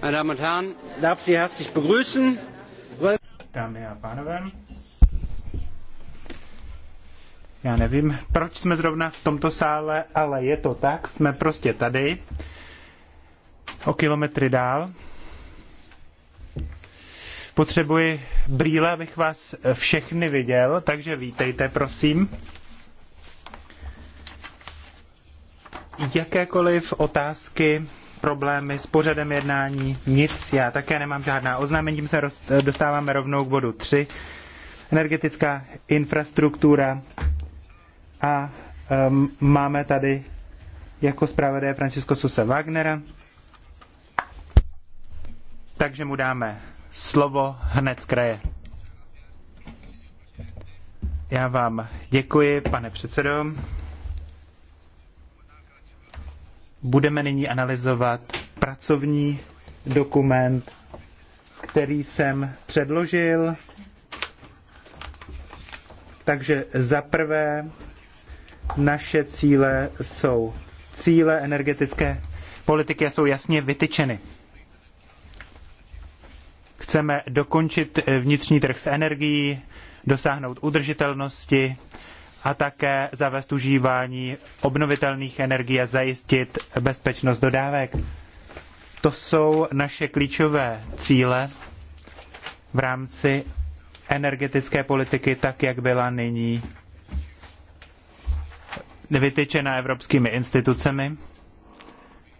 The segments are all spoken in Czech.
Meine Damen und Herren, darf Sie herzlich begrüßen. Dámy a pánové, já nevím, proč jsme zrovna v tomto sále, ale je to tak, jsme prostě tady, o kilometry dál. Potřebuji brýle, abych vás všechny viděl, takže vítejte, prosím. Jakékoliv otázky problémy s pořadem jednání, nic, já také nemám žádná oznámení, tím se dostáváme rovnou k bodu 3, energetická infrastruktura a um, máme tady jako zpravodaje Francisco Sosa Wagnera, takže mu dáme slovo hned z kraje. Já vám děkuji, pane předsedo budeme nyní analyzovat pracovní dokument, který jsem předložil. Takže za prvé naše cíle jsou cíle energetické politiky jsou jasně vytyčeny. Chceme dokončit vnitřní trh s energií, dosáhnout udržitelnosti, a také zavést užívání obnovitelných energií a zajistit bezpečnost dodávek. To jsou naše klíčové cíle v rámci energetické politiky, tak jak byla nyní vytyčena evropskými institucemi.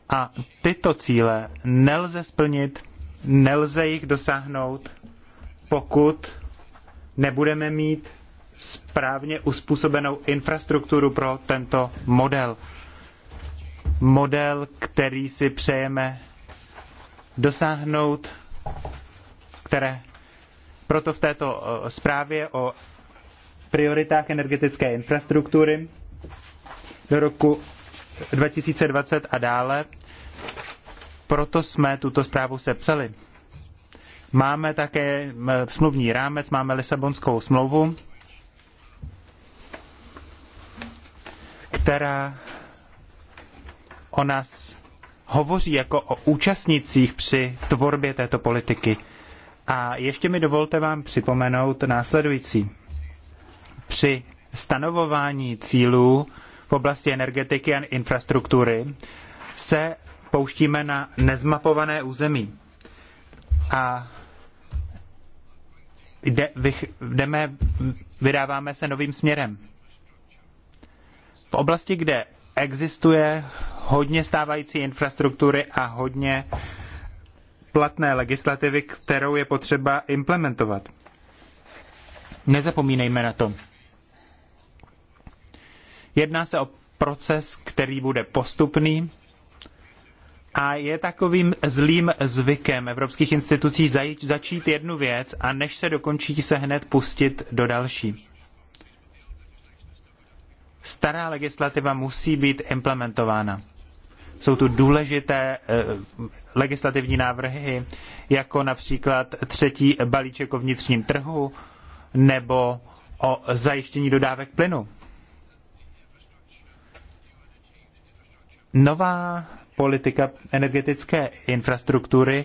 A tyto cíle nelze splnit, nelze jich dosáhnout, pokud nebudeme mít správně uspůsobenou infrastrukturu pro tento model. Model, který si přejeme dosáhnout, které proto v této eh, zprávě o prioritách energetické infrastruktury do roku 2020 a dále. Proto jsme tuto zprávu sepsali. Máme také eh, smluvní rámec, máme Lisabonskou smlouvu která o nás hovoří jako o účastnicích při tvorbě této politiky. A ještě mi dovolte vám připomenout následující. Při stanovování cílů v oblasti energetiky a infrastruktury se pouštíme na nezmapované území. A jde, vych, jdeme, vydáváme se novým směrem v oblasti, kde existuje hodně stávající infrastruktury a hodně platné legislativy, kterou je potřeba implementovat. Nezapomínejme na to. Jedná se o proces, který bude postupný a je takovým zlým zvykem evropských institucí začít jednu věc a než se dokončí, se hned pustit do další stará legislativa musí být implementována. Jsou tu důležité eh, legislativní návrhy, jako například třetí balíček o vnitřním trhu nebo o zajištění dodávek plynu. Nová politika energetické infrastruktury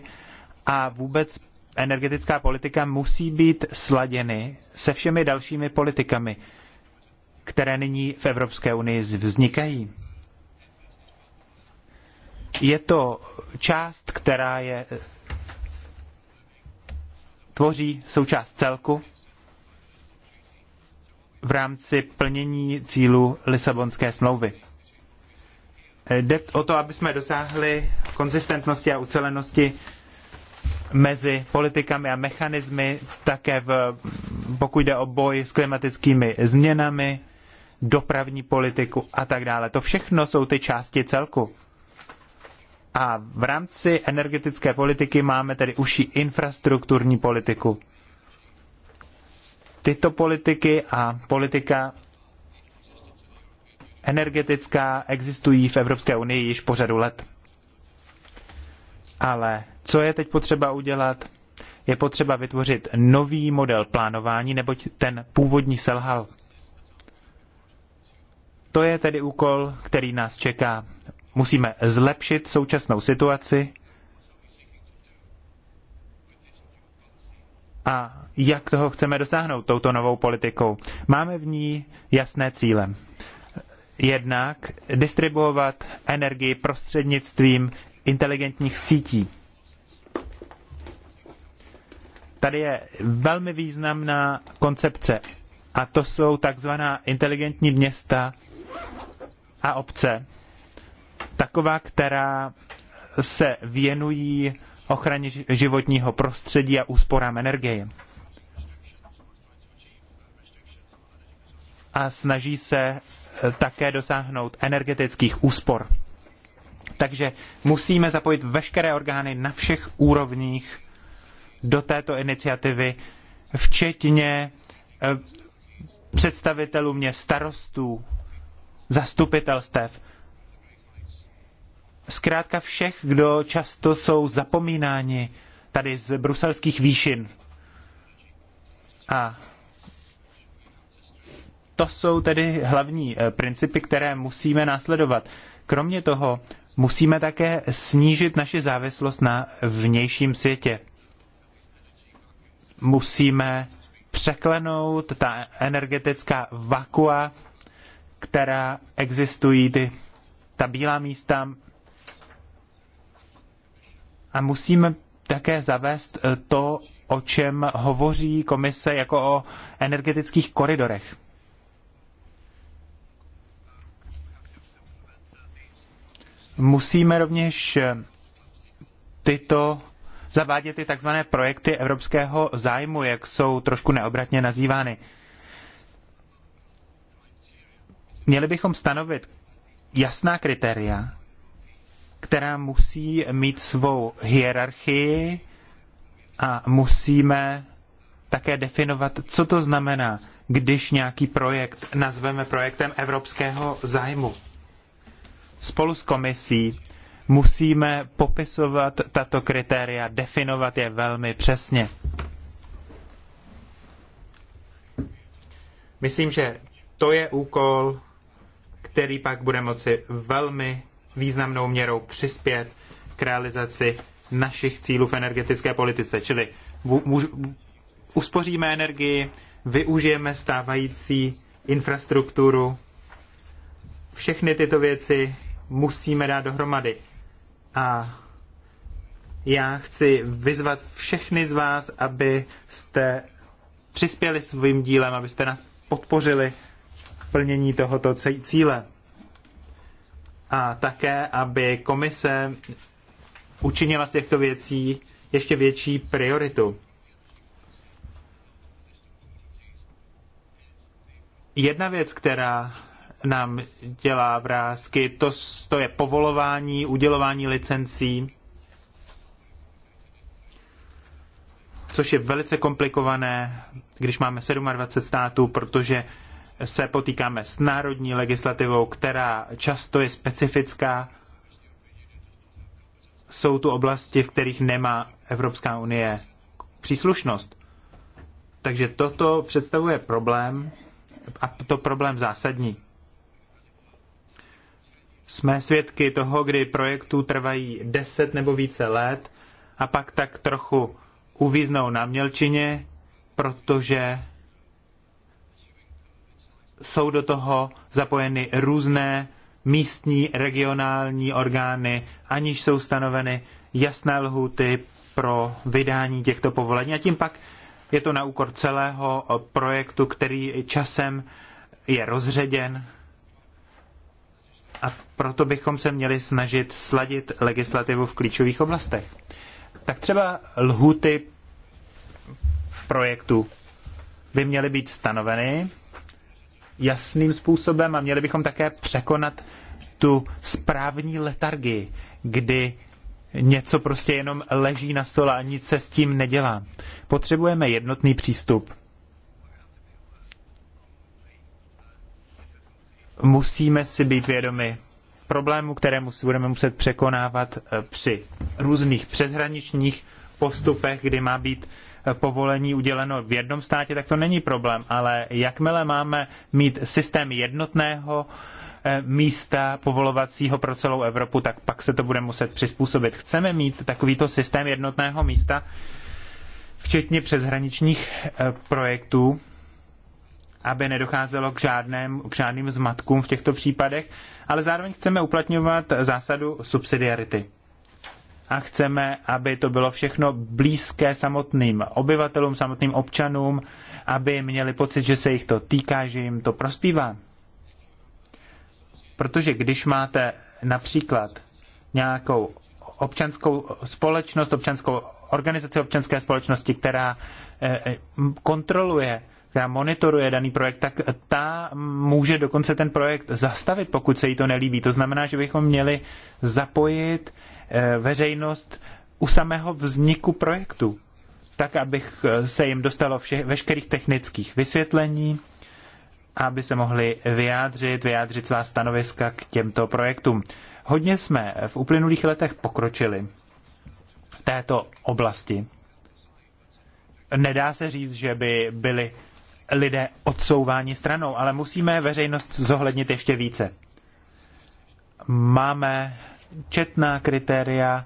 a vůbec energetická politika musí být sladěny se všemi dalšími politikami které nyní v Evropské unii vznikají. Je to část, která je eh, tvoří součást celku v rámci plnění cílu Lisabonské smlouvy. Eh, jde o to, aby jsme dosáhli konzistentnosti a ucelenosti mezi politikami a mechanismy, také v, pokud jde o boj s klimatickými změnami, dopravní politiku a tak dále. To všechno jsou ty části celku. A v rámci energetické politiky máme tedy užší infrastrukturní politiku. Tyto politiky a politika energetická existují v Evropské unii již po řadu let. Ale co je teď potřeba udělat? Je potřeba vytvořit nový model plánování, neboť ten původní selhal. To je tedy úkol, který nás čeká. Musíme zlepšit současnou situaci a jak toho chceme dosáhnout touto novou politikou. Máme v ní jasné cíle. Jednak distribuovat energii prostřednictvím inteligentních sítí. Tady je velmi významná koncepce a to jsou takzvaná inteligentní města a obce, taková, která se věnují ochraně životního prostředí a úsporám energie. A snaží se eh, také dosáhnout energetických úspor. Takže musíme zapojit veškeré orgány na všech úrovních do této iniciativy, včetně eh, představitelů mě starostů, zastupitelstev. Zkrátka všech, kdo často jsou zapomínáni tady z bruselských výšin. A to jsou tedy hlavní eh, principy, které musíme následovat. Kromě toho musíme také snížit naši závislost na vnějším světě. Musíme překlenout ta energetická vakua, která existují, ty, ta bílá místa. A musíme také zavést eh, to, o čem hovoří komise jako o energetických koridorech. Musíme rovněž eh, tyto zavádět ty takzvané projekty evropského zájmu, jak jsou trošku neobratně nazývány. Měli bychom stanovit jasná kritéria, která musí mít svou hierarchii a musíme také definovat, co to znamená, když nějaký projekt nazveme projektem evropského zájmu. Spolu s komisí musíme popisovat tato kritéria, definovat je velmi přesně. Myslím, že to je úkol který pak bude moci velmi významnou měrou přispět k realizaci našich cílů v energetické politice. Čili uspoříme energii, využijeme stávající infrastrukturu. Všechny tyto věci musíme dát dohromady. A já chci vyzvat všechny z vás, abyste přispěli svým dílem, abyste nás podpořili plnění tohoto cíle. A také, aby komise učinila z těchto věcí ještě větší prioritu. Jedna věc, která nám dělá vrázky, to, to je povolování, udělování licencí, což je velice komplikované, když máme 27 států, protože se potýkáme s národní legislativou, která často je specifická. Jsou tu oblasti, v kterých nemá Evropská unie příslušnost. Takže toto představuje problém a to problém zásadní. Jsme svědky toho, kdy projektů trvají deset nebo více let a pak tak trochu uvíznou na mělčině, protože jsou do toho zapojeny různé místní, regionální orgány, aniž jsou stanoveny jasné lhuty pro vydání těchto povolení. A tím pak je to na úkor celého projektu, který časem je rozředěn. A proto bychom se měli snažit sladit legislativu v klíčových oblastech. Tak třeba lhuty projektu by měly být stanoveny jasným způsobem a měli bychom také překonat tu správní letargii, kdy něco prostě jenom leží na stole a nic se s tím nedělá. Potřebujeme jednotný přístup. Musíme si být vědomi problému, kterému si budeme muset překonávat eh, při různých přeshraničních postupech, kdy má být povolení uděleno v jednom státě, tak to není problém, ale jakmile máme mít systém jednotného eh, místa povolovacího pro celou Evropu, tak pak se to bude muset přizpůsobit. Chceme mít takovýto systém jednotného místa, včetně přeshraničních eh, projektů, aby nedocházelo k, žádném, k žádným zmatkům v těchto případech, ale zároveň chceme uplatňovat zásadu subsidiarity a chceme, aby to bylo všechno blízké samotným obyvatelům, samotným občanům, aby měli pocit, že se jich to týká, že jim to prospívá. Protože když máte například nějakou občanskou společnost, občanskou organizaci občanské společnosti, která eh, eh, kontroluje, která monitoruje daný projekt, tak ta může dokonce ten projekt zastavit, pokud se jí to nelíbí. To znamená, že bychom měli zapojit Eh, veřejnost u samého vzniku projektu, tak, abych eh, se jim dostalo vše, veškerých technických vysvětlení, aby se mohli vyjádřit, vyjádřit svá stanoviska k těmto projektům. Hodně jsme v uplynulých letech pokročili v této oblasti. Nedá se říct, že by byli lidé odsouváni stranou, ale musíme veřejnost zohlednit ještě více. Máme četná kritéria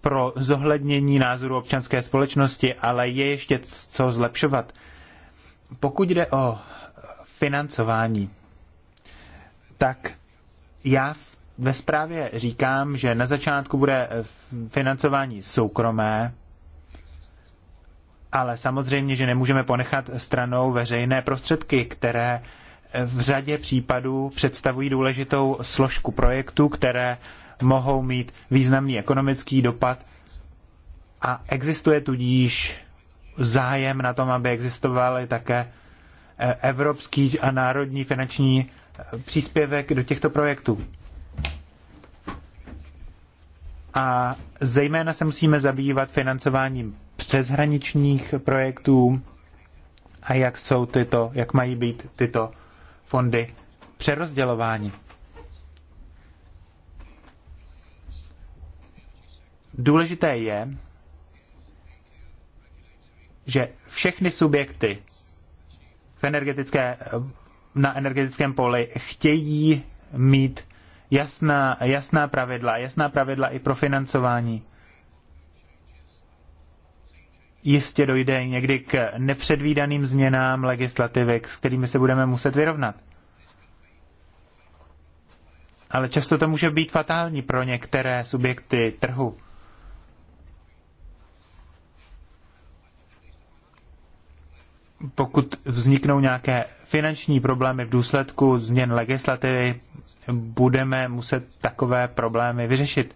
pro zohlednění názoru občanské společnosti, ale je ještě co zlepšovat. Pokud jde o financování, tak já ve zprávě říkám, že na začátku bude financování soukromé, ale samozřejmě, že nemůžeme ponechat stranou veřejné prostředky, které v řadě případů představují důležitou složku projektů, které mohou mít významný ekonomický dopad a existuje tudíž zájem na tom, aby existovaly také eh, evropský a národní finanční eh, příspěvek do těchto projektů. A zejména se musíme zabývat financováním přeshraničních projektů a jak jsou tyto, jak mají být tyto fondy přerozdělování. Důležité je, že všechny subjekty v energetické, na energetickém poli chtějí mít jasná, jasná pravidla, jasná pravidla i pro financování jistě dojde někdy k nepředvídaným změnám legislativy, s kterými se budeme muset vyrovnat. Ale často to může být fatální pro některé subjekty trhu. Pokud vzniknou nějaké finanční problémy v důsledku změn legislativy, budeme muset takové problémy vyřešit.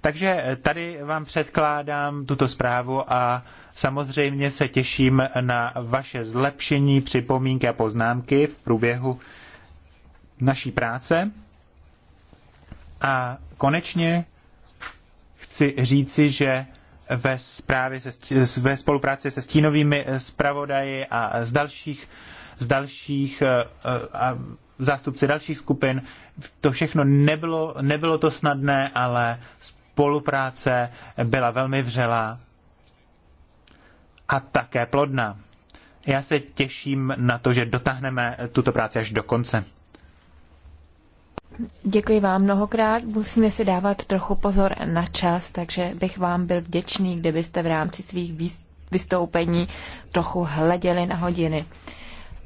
Takže tady vám předkládám tuto zprávu a samozřejmě se těším na vaše zlepšení, připomínky a poznámky v průběhu naší práce. A konečně chci říci, že ve, zprávě se, ve spolupráci se stínovými zpravodaji a z dalších, z dalších eh, eh, a zástupci dalších skupin, to všechno nebylo, nebylo to snadné, ale spolupráce byla velmi vřelá a také plodná. Já se těším na to, že dotáhneme tuto práci až do konce. Děkuji vám mnohokrát. Musíme si dávat trochu pozor na čas, takže bych vám byl vděčný, kdybyste v rámci svých vystoupení trochu hleděli na hodiny.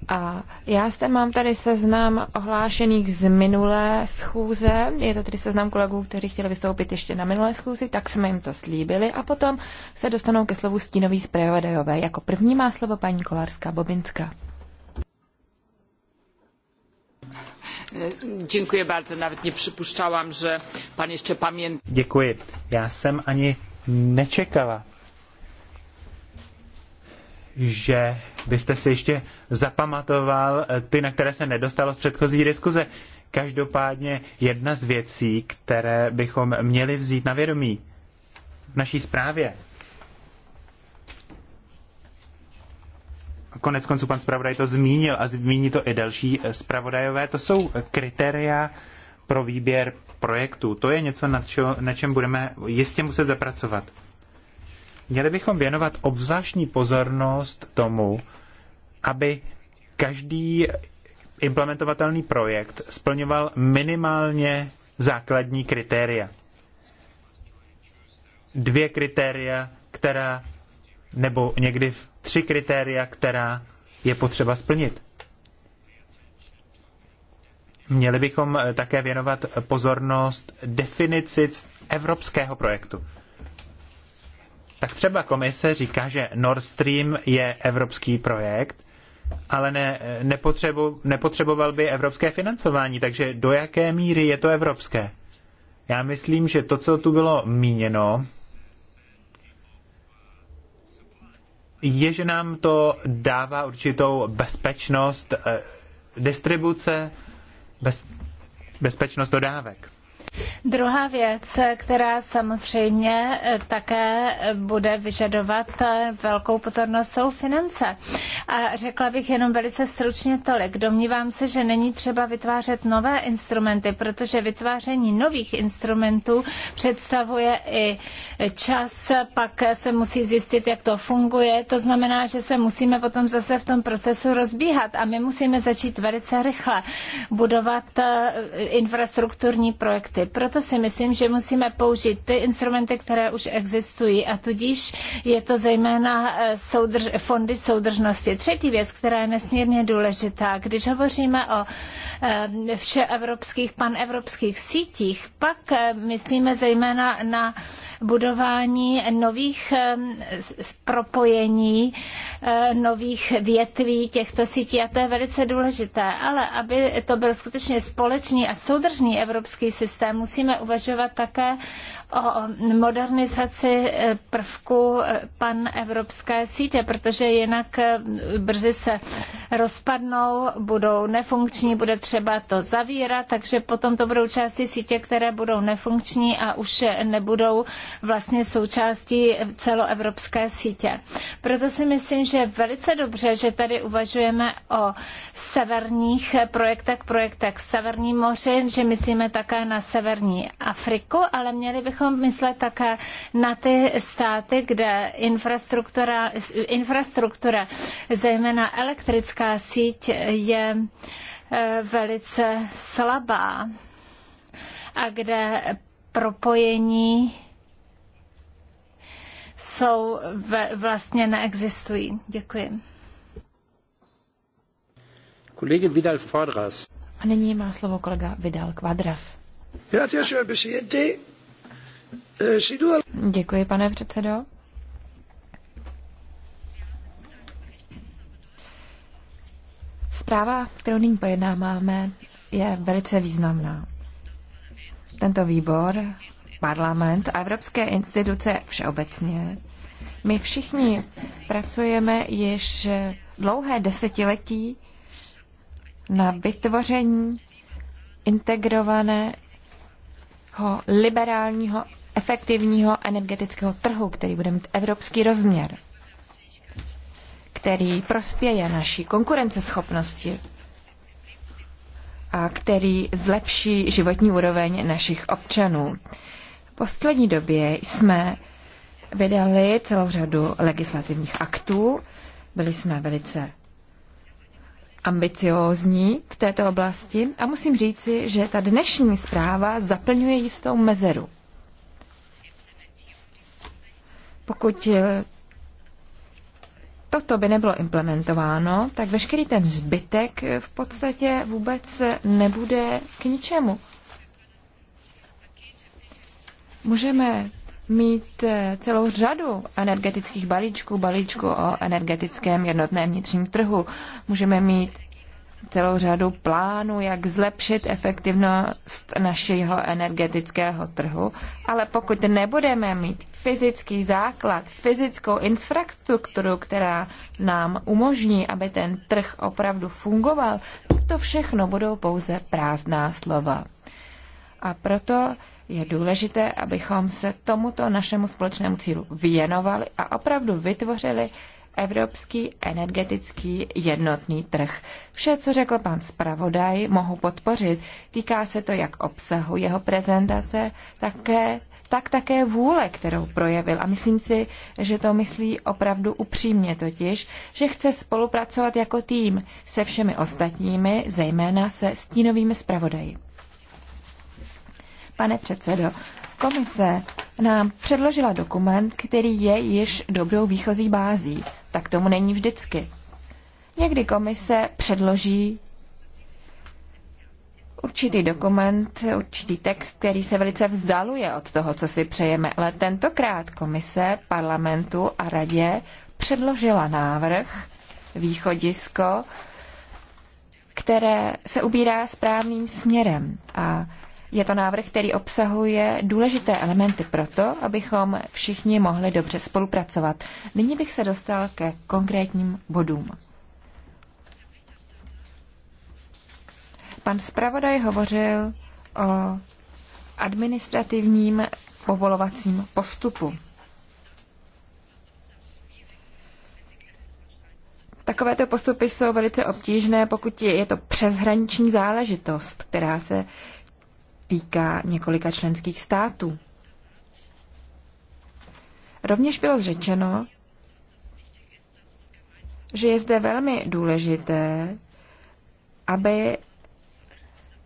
A já zde mám tady seznam ohlášených z minulé schůze. Je to tedy seznam kolegů, kteří chtěli vystoupit ještě na minulé schůzi, tak jsme jim to slíbili. A potom se dostanou ke slovu stínový zpravodajové. Jako první má slovo paní Kolarská Bobinská. Děkuji bardzo, nawet nie przypuszczałam, že pan ještě pamět. Děkuji. Já jsem ani nečekala, že byste si ještě zapamatoval eh, ty, na které se nedostalo z předchozí diskuze. Každopádně jedna z věcí, které bychom měli vzít na vědomí v naší zprávě. Konec konců pan zpravodaj to zmínil a zmíní to i další eh, zpravodajové. To jsou kritéria pro výběr projektů. To je něco, na, čo, na čem budeme jistě muset zapracovat. Měli bychom věnovat obzvláštní pozornost tomu, aby každý implementovatelný projekt splňoval minimálně základní kritéria. Dvě kritéria, která, nebo někdy tři kritéria, která je potřeba splnit. Měli bychom také věnovat pozornost definici evropského projektu tak třeba komise říká, že Nord Stream je evropský projekt, ale ne, nepotřebu, nepotřeboval by evropské financování, takže do jaké míry je to evropské? Já myslím, že to, co tu bylo míněno, je, že nám to dává určitou bezpečnost eh, distribuce, bez, bezpečnost dodávek. Druhá věc, která samozřejmě také bude vyžadovat velkou pozornost, jsou finance. A řekla bych jenom velice stručně tolik. Domnívám se, že není třeba vytvářet nové instrumenty, protože vytváření nových instrumentů představuje i čas, pak se musí zjistit, jak to funguje. To znamená, že se musíme potom zase v tom procesu rozbíhat a my musíme začít velice rychle budovat eh, infrastrukturní projekty projekty. Proto si myslím, že musíme použít ty instrumenty, které už existují a tudíž je to zejména eh, soudrž, fondy soudržnosti. Třetí věc, která je nesmírně důležitá, když hovoříme o eh, všeevropských, panevropských sítích, pak eh, myslíme zejména na budování nových propojení, nových větví těchto sítí a to je velice důležité. Ale aby to byl skutečně společný a soudržný evropský systém, jisté. Musíme uvažovat také o modernizaci eh, prvku eh, pan evropské sítě, protože jinak eh, brzy se rozpadnou, budou nefunkční, bude třeba to zavírat, takže potom to budou části sítě, které budou nefunkční a už nebudou vlastně součástí celoevropské sítě. Proto si myslím, že je velice dobře, že tady uvažujeme o severních projektech, projektech v Severním moři, že myslíme také na severní Afriku, ale měli bychom myslet také na ty státy, kde infrastruktura, infrastruktura zejména elektrická síť, je eh, velice slabá a kde propojení jsou vlastně neexistují. Děkuji. Kolegy Vidal Quadras. A nyní má slovo kolega Vidal Quadras. Eh, Děkuji, pane předsedo. Zpráva, kterou nyní pojednáváme, je velice významná. Tento výbor, parlament a evropské instituce všeobecně, my všichni pracujeme již dlouhé desetiletí na vytvoření integrované liberálního, efektivního energetického trhu, který bude mít evropský rozměr, který prospěje naší konkurenceschopnosti a který zlepší životní úroveň našich občanů. V poslední době jsme vydali celou řadu legislativních aktů, byli jsme velice ambiciózní v této oblasti a musím říci, že ta dnešní zpráva zaplňuje jistou mezeru. Pokud eh, toto by nebylo implementováno, tak veškerý ten zbytek eh, v podstatě vůbec nebude k ničemu. Můžeme mít eh, celou řadu energetických balíčků, balíčku o energetickém jednotném vnitřním trhu. Můžeme mít celou řadu plánů, jak zlepšit efektivnost našeho energetického trhu, ale pokud nebudeme mít fyzický základ, fyzickou infrastrukturu, která nám umožní, aby ten trh opravdu fungoval, tak to všechno budou pouze prázdná slova. A proto je důležité, abychom se tomuto našemu společnému cílu věnovali a opravdu vytvořili evropský energetický jednotný trh. Vše, co řekl pan zpravodaj, mohu podpořit. Týká se to jak obsahu jeho prezentace, také, tak také vůle, kterou projevil. A myslím si, že to myslí opravdu upřímně totiž, že chce spolupracovat jako tým se všemi ostatními, zejména se stínovými zpravodaji pane předsedo. Komise nám předložila dokument, který je již dobrou výchozí bází. Tak tomu není vždycky. Někdy komise předloží určitý dokument, určitý text, který se velice vzdaluje od toho, co si přejeme. Ale tentokrát komise parlamentu a radě předložila návrh, východisko, které se ubírá správným směrem. A je to návrh, který obsahuje důležité elementy pro to, abychom všichni mohli dobře spolupracovat. Nyní bych se dostal ke konkrétním bodům. Pan zpravodaj hovořil o administrativním povolovacím postupu. Takovéto postupy jsou velice obtížné, pokud je to přeshraniční záležitost, která se týká několika členských států. Rovněž bylo řečeno, že je zde velmi důležité, aby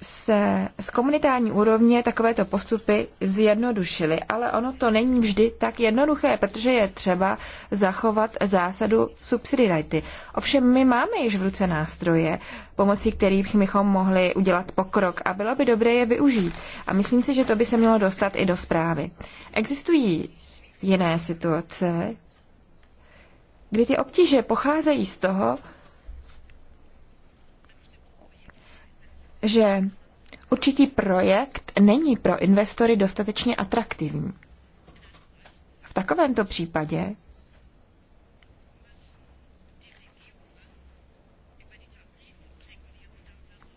se z komunitární úrovně takovéto postupy zjednodušily, ale ono to není vždy tak jednoduché, protože je třeba zachovat zásadu subsidiarity. Ovšem my máme již v ruce nástroje, pomocí kterých bychom mohli udělat pokrok a bylo by dobré je využít. A myslím si, že to by se mělo dostat i do zprávy. Existují jiné situace, kdy ty obtíže pocházejí z toho, že určitý projekt není pro investory dostatečně atraktivní. V takovémto případě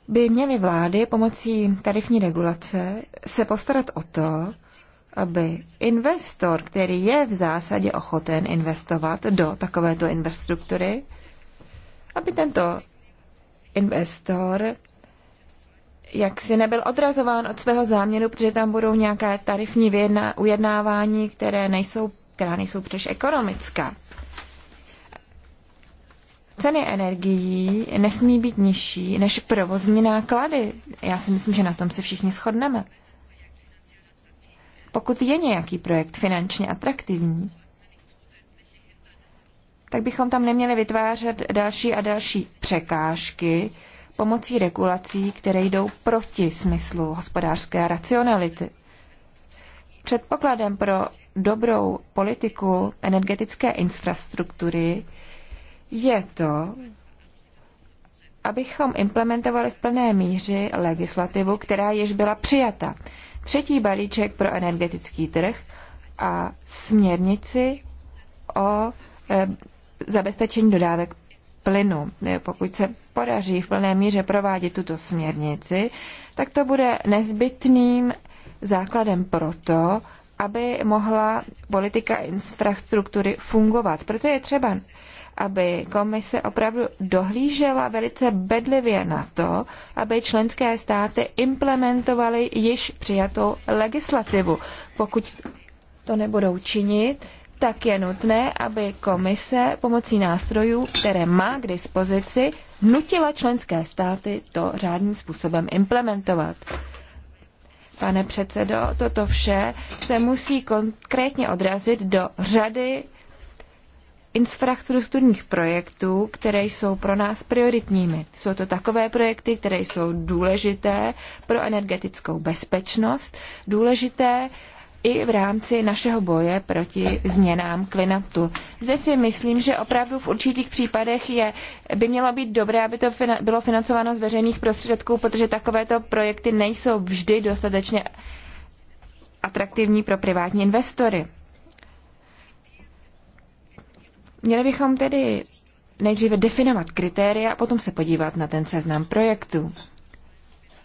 by měly vlády pomocí tarifní regulace se postarat o to, aby investor, který je v zásadě ochoten investovat do takovéto infrastruktury, aby tento investor jak si nebyl odrazován od svého záměru, protože tam budou nějaké tarifní vyjedna, ujednávání, které nejsou, která nejsou příliš ekonomická. Ceny energií nesmí být nižší než provozní náklady. Já si myslím, že na tom se všichni shodneme. Pokud je nějaký projekt finančně atraktivní, tak bychom tam neměli vytvářet další a další překážky, pomocí regulací, které jdou proti smyslu hospodářské racionality. Předpokladem pro dobrou politiku energetické infrastruktury je to, abychom implementovali v plné míře legislativu, která již byla přijata. Třetí balíček pro energetický trh a směrnici o e, zabezpečení dodávek plynu. Pokud se podaří v plné míře provádět tuto směrnici, tak to bude nezbytným základem proto, aby mohla politika infrastruktury fungovat. Proto je třeba, aby komise opravdu dohlížela velice bedlivě na to, aby členské státy implementovaly již přijatou legislativu. Pokud to nebudou činit, tak je nutné, aby komise pomocí nástrojů, které má k dispozici, nutila členské státy to řádným způsobem implementovat. Pane předsedo, toto vše se musí konkrétně odrazit do řady infrastrukturních projektů, které jsou pro nás prioritními. Jsou to takové projekty, které jsou důležité pro energetickou bezpečnost, důležité i v rámci našeho boje proti změnám klimatu. Zde si myslím, že opravdu v určitých případech je, by mělo být dobré, aby to fina, bylo financováno z veřejných prostředků, protože takovéto projekty nejsou vždy dostatečně atraktivní pro privátní investory. Měli bychom tedy nejdříve definovat kritéria a potom se podívat na ten seznam projektů.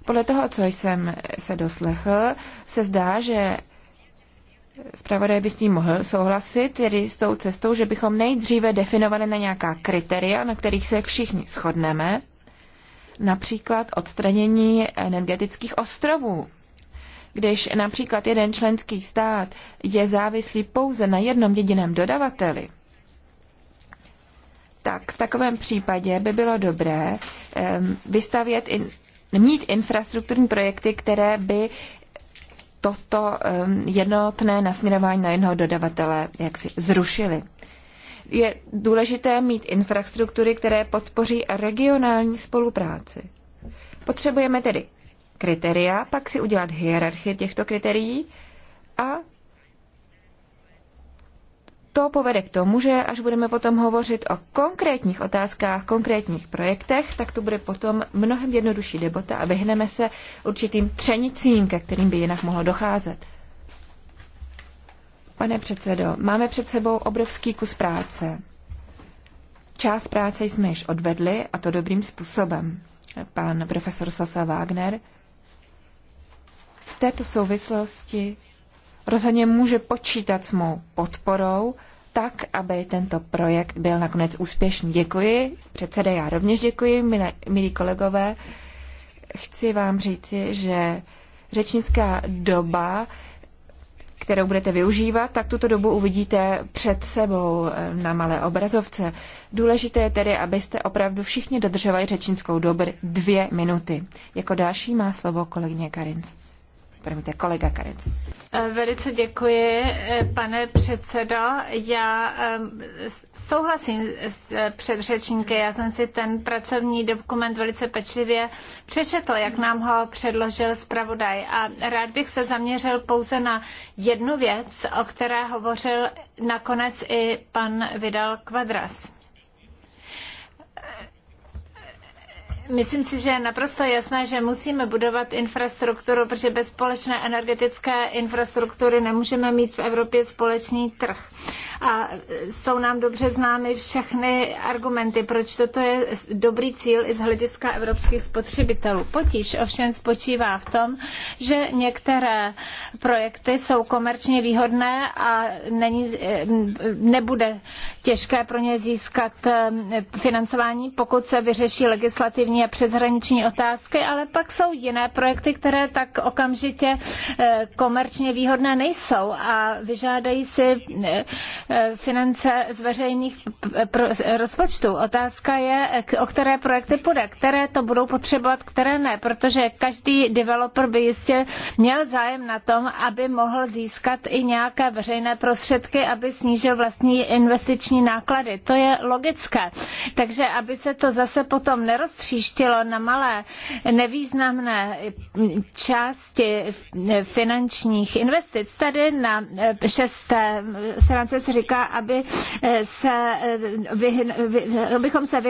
Podle toho, co jsem se doslechl, se zdá, že zpravodaj by s tím mohl souhlasit, tedy s tou cestou, že bychom nejdříve definovali na nějaká kritéria, na kterých se všichni shodneme, například odstranění energetických ostrovů. Když například jeden členský stát je závislý pouze na jednom jediném dodavateli, tak v takovém případě by bylo dobré um, vystavět in, mít infrastrukturní projekty, které by toto jednotné nasměrování na jednoho dodavatele jaksi zrušili. Je důležité mít infrastruktury, které podpoří regionální spolupráci. Potřebujeme tedy kritéria, pak si udělat hierarchii těchto kritérií a to povede k tomu, že až budeme potom hovořit o konkrétních otázkách, konkrétních projektech, tak to bude potom mnohem jednodušší debata a vyhneme se určitým třenicím, ke kterým by jinak mohlo docházet. Pane předsedo, máme před sebou obrovský kus práce. Část práce jsme již odvedli a to dobrým způsobem. Pan profesor Sosa Wagner v této souvislosti rozhodně může počítat s mou podporou, tak, aby tento projekt byl nakonec úspěšný. Děkuji, předsede, já rovněž děkuji, milé, milí kolegové. Chci vám říci, že řečnická doba, kterou budete využívat, tak tuto dobu uvidíte před sebou eh, na malé obrazovce. Důležité je tedy, abyste opravdu všichni dodržovali řečnickou dobu dvě minuty. Jako další má slovo kolegyně Karinc. Promiňte, kolega Karec. Eh, velice děkuji, eh, pane předsedo. Já ehm, souhlasím s eh, předřečníky. Já jsem si ten pracovní dokument velice pečlivě přečetl, jak nám ho předložil zpravodaj. A rád bych se zaměřil pouze na jednu věc, o které hovořil nakonec i pan Vidal Quadras. Myslím si, že je naprosto jasné, že musíme budovat infrastrukturu, protože bez společné energetické infrastruktury nemůžeme mít v Evropě společný trh. A jsou nám dobře známy všechny argumenty, proč toto je dobrý cíl i z hlediska evropských spotřebitelů. Potíž ovšem spočívá v tom, že některé projekty jsou komerčně výhodné a není, nebude těžké pro ně získat eh, financování, pokud se vyřeší legislativní národní a přeshraniční otázky, ale pak jsou jiné projekty, které tak okamžitě eh, komerčně výhodné nejsou a vyžádají si eh, eh, finance z veřejných rozpočtů. Otázka je, o které projekty půjde, které to budou potřebovat, které ne, protože každý developer by jistě měl zájem na tom, aby mohl získat i nějaké veřejné prostředky, aby snížil vlastní investiční náklady. To je logické. Takže aby se to zase potom neroztřížilo, tříštilo na malé nevýznamné části finančních investic. Tady na šesté stránce se říká, aby se, abychom se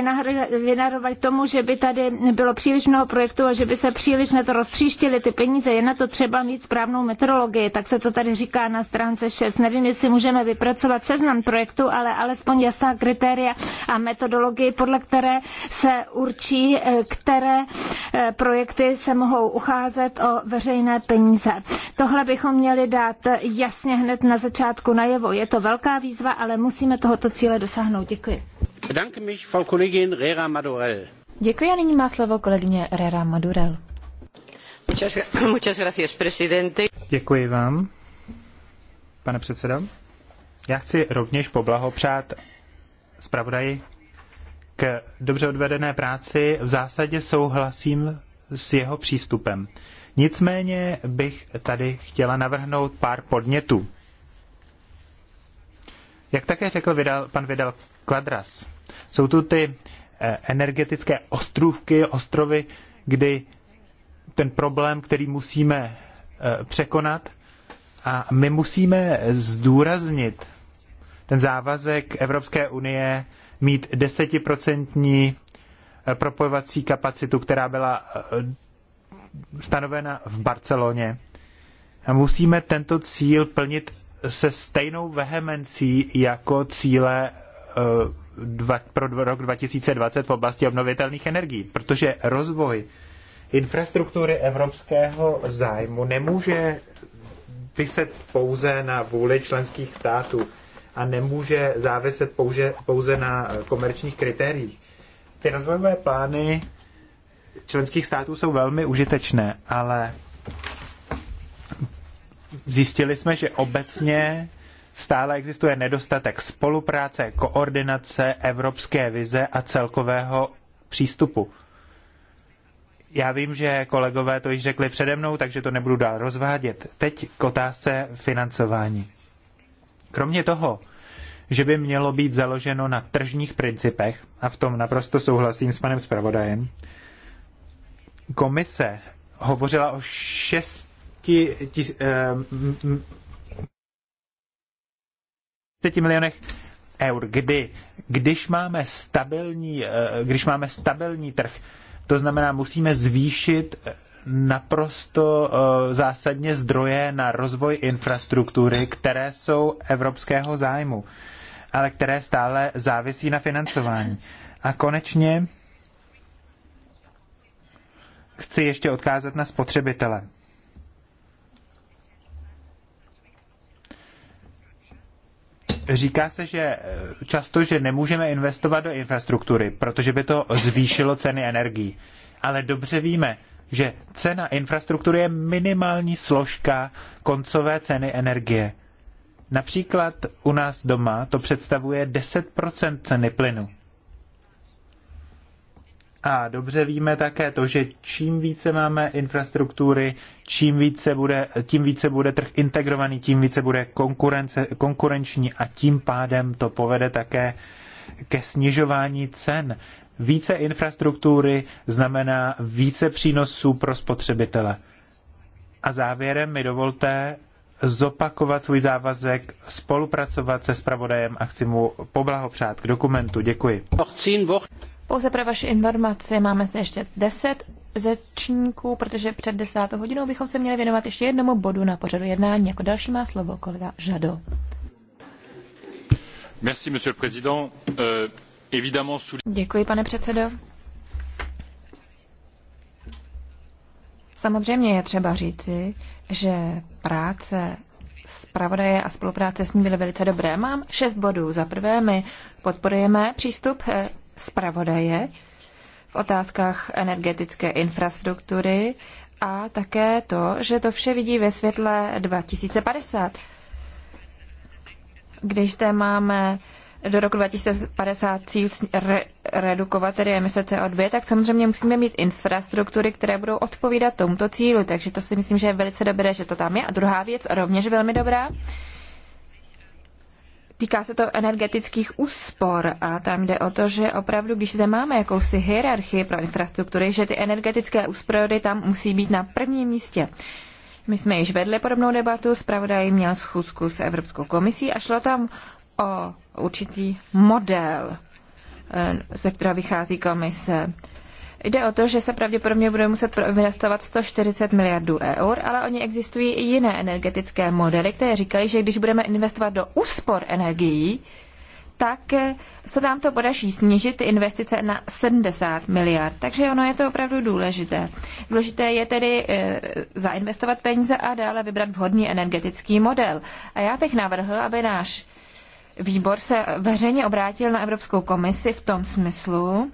vynarovali tomu, že by tady bylo příliš mnoho projektů a že by se příliš na to roztříštily ty peníze. Je na to třeba mít správnou metrologii, tak se to tady říká na stránce 6. Nevím, jestli můžeme vypracovat seznam projektů, ale alespoň jasná kritéria a metodologii, podle které se určí které eh, projekty se mohou ucházet o veřejné peníze. Tohle bychom měli dát jasně hned na začátku najevo. Je to velká výzva, ale musíme tohoto cíle dosáhnout. Děkuji. Děkuji a nyní má slovo kolegyně Rera Madurel. Děkuji vám, pane předsedo. Já chci rovněž poblahopřát zpravodaji k dobře odvedené práci v zásadě souhlasím s jeho přístupem. Nicméně bych tady chtěla navrhnout pár podnětů. Jak také řekl Vidal, pan Vidal Quadras, jsou tu ty eh, energetické ostrůvky, ostrovy, kdy ten problém, který musíme eh, překonat, a my musíme zdůraznit ten závazek Evropské unie mít desetiprocentní eh, propojovací kapacitu, která byla eh, stanovena v Barceloně. A musíme tento cíl plnit se stejnou vehemencí jako cíle eh, pro rok 2020 v oblasti obnovitelných energií, protože rozvoj infrastruktury evropského zájmu nemůže vyset pouze na vůli členských států a nemůže záviset pouze, pouze na komerčních kritériích. Ty rozvojové plány členských států jsou velmi užitečné, ale zjistili jsme, že obecně stále existuje nedostatek spolupráce, koordinace, evropské vize a celkového přístupu. Já vím, že kolegové to již řekli přede mnou, takže to nebudu dál rozvádět. Teď k otázce financování. Kromě toho, že by mělo být založeno na tržních principech, a v tom naprosto souhlasím s panem zpravodajem, komise hovořila o šesti tis, eh, milionech eur, kdy, když máme stabilní, eh, když máme stabilní trh, to znamená, musíme zvýšit eh, naprosto eh, zásadně zdroje na rozvoj infrastruktury, které jsou evropského zájmu, ale které stále závisí na financování. A konečně chci ještě odkázat na spotřebitele. Říká se, že eh, často, že nemůžeme investovat do infrastruktury, protože by to zvýšilo ceny energií. Ale dobře víme, že cena infrastruktury je minimální složka koncové ceny energie. Například u nás doma to představuje 10% ceny plynu. A dobře víme také to, že čím více máme infrastruktury, čím více bude, tím více bude trh integrovaný, tím více bude konkurence, konkurenční a tím pádem to povede také ke snižování cen. Více infrastruktury znamená více přínosů pro spotřebitele. A závěrem mi dovolte zopakovat svůj závazek, spolupracovat se spravodajem a chci mu poblahopřát k dokumentu. Děkuji. Pouze pro vaši informaci máme zde ještě 10 řečníků, protože před 10. hodinou bychom se měli věnovat ještě jednomu bodu na pořadu jednání. Jako další má slovo kolega Žado. Merci, monsieur le président. Euh, Děkuji, pane předsedo. Samozřejmě je třeba říci, že práce zpravodaje a spolupráce s ním byly velice dobré. Mám šest bodů. Za prvé, my podporujeme přístup eh, zpravodaje v otázkách energetické infrastruktury a také to, že to vše vidí ve světle 2050. Když zde máme do roku 2050 cíl re, redukovat tedy emise CO2, tak samozřejmě musíme mít infrastruktury, které budou odpovídat tomuto cíli. Takže to si myslím, že je velice dobré, že to tam je. A druhá věc, rovněž velmi dobrá, Týká se to energetických úspor a tam jde o to, že opravdu, když zde máme jakousi hierarchii pro infrastruktury, že ty energetické úspory tam musí být na prvním místě. My jsme již vedli podobnou debatu, zpravodaj měl schůzku s Evropskou komisí a šlo tam o určitý model, eh, ze kterého vychází komise. Jde o to, že se pravděpodobně bude muset investovat 140 miliardů eur, ale oni existují i jiné energetické modely, které říkají, že když budeme investovat do úspor energií, tak eh, se nám to podaří snížit investice na 70 miliard. Takže ono je to opravdu důležité. Důležité je tedy e, zainvestovat peníze a dále vybrat vhodný energetický model. A já bych navrhl, aby náš výbor se veřejně obrátil na Evropskou komisi v tom smyslu,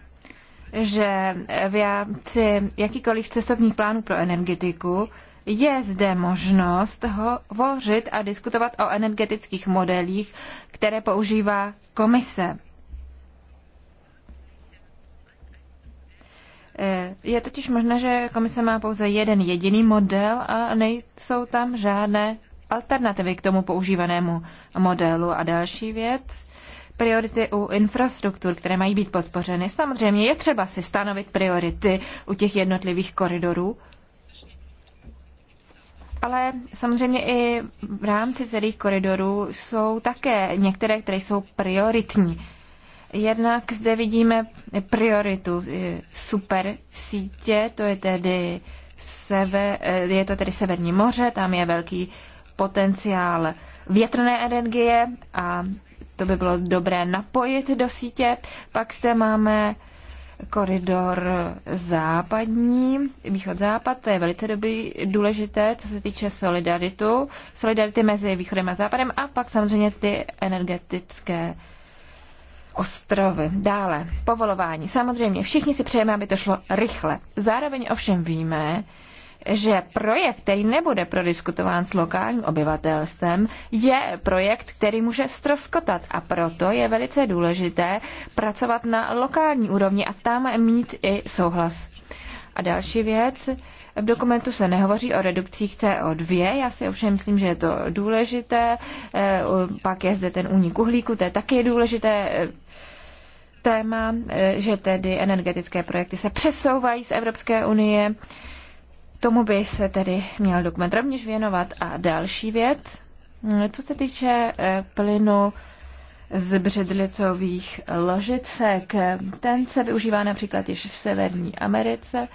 že v rámci jakýkoliv cestovních plánů pro energetiku je zde možnost hovořit a diskutovat o energetických modelích, které používá komise. Je totiž možné, že komise má pouze jeden jediný model a nejsou tam žádné alternativy k tomu používanému modelu. A další věc, priority u infrastruktur, které mají být podpořeny. Samozřejmě je třeba si stanovit priority u těch jednotlivých koridorů, ale samozřejmě i v rámci celých koridorů jsou také některé, které jsou prioritní. Jednak zde vidíme prioritu eh, super sítě, to je tedy sever, eh, je to tedy Severní moře, tam je velký potenciál větrné energie a to by bylo dobré napojit do sítě. Pak se máme koridor západní, východ-západ, to je velice dobrý, důležité, co se týče solidaritu, solidarity mezi východem a západem a pak samozřejmě ty energetické ostrovy. Dále, povolování. Samozřejmě všichni si přejeme, aby to šlo rychle. Zároveň ovšem víme, že projekt, který nebude prodiskutován s lokálním obyvatelstvem, je projekt, který může stroskotat a proto je velice důležité pracovat na lokální úrovni a tam mít i souhlas. A další věc, v dokumentu se nehovoří o redukcích CO2, já si ovšem myslím, že je to důležité, eh, pak je zde ten únik uhlíku, to je taky důležité eh, téma, eh, že tedy energetické projekty se přesouvají z Evropské unie Tomu by se tedy měl dokument rovněž věnovat. A další věc, mm, co se týče eh, plynu z břidlicových ložicek, ten se využívá například již v Severní Americe.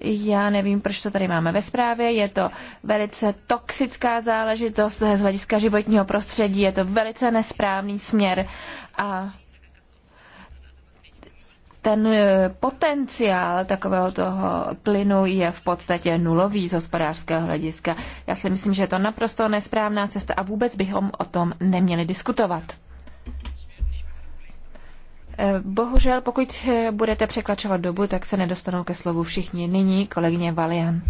Já nevím, proč to tady máme ve zprávě. Je to velice toxická záležitost z hlediska životního prostředí, je to velice nesprávný směr a ten eh, potenciál takového toho plynu je v podstatě nulový z hospodářského hlediska. Já si myslím, že je to naprosto nesprávná cesta a vůbec bychom o tom neměli diskutovat. Eh, bohužel, pokud eh, budete překlačovat dobu, tak se nedostanou ke slovu všichni. Nyní kolegyně Valian.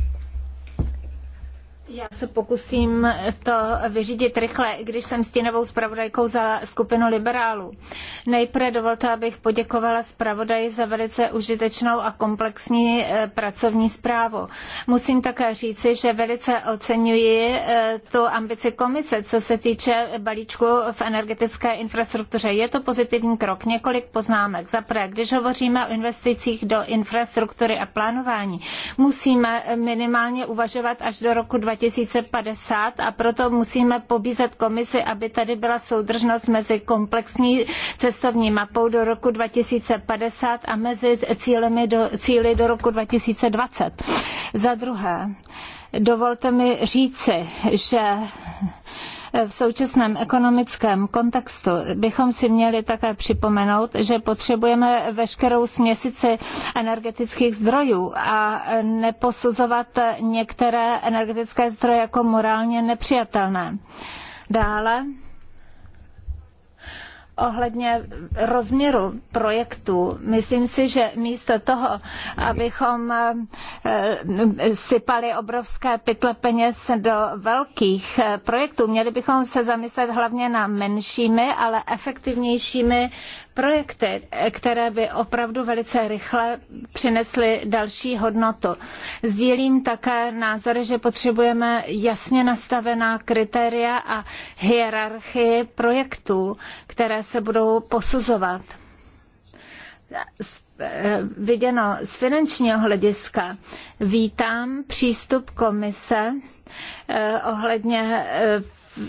Já se pokusím to vyřídit rychle, když jsem stínovou zpravodajkou za skupinu liberálů. Nejprve dovolte, abych poděkovala zpravodaji za velice užitečnou a komplexní eh, pracovní zprávu. Musím také říci, že velice oceňuji eh, tu ambici komise, co se týče balíčku v energetické infrastruktuře. Je to pozitivní krok. Několik poznámek. Za prvé, když hovoříme o investicích do infrastruktury a plánování, musíme minimálně uvažovat až do roku 2020 2050 a proto musíme pobízet komisi, aby tady byla soudržnost mezi komplexní cestovní mapou do roku 2050 a mezi cílemi do, cíly do roku 2020. Za druhé, dovolte mi říci, že v současném ekonomickém kontextu bychom si měli také připomenout, že potřebujeme veškerou směsici energetických zdrojů a neposuzovat některé energetické zdroje jako morálně nepřijatelné. Dále ohledně rozměru projektu. Myslím si, že místo toho, abychom eh, sypali obrovské pytle peněz do velkých eh, projektů, měli bychom se zamyslet hlavně na menšími, ale efektivnějšími projekty, které by opravdu velice rychle přinesly další hodnotu. Sdílím také názor, že potřebujeme jasně nastavená kritéria a hierarchii projektů, které se budou posuzovat eh, viděno z finančního hlediska, vítám přístup komise eh, ohledně eh,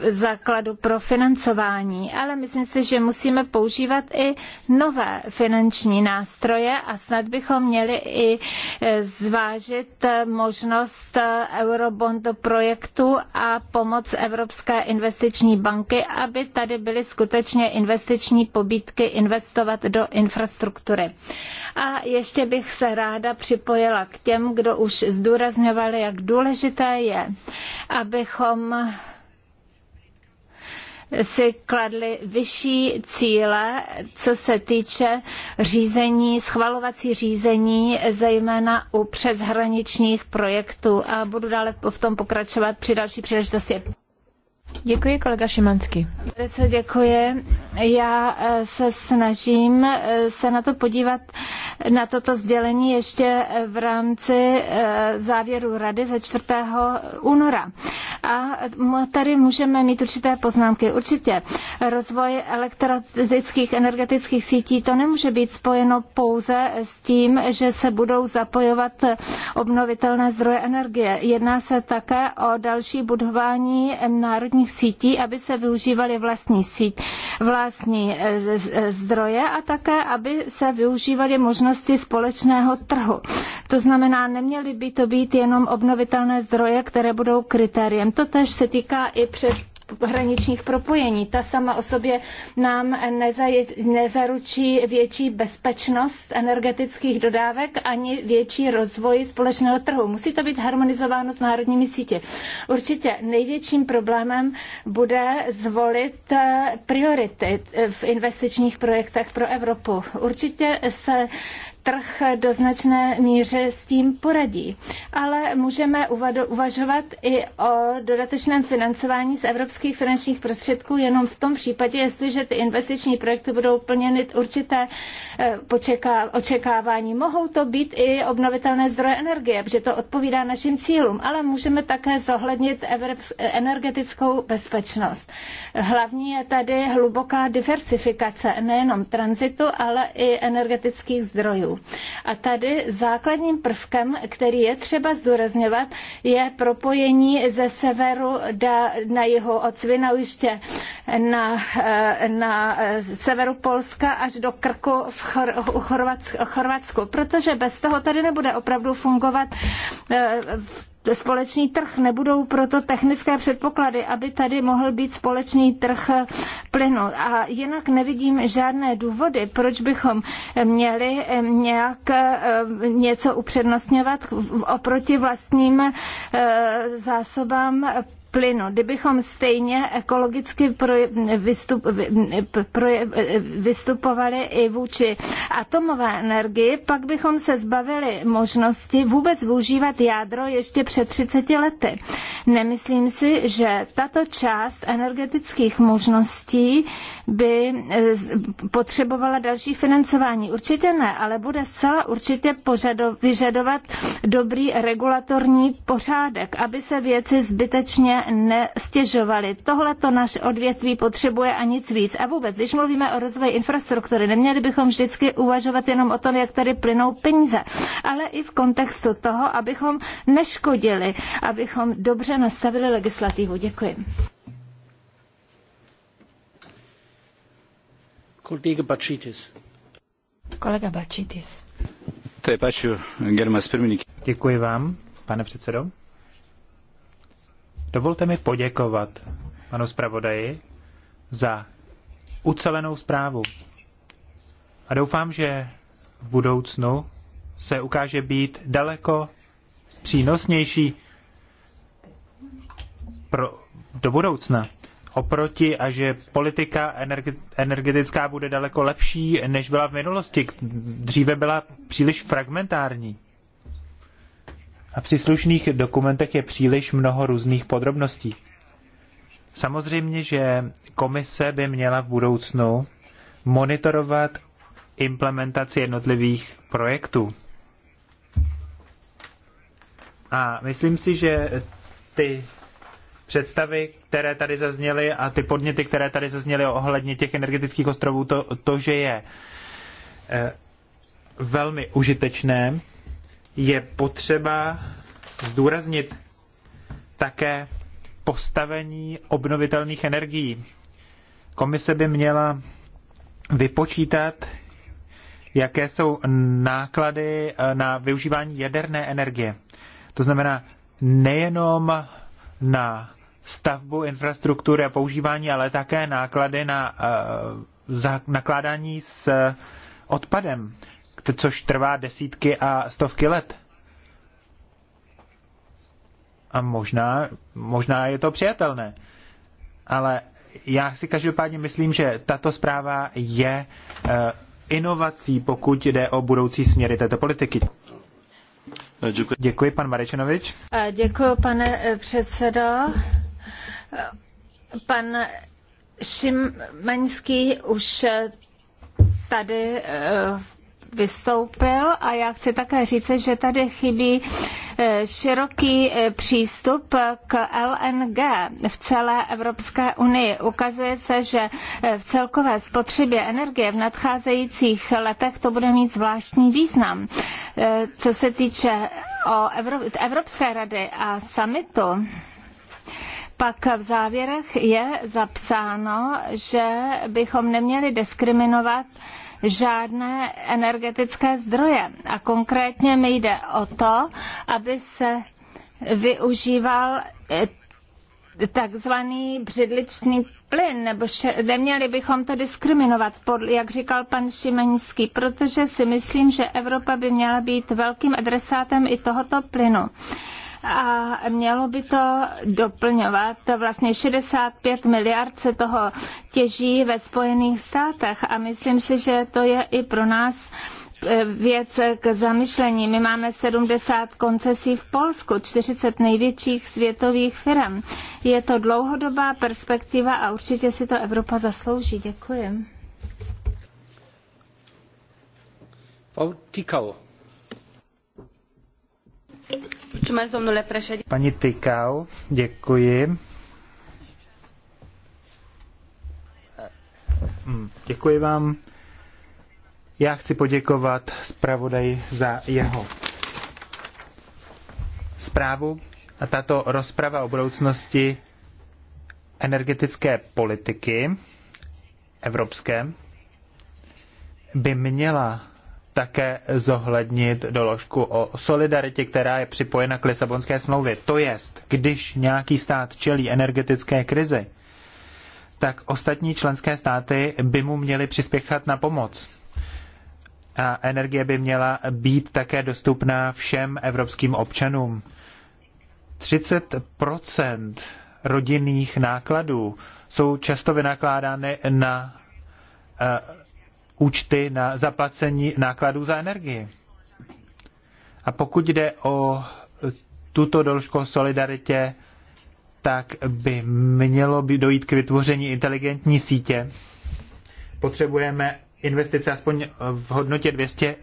základu pro financování, ale myslím si, že musíme používat i nové finanční nástroje a snad bychom měli i e, zvážit e, možnost e, eurobond projektu a pomoc Evropské investiční banky, aby tady byly skutečně investiční pobídky investovat do infrastruktury. A ještě bych se ráda připojila k těm, kdo už zdůrazňovali, jak důležité je, abychom si kladli vyšší cíle, co se týče řízení, schvalovací řízení, zejména u přeshraničních projektů. A budu dále v tom pokračovat při další příležitosti. Děkuji, kolega Šimanský. Velice děkuji. Já eh, se snažím eh, se na to podívat, na toto sdělení ještě eh, v rámci závěru rady ze 4. února. A tady můžeme mít určité poznámky. Určitě rozvoj elektrických energetických sítí, to nemůže být spojeno pouze s tím, že se budou zapojovat obnovitelné zdroje energie. Jedná se také o další budování národní vlastních sítí, aby se využívaly vlastní síť, vlastní e, zdroje a také, aby se využívaly možnosti společného trhu. To znamená, neměly by to být jenom obnovitelné zdroje, které budou kritériem. To tež se týká i přes hraničních propojení. Ta sama o sobě nám nezaručí větší bezpečnost energetických dodávek ani větší rozvoj společného trhu. Musí to být harmonizováno s národními sítě. Určitě největším problémem bude zvolit eh, priority v investičních projektech pro Evropu. Určitě se trh do značné míře s tím poradí. Ale můžeme uvažovat i o dodatečném financování z evropských finančních prostředků jenom v tom případě, jestliže ty investiční projekty budou plněny určité eh, počeká, očekávání. Mohou to být i obnovitelné zdroje energie, protože to odpovídá našim cílům, ale můžeme také zohlednit energetickou bezpečnost. Hlavní je tady hluboká diversifikace nejenom tranzitu, ale i energetických zdrojů států. A tady základním prvkem, který je třeba zdůrazňovat, je propojení ze severu na jeho od Svinoviště na, eh, na eh, severu Polska až do Krku v Chorvatsku, Chorvatsku, protože bez toho tady nebude opravdu fungovat eh, v společný trh, nebudou proto technické předpoklady, aby tady mohl být společný trh plynu. A jinak nevidím žádné důvody, proč bychom měli eh, nějak eh, něco upřednostňovat oproti vlastním eh, zásobám plynu. Kdybychom stejně ekologicky vystupovali i vůči atomové energii, pak bychom se zbavili možnosti vůbec využívat jádro ještě před 30 lety. Nemyslím si, že tato část energetických možností by eh, potřebovala další financování. Určitě ne, ale bude zcela určitě vyžadovat dobrý regulatorní pořádek, aby se věci zbytečně nestěžovali. Tohle to naše odvětví potřebuje a nic víc. A vůbec, když mluvíme o rozvoji infrastruktury, neměli bychom vždycky uvažovat jenom o tom, jak tady plynou peníze, ale i v kontextu toho, abychom neškodili, abychom dobře nastavili legislativu. Děkuji. Kolega Bačitis. Kolega Bačitis. Děkuji vám, pane předsedo. Dovolte mi poděkovat panu zpravodaji za ucelenou zprávu. A doufám, že v budoucnu se ukáže být daleko přínosnější pro, do budoucna oproti a že politika energetická bude daleko lepší, než byla v minulosti. Dříve byla příliš fragmentární a příslušných dokumentech je příliš mnoho různých podrobností. Samozřejmě, že komise by měla v budoucnu monitorovat implementaci jednotlivých projektů. A myslím si, že ty představy, které tady zazněly a ty podněty, které tady zazněly ohledně těch energetických ostrovů, to, to že je eh, velmi užitečné je potřeba zdůraznit také postavení obnovitelných energií. Komise by měla vypočítat, jaké jsou náklady eh, na využívání jaderné energie. To znamená nejenom na stavbu infrastruktury a používání, ale také náklady na uh, nakládání s odpadem což trvá desítky a stovky let. A možná, možná je to přijatelné. Ale já si každopádně myslím, že tato zpráva je eh, inovací, pokud jde o budoucí směry této politiky. Děkuji, Děkuji pan Marečenovič. Eh, děkuji, pane eh, předsedo. Pan Šimaňský už tady v vystoupil a já chci také říct, že tady chybí eh, široký eh, přístup k LNG v celé Evropské unii. Ukazuje se, že eh, v celkové spotřebě energie v nadcházejících letech to bude mít zvláštní význam. Co se týče o Evropské rady a summitu, pak v závěrech je zapsáno, že bychom neměli diskriminovat žádné energetické zdroje. A konkrétně mi jde o to, aby se využíval eh, takzvaný břidličný plyn, nebo še, neměli bychom to diskriminovat, jak říkal pan Šimeňský, protože si myslím, že Evropa by měla být velkým adresátem i tohoto plynu a mělo by to doplňovat. Vlastně 65 miliard se toho těží ve Spojených státech a myslím si, že to je i pro nás e, věc k zamyšlení. My máme 70 koncesí v Polsku, 40 největších světových firm. Je to dlouhodobá perspektiva a určitě si to Evropa zaslouží. Děkuji. Frau Tikau. Paní Tykau, děkuji. Mm, děkuji vám. Já chci poděkovat zpravodaji za jeho zprávu a tato rozprava o budoucnosti energetické politiky evropské by měla také zohlednit doložku o solidaritě, která je připojena k Lisabonské smlouvě. To jest, když nějaký stát čelí energetické krizi, tak ostatní členské státy by mu měly přispěchat na pomoc. A energie by měla být také dostupná všem evropským občanům. 30 rodinných nákladů jsou často vynakládány na eh, účty na zaplacení nákladů za energii. A pokud jde o tuto doložku solidaritě, tak by mělo by dojít k vytvoření inteligentní sítě. Potřebujeme investice aspoň v hodnotě 200,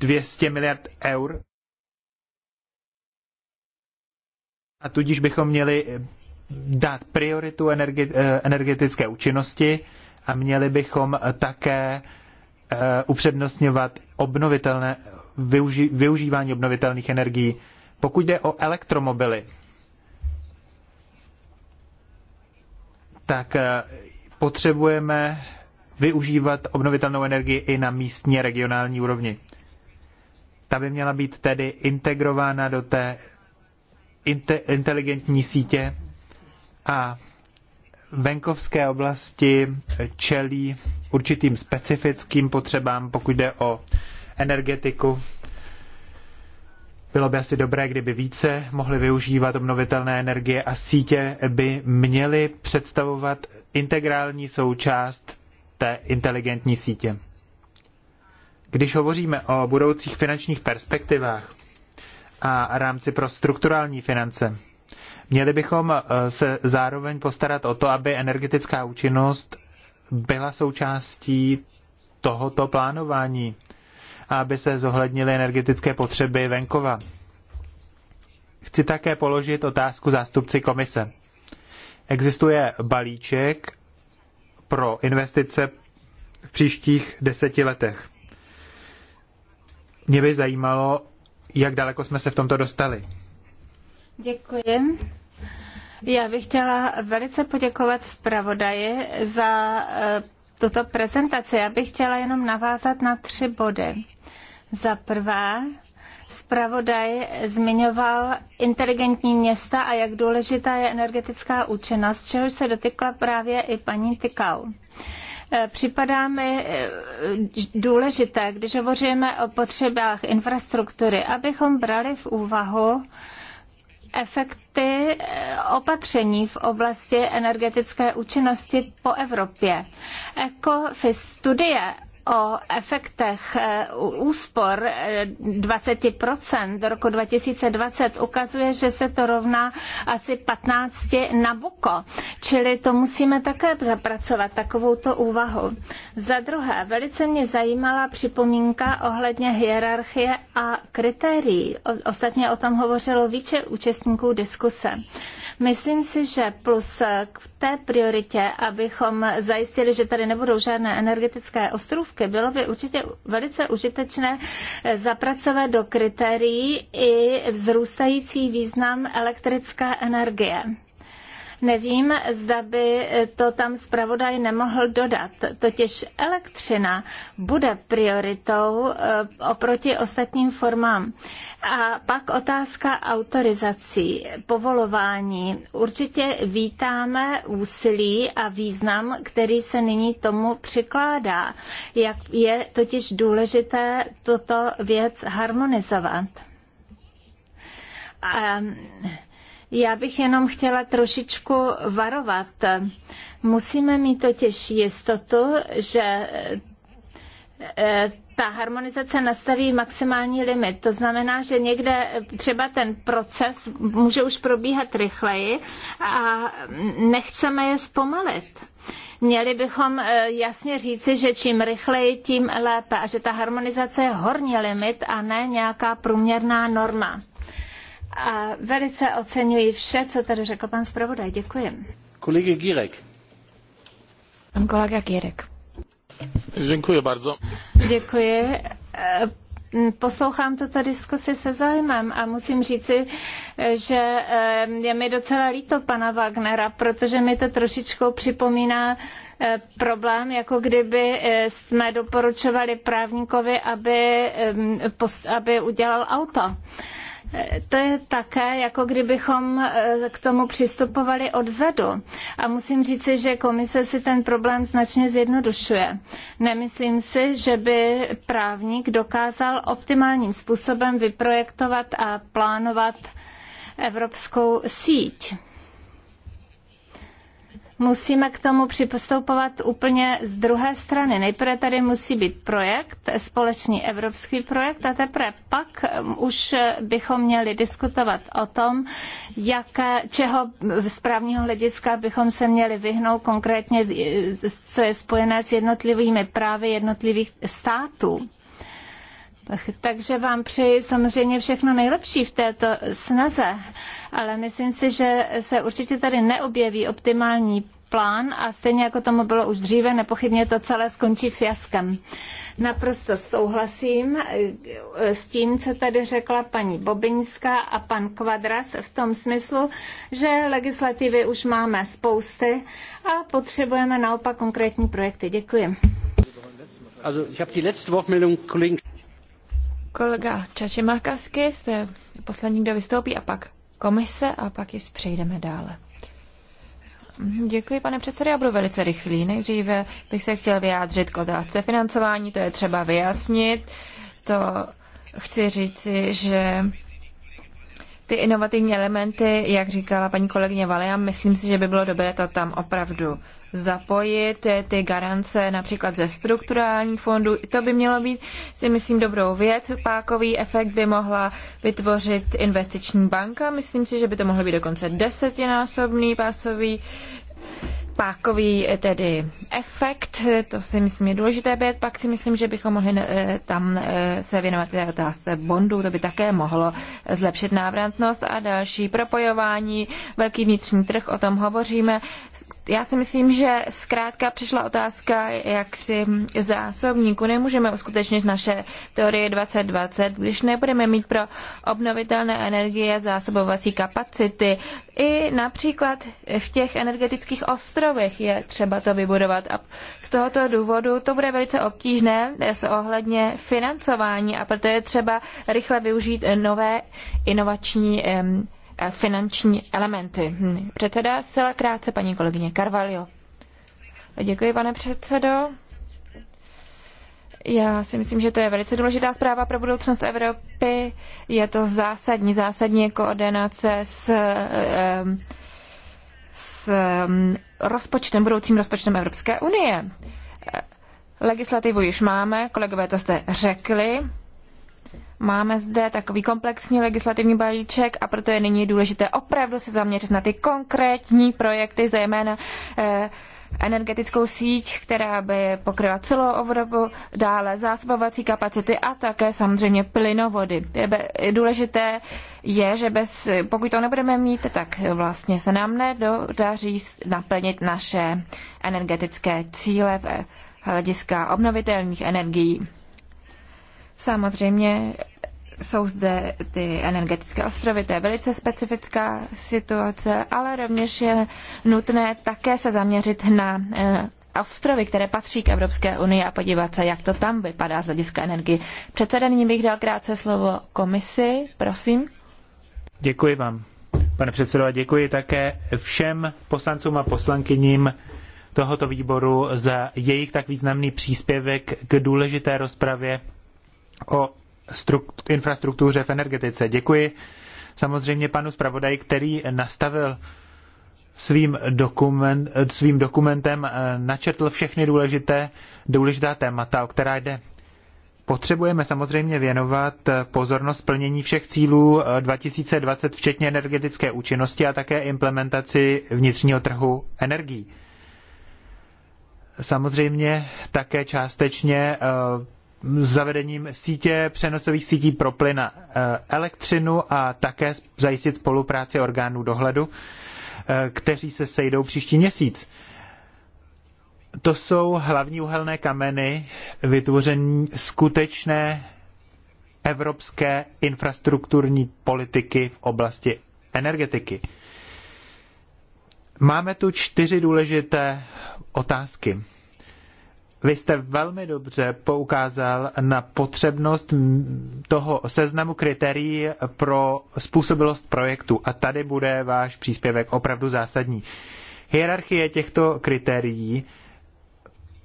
200 eh, miliard eur. A tudíž bychom měli dát prioritu eh, energetické účinnosti a měli bychom také eh, upřednostňovat obnovitelné, využi, využívání obnovitelných energií. Pokud jde o elektromobily, tak eh, potřebujeme využívat obnovitelnou energii i na místní regionální úrovni. Ta by měla být tedy integrována do té inte, inteligentní sítě a venkovské oblasti čelí určitým specifickým potřebám, pokud jde o energetiku. Bylo by asi dobré, kdyby více mohli využívat obnovitelné energie a sítě by měly představovat integrální součást té inteligentní sítě. Když hovoříme o budoucích finančních perspektivách a rámci pro strukturální finance, Měli bychom eh, se zároveň postarat o to, aby energetická účinnost byla součástí tohoto plánování a aby se zohlednily energetické potřeby venkova. Chci také položit otázku zástupci komise. Existuje balíček pro investice v příštích deseti letech. Mě by zajímalo, jak daleko jsme se v tomto dostali. Děkuji. Já bych chtěla velice poděkovat zpravodaji za eh, tuto prezentaci. Já bych chtěla jenom navázat na tři body. Za prvé, Spravodaj zmiňoval inteligentní města a jak důležitá je energetická účinnost, čehož se dotykla právě i paní Tykau. Eh, připadá mi eh, důležité, když hovoříme o potřebách infrastruktury, abychom brali v úvahu efekty eh, opatření v oblasti energetické účinnosti po Evropě. ECOFIS studie o efektech eh, úspor 20% eh, do roku 2020 ukazuje, že se to rovná asi 15 na buko. Čili to musíme také zapracovat, takovou to úvahu. Za druhé, velice mě zajímala připomínka ohledně hierarchie a kritérií. Ostatně o tom hovořilo více účastníků diskuse. Myslím si, že plus k té prioritě, abychom zajistili, že tady nebudou žádné energetické ostrůvky, prvky. Bylo by určitě velice užitečné eh, zapracovat do kritérií i vzrůstající význam elektrické energie. Nevím, zda by to tam zpravodaj nemohl dodat. Totiž elektřina bude prioritou eh, oproti ostatním formám. A pak otázka autorizací, povolování. Určitě vítáme úsilí a význam, který se nyní tomu přikládá. Jak je totiž důležité tuto věc harmonizovat. A já bych jenom chtěla trošičku varovat. Musíme mít totiž jistotu, že e, ta harmonizace nastaví maximální limit. To znamená, že někde třeba ten proces může už probíhat rychleji a nechceme je zpomalit. Měli bychom e, jasně říci, že čím rychleji, tím lépe a že ta harmonizace je horní limit a ne nějaká průměrná norma. A velice oceňuji vše, co tady řekl pan zpravodaj. Děkuji. Kolega Gírek. Pan kolega Gírek. Děkuji bardzo. Děkuji eh, poslouchám tuto diskusi se zájmem a musím říci, eh, že eh, je mi docela líto pana Wagnera, protože mi to trošičku připomíná problém, jako kdyby jsme doporučovali právníkovi, aby, aby udělal auto to je také, jako kdybychom eh, k tomu přistupovali odzadu. A musím říci, že komise si ten problém značně zjednodušuje. Nemyslím si, že by právník dokázal optimálním způsobem vyprojektovat a plánovat evropskou síť musíme k tomu přistupovat úplně z druhé strany. Nejprve tady musí být projekt, společný evropský projekt a teprve pak um, už bychom měli diskutovat o tom, jak, čeho z právního hlediska bychom se měli vyhnout konkrétně, co je spojené s jednotlivými právy jednotlivých států. Takže vám přeji samozřejmě všechno nejlepší v této snaze, ale myslím si, že se určitě tady neobjeví optimální plán a stejně jako tomu bylo už dříve, nepochybně to celé skončí fiaskem. Naprosto souhlasím eh, s tím, co tady řekla paní Bobiňská a pan Kvadras v tom smyslu, že legislativy už máme spousty a potřebujeme naopak konkrétní projekty. Děkuji. Also, ich habe die letzte Wortmeldung Kollegen Kolega Čačimakasky jste poslední, kdo vystoupí a pak komise a pak ji přejdeme dále. Děkuji, pane předsedo, já budu velice rychlý. Nejdříve bych se chtěl vyjádřit k otázce financování, to je třeba vyjasnit. To chci říci, že ty inovativní elementy, jak říkala paní kolegyně Valia, myslím si, že by bylo dobré to tam opravdu zapojit ty garance například ze strukturálních fondů. To by mělo být, si myslím, dobrou věc. Pákový efekt by mohla vytvořit investiční banka. Myslím si, že by to mohlo být dokonce desetinásobný pásový pákový eh, tedy efekt, to si myslím je důležité být, pak si myslím, že bychom mohli eh, tam eh, se věnovat té otázce bondů, to by také mohlo zlepšit návratnost a další propojování, velký vnitřní trh, o tom hovoříme, já si myslím, že zkrátka přišla otázka jaksi zásobníku. Nemůžeme uskutečnit naše teorie 2020, když nebudeme mít pro obnovitelné energie zásobovací kapacity. I například v těch energetických ostrovech je třeba to vybudovat. A z tohoto důvodu to bude velice obtížné s ohledně financování a proto je třeba rychle využít nové inovační Eh, finanční elementy. Hm, předseda, zcela krátce paní kolegyně Carvalho. Děkuji, pane předsedo. Já si myslím, že to je velice důležitá zpráva pro budoucnost Evropy. Je to zásadní, zásadní koordinace s, eh, s hm, rozpočtem, budoucím rozpočtem Evropské unie. Eh, legislativu již máme, kolegové to jste řekli. Máme zde takový komplexní legislativní balíček a proto je nyní důležité opravdu se zaměřit na ty konkrétní projekty, zejména eh, energetickou síť, která by pokryla celou Evropu, dále zásobovací kapacity a také samozřejmě plynovody. Důležité je, že bez, pokud to nebudeme mít, tak vlastně se nám nedodaří naplnit naše energetické cíle v eh, hlediska obnovitelných energií. Samozřejmě jsou zde ty energetické ostrovy, to je velice specifická situace, ale rovněž je nutné také se zaměřit na eh, ostrovy, které patří k Evropské unii a podívat se, jak to tam vypadá z hlediska energie. Předseda, nyní bych dal krátce slovo komisi, prosím. Děkuji vám, pane předsedo, a děkuji také všem poslancům a poslankyním tohoto výboru za jejich tak významný příspěvek k důležité rozpravě o infrastruktuře v energetice. Děkuji samozřejmě panu zpravodaji, který nastavil svým, dokument, svým dokumentem, eh, načetl všechny důležité, důležitá témata, o která jde. Potřebujeme samozřejmě věnovat eh, pozornost plnění všech cílů 2020, eh, včetně energetické účinnosti a také implementaci vnitřního trhu energií. Samozřejmě také částečně zavedením sítě, přenosových sítí pro plyn a e, elektřinu a také zajistit spolupráci orgánů dohledu, e, kteří se sejdou příští měsíc. To jsou hlavní uhelné kameny vytvoření skutečné evropské infrastrukturní politiky v oblasti energetiky. Máme tu čtyři důležité otázky. Vy jste velmi dobře poukázal na potřebnost toho seznamu kritérií pro způsobilost projektu a tady bude váš příspěvek opravdu zásadní. Hierarchie těchto kritérií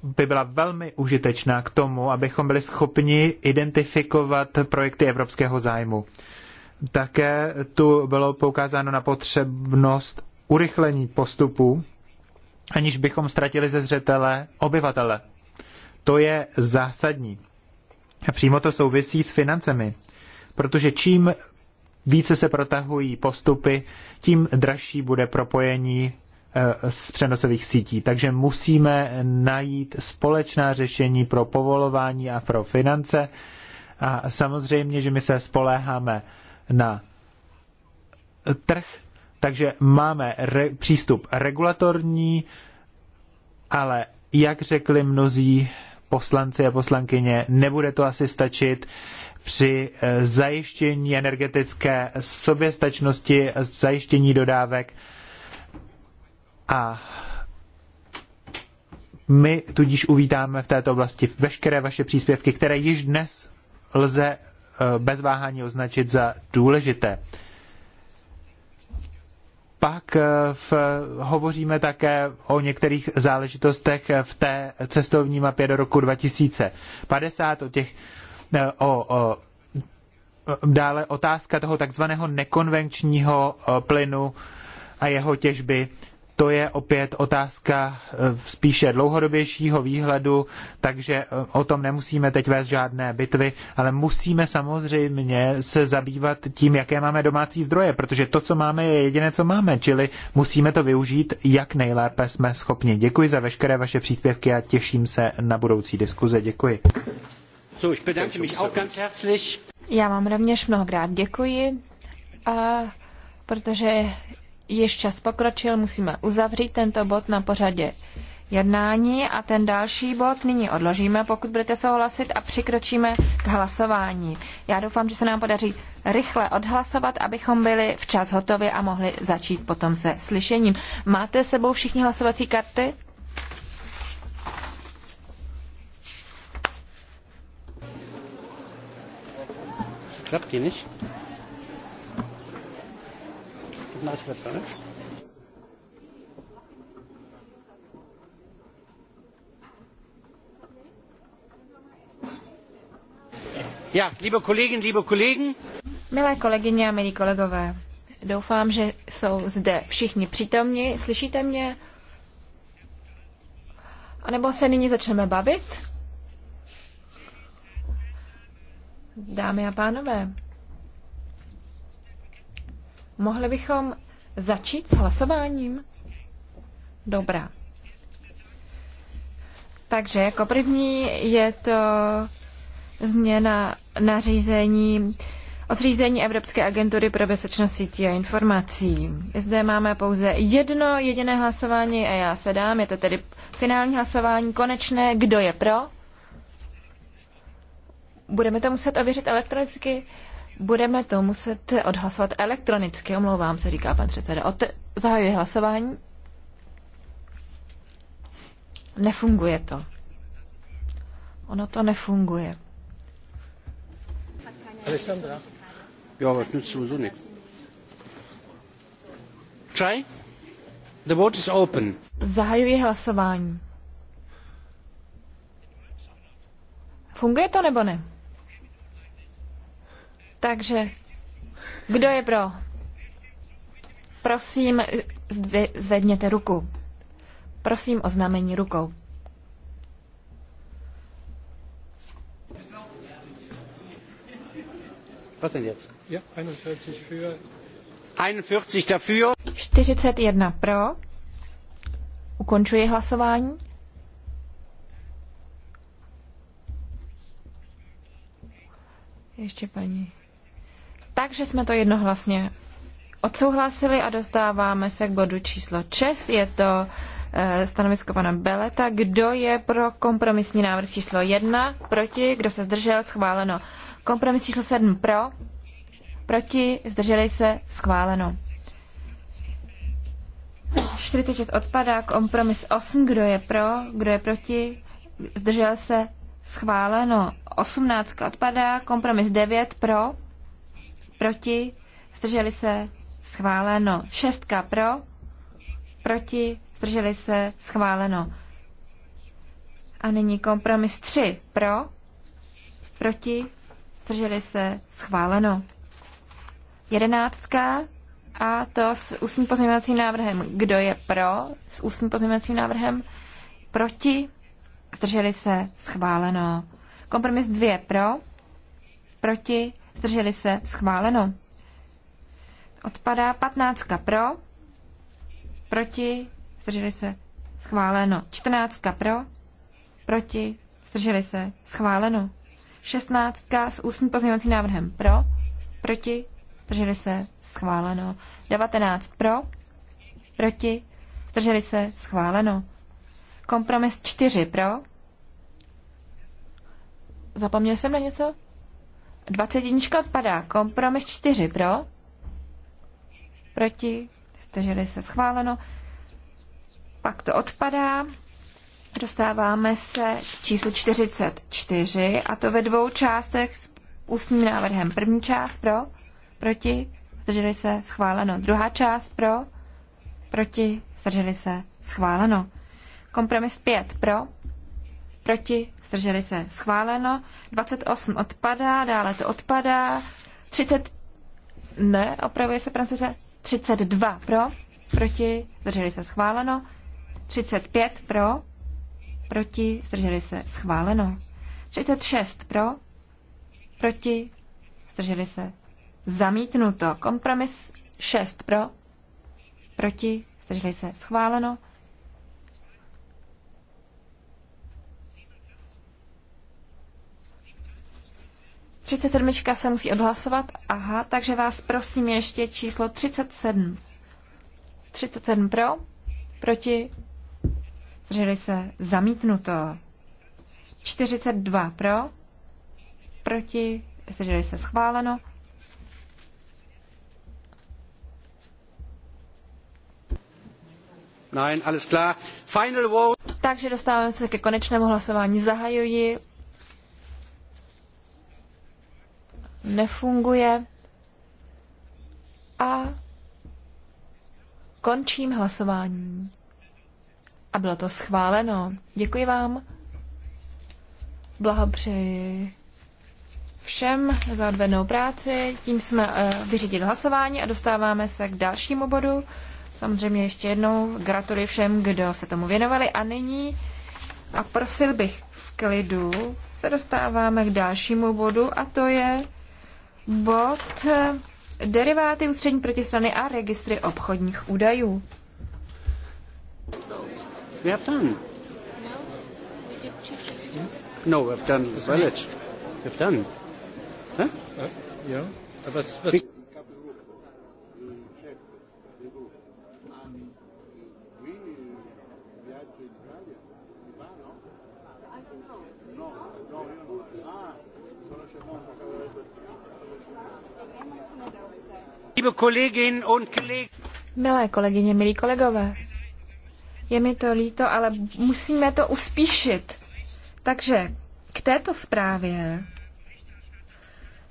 by byla velmi užitečná k tomu, abychom byli schopni identifikovat projekty evropského zájmu. Také tu bylo poukázáno na potřebnost urychlení postupu, aniž bychom ztratili ze zřetele obyvatele to je zásadní. A přímo to souvisí s financemi, protože čím více se protahují postupy, tím dražší bude propojení z eh, přenosových sítí. Takže musíme najít společná řešení pro povolování a pro finance. A samozřejmě, že my se spoléháme na trh, takže máme re- přístup regulatorní, ale jak řekli mnozí, poslanci a poslankyně, nebude to asi stačit při eh, zajištění energetické soběstačnosti, zajištění dodávek. A my tudíž uvítáme v této oblasti veškeré vaše příspěvky, které již dnes lze eh, bez váhání označit za důležité pak eh, v, hovoříme také o některých záležitostech v té cestovní mapě do roku 2050, o těch eh, o, o dále otázka toho takzvaného nekonvenčního eh, plynu a jeho těžby, to je opět otázka eh, spíše dlouhodobějšího výhledu, takže eh, o tom nemusíme teď vést žádné bitvy, ale musíme samozřejmě se zabývat tím, jaké máme domácí zdroje, protože to, co máme, je jediné, co máme, čili musíme to využít, jak nejlépe jsme schopni. Děkuji za veškeré vaše příspěvky a těším se na budoucí diskuze. Děkuji. Já vám rovněž mnohokrát děkuji, a protože již čas pokročil, musíme uzavřít tento bod na pořadě jednání a ten další bod nyní odložíme, pokud budete souhlasit, a přikročíme k hlasování. Já doufám, že se nám podaří rychle odhlasovat, abychom byli včas hotovi a mohli začít potom se slyšením. Máte sebou všichni hlasovací karty? Klapky, Nice to finish. Ja, liebe Kolleginnen, liebe Kollegen. Milé kolegyně a milí kolegové, doufám, že jsou zde všichni přítomni. Slyšíte mě? A nebo se nyní začneme bavit? Dámy a pánové, Mohli bychom začít s hlasováním? Dobrá. Takže jako první je to změna nařízení o zřízení Evropské agentury pro bezpečnost sítí a informací. Zde máme pouze jedno jediné hlasování a já se dám. Je to tedy finální hlasování, konečné. Kdo je pro? Budeme to muset ověřit elektronicky. Budeme to muset odhlasovat elektronicky, omlouvám se, říká pan předseda. Od zahajuje hlasování. Nefunguje to. Ono to nefunguje. Alessandra? jo, was nützt sowieso nichts. Try? The vote is open. Zahajuje hlasování. Funguje to nebo ne? Takže kdo je pro? Prosím, zvedněte ruku. Prosím o znamení rukou. Was denn jetzt? Ja, 41 für. 41 dafür. 41 pro. Ukončuji hlasování. Ještě paní takže jsme to jednohlasně odsouhlasili a dostáváme se k bodu číslo 6. Je to eh, stanovisko pana Beleta. Kdo je pro kompromisní návrh číslo 1? Proti? Kdo se zdržel? Schváleno. Kompromis číslo 7 pro? Proti? Zdrželi se? Schváleno. 46 odpadá. Kompromis 8. Kdo je pro? Kdo je proti? Zdržel se? Schváleno. 18 odpadá. Kompromis 9 pro? proti, zdrželi se, schváleno. Šestka pro, proti, zdrželi se, schváleno. A nyní kompromis 3 pro, proti, zdrželi se, schváleno. Jedenáctka a to s ústním pozměňovacím návrhem. Kdo je pro s ústním pozměňovacím návrhem? Proti, zdrželi se, schváleno. Kompromis 2 pro, proti, zdrželi se, schváleno. Odpadá 15 pro, proti, zdrželi se, schváleno. 14 pro, proti, zdrželi se, schváleno. 16 s ústním pozměňovacím návrhem pro, proti, zdrželi se, schváleno. 19 pro, proti, zdrželi se, schváleno. Kompromis 4 pro. Zapomněl jsem na něco? 20 21 odpadá. Kompromis 4 pro. Proti. Zdrželi se schváleno. Pak to odpadá. Dostáváme se k číslu 44 a to ve dvou částech s ústním návrhem. První část pro, proti, zdrželi se, schváleno. Druhá část pro, proti, zdrželi se, schváleno. Kompromis 5 pro, proti, zdrželi se, schváleno. 28 odpadá, dále to odpadá. 30, ne, opravuje se francouzře, 32 pro, proti, zdrželi se, schváleno. 35 pro, proti, zdrželi se, schváleno. 36 pro, proti, zdrželi se, zamítnuto. Kompromis 6 pro, proti, zdrželi se, schváleno. 37 se musí odhlasovat. Aha, takže vás prosím ještě číslo 37. 37 pro, proti, zdrželi se, zamítnuto. 42 pro, proti, zdrželi se, schváleno. Nein, alles klar. Final vote. Takže dostáváme se ke konečnému hlasování. Zahajuji nefunguje a končím hlasování. A bylo to schváleno. Děkuji vám. Blahopřeji všem za odvednou práci. Tím jsme eh, vyřídili hlasování a dostáváme se k dalšímu bodu. Samozřejmě ještě jednou gratuluji všem, kdo se tomu věnovali. A nyní, a prosil bych v klidu, se dostáváme k dalšímu bodu a to je bod eh, deriváty ústřední protistrany a registry obchodních údajů. We have done. No, we have done the village. We have done. Huh? Uh, yeah. Uh, was, was... Milé kolegyně, milí kolegové, je mi to líto, ale musíme to uspíšit. Takže k této zprávě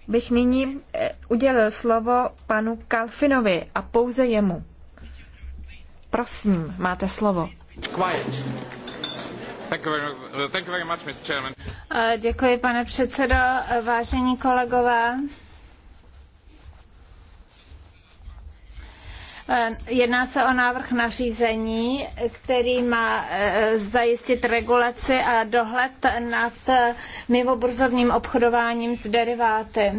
bych nyní eh, udělil slovo panu Kalfinovi a pouze jemu. Prosím, máte slovo. Eh, děkuji, pane předsedo, eh, vážení kolegové. Eh, jedná se o návrh nařízení, který má eh, zajistit regulaci a dohled nad eh, mimoburzovním obchodováním s deriváty.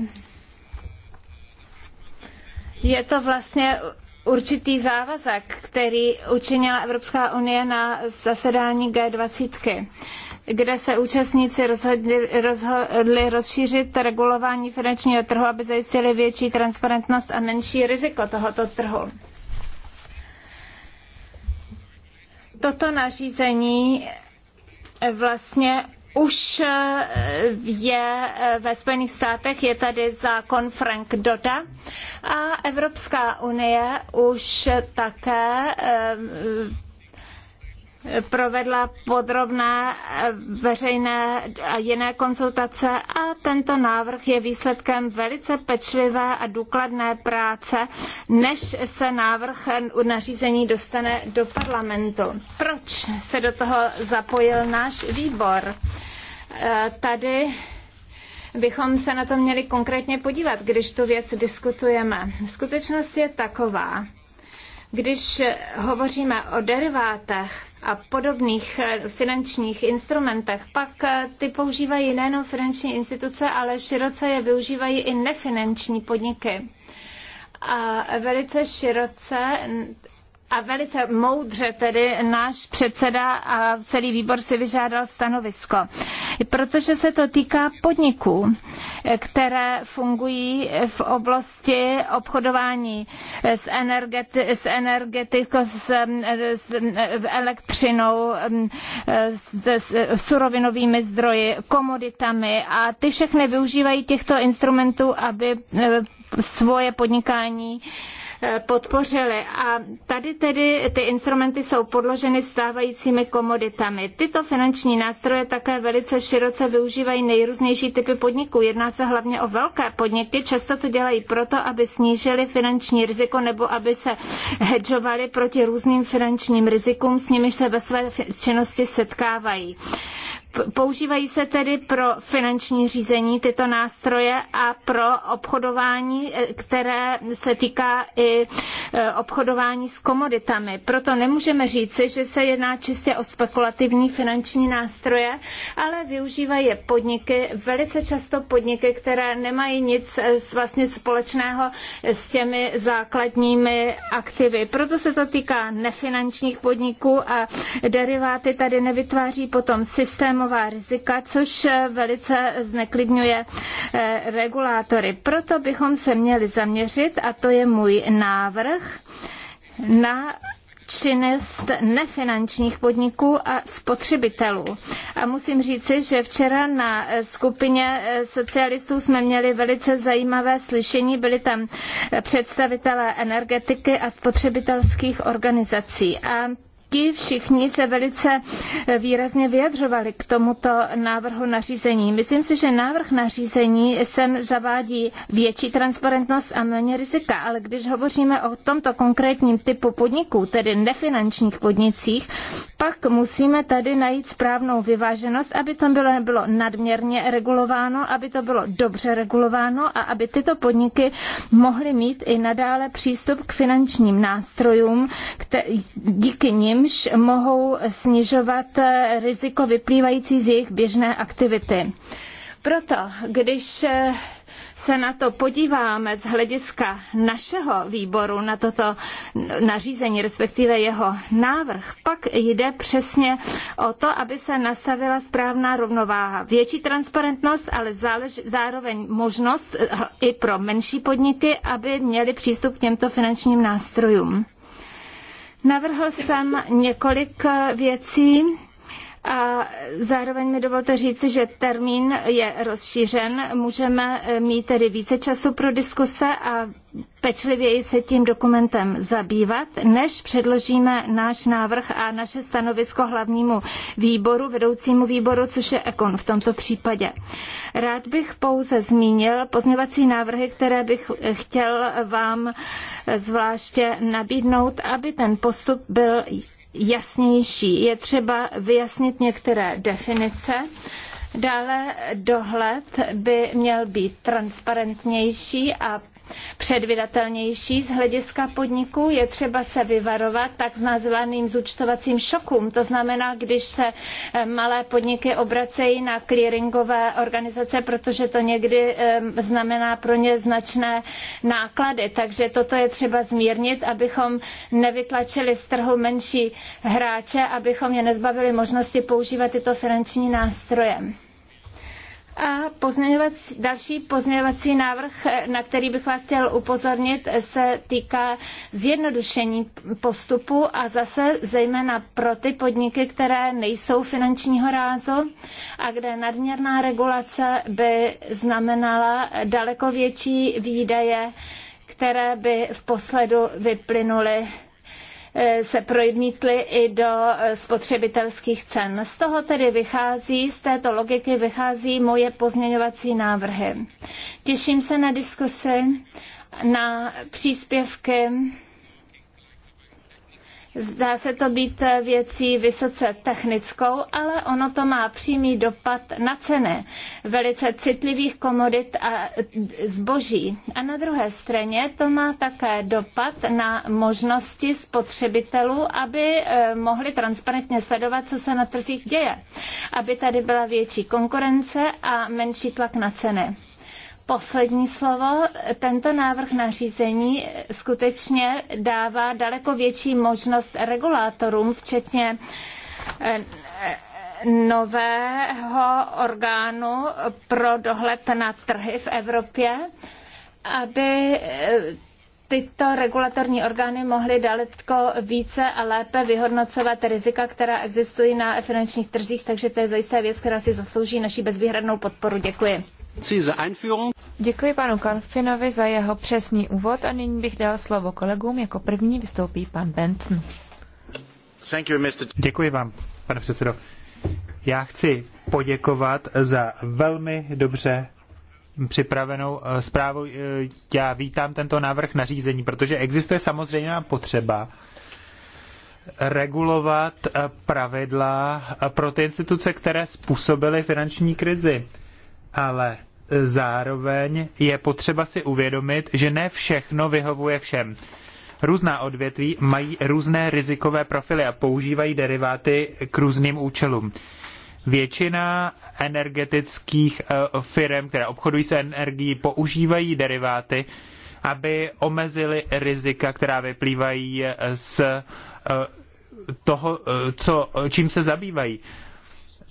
Je to vlastně určitý závazek, který učinila Evropská unie na zasedání G20, kde se účastníci rozhodli, rozhodli rozšířit regulování finančního trhu, aby zajistili větší transparentnost a menší riziko tohoto trhu. Toto nařízení eh, vlastně už eh, je eh, ve Spojených státech, je tady zákon Frank Doda a Evropská unie už také provedla podrobná eh, veřejné a jiné konzultace a tento návrh je výsledkem velice pečlivé a důkladné práce, než se návrh nařízení dostane do parlamentu. Proč se do toho zapojil náš výbor? Eh, tady bychom se na to měli konkrétně podívat, když tu věc diskutujeme. Skutečnost je taková, když hovoříme o derivátech a podobných eh, finančních instrumentech, pak eh, ty používají nejenom finanční instituce, ale široce je využívají i nefinanční podniky. A velice široce a velice moudře tedy náš předseda a celý výbor si vyžádal stanovisko, protože se to týká podniků, které fungují v oblasti obchodování s, energeti- s energetikou, s, s elektřinou, s, s surovinovými zdroji, komoditami a ty všechny využívají těchto instrumentů, aby e, svoje podnikání podpořili. A tady tedy ty instrumenty jsou podloženy stávajícími komoditami. Tyto finanční nástroje také velice široce využívají nejrůznější typy podniků. Jedná se hlavně o velké podniky, často to dělají proto, aby snížili finanční riziko nebo aby se hedžovali proti různým finančním rizikům, s nimiž se ve své činnosti setkávají. Používají se tedy pro finanční řízení tyto nástroje a pro obchodování, eh, které se týká i eh, obchodování s komoditami. Proto nemůžeme říci, že se jedná čistě o spekulativní finanční nástroje, ale využívají je podniky, velice často podniky, které nemají nic eh, vlastně společného s těmi základními aktivy. Proto se to týká nefinančních podniků a deriváty tady nevytváří potom systém systémová rizika, což eh, velice zneklidňuje eh, regulátory. Proto bychom se měli zaměřit, a to je můj návrh, na činnost nefinančních podniků a spotřebitelů. A musím říci, že včera na eh, skupině socialistů jsme měli velice zajímavé slyšení. Byli tam představitelé energetiky a spotřebitelských organizací. A ti všichni se velice eh, výrazně vyjadřovali k tomuto návrhu nařízení. Myslím si, že návrh nařízení sem zavádí větší transparentnost a méně rizika, ale když hovoříme o tomto konkrétním typu podniků, tedy nefinančních podnicích, pak musíme tady najít správnou vyváženost, aby to bylo, bylo nadměrně regulováno, aby to bylo dobře regulováno a aby tyto podniky mohly mít i nadále přístup k finančním nástrojům, kte- díky nim čímž mohou snižovat riziko vyplývající z jejich běžné aktivity. Proto, když se na to podíváme z hlediska našeho výboru na toto nařízení, respektive jeho návrh, pak jde přesně o to, aby se nastavila správná rovnováha. Větší transparentnost, ale zálež, zároveň možnost i pro menší podniky, aby měli přístup k těmto finančním nástrojům. Navrhl jsem několik věcí, a zároveň mi dovolte říci, že termín je rozšířen. Můžeme eh, mít tedy více času pro diskuse a pečlivěji se tím dokumentem zabývat, než předložíme náš návrh a naše stanovisko hlavnímu výboru, vedoucímu výboru, což je Ekon v tomto případě. Rád bych pouze zmínil pozměvací návrhy, které bych eh, chtěl vám eh, zvláště nabídnout, aby ten postup byl jasnější. Je třeba vyjasnit některé definice. Dále dohled by měl být transparentnější a předvydatelnější z hlediska podniku. Je třeba se vyvarovat tak nazvaným zúčtovacím šokům. To znamená, když se eh, malé podniky obracejí na clearingové organizace, protože to někdy eh, znamená pro ně značné náklady. Takže toto je třeba zmírnit, abychom nevytlačili z trhu menší hráče, abychom je nezbavili možnosti používat tyto finanční nástroje. A pozměňovací, další pozměňovací návrh, eh, na který bych vás chtěl upozornit, eh, se týká zjednodušení postupu a zase zejména pro ty podniky, které nejsou finančního rázu a kde nadměrná regulace by znamenala daleko větší výdaje, které by v posledu vyplynuly Eh, se projednítly i do eh, spotřebitelských cen. Z toho tedy vychází, z této logiky vychází moje pozměňovací návrhy. Těším se na diskusi, na příspěvky Zdá se to být eh, věcí vysoce technickou, ale ono to má přímý dopad na ceny velice citlivých komodit a zboží. A na druhé straně to má také dopad na možnosti spotřebitelů, aby eh, mohli transparentně sledovat, co se na trzích děje, aby tady byla větší konkurence a menší tlak na ceny poslední slovo. Tento návrh nařízení skutečně dává daleko větší možnost regulátorům, včetně eh, nového orgánu pro dohled na trhy v Evropě, aby eh, tyto regulatorní orgány mohly daleko více a lépe vyhodnocovat rizika, která existují na finančních trzích, takže to je zajisté věc, která si zaslouží naší bezvýhradnou podporu. Děkuji. Děkuji panu Kalfinovi za jeho přesný úvod a nyní bych dal slovo kolegům. Jako první vystoupí pan Benson. Děkuji vám, pane předsedo. Já chci poděkovat za velmi dobře připravenou eh, zprávu. Eh, já vítám tento návrh nařízení, protože existuje samozřejmě potřeba regulovat eh, pravidla pro ty instituce, které způsobily finanční krizi. Ale zároveň je potřeba si uvědomit, že ne všechno vyhovuje všem. Různá odvětví mají různé rizikové profily a používají deriváty k různým účelům. Většina energetických eh, firm, které obchodují s energií, používají deriváty, aby omezili rizika, která vyplývají eh, z eh, toho, co, čím se zabývají.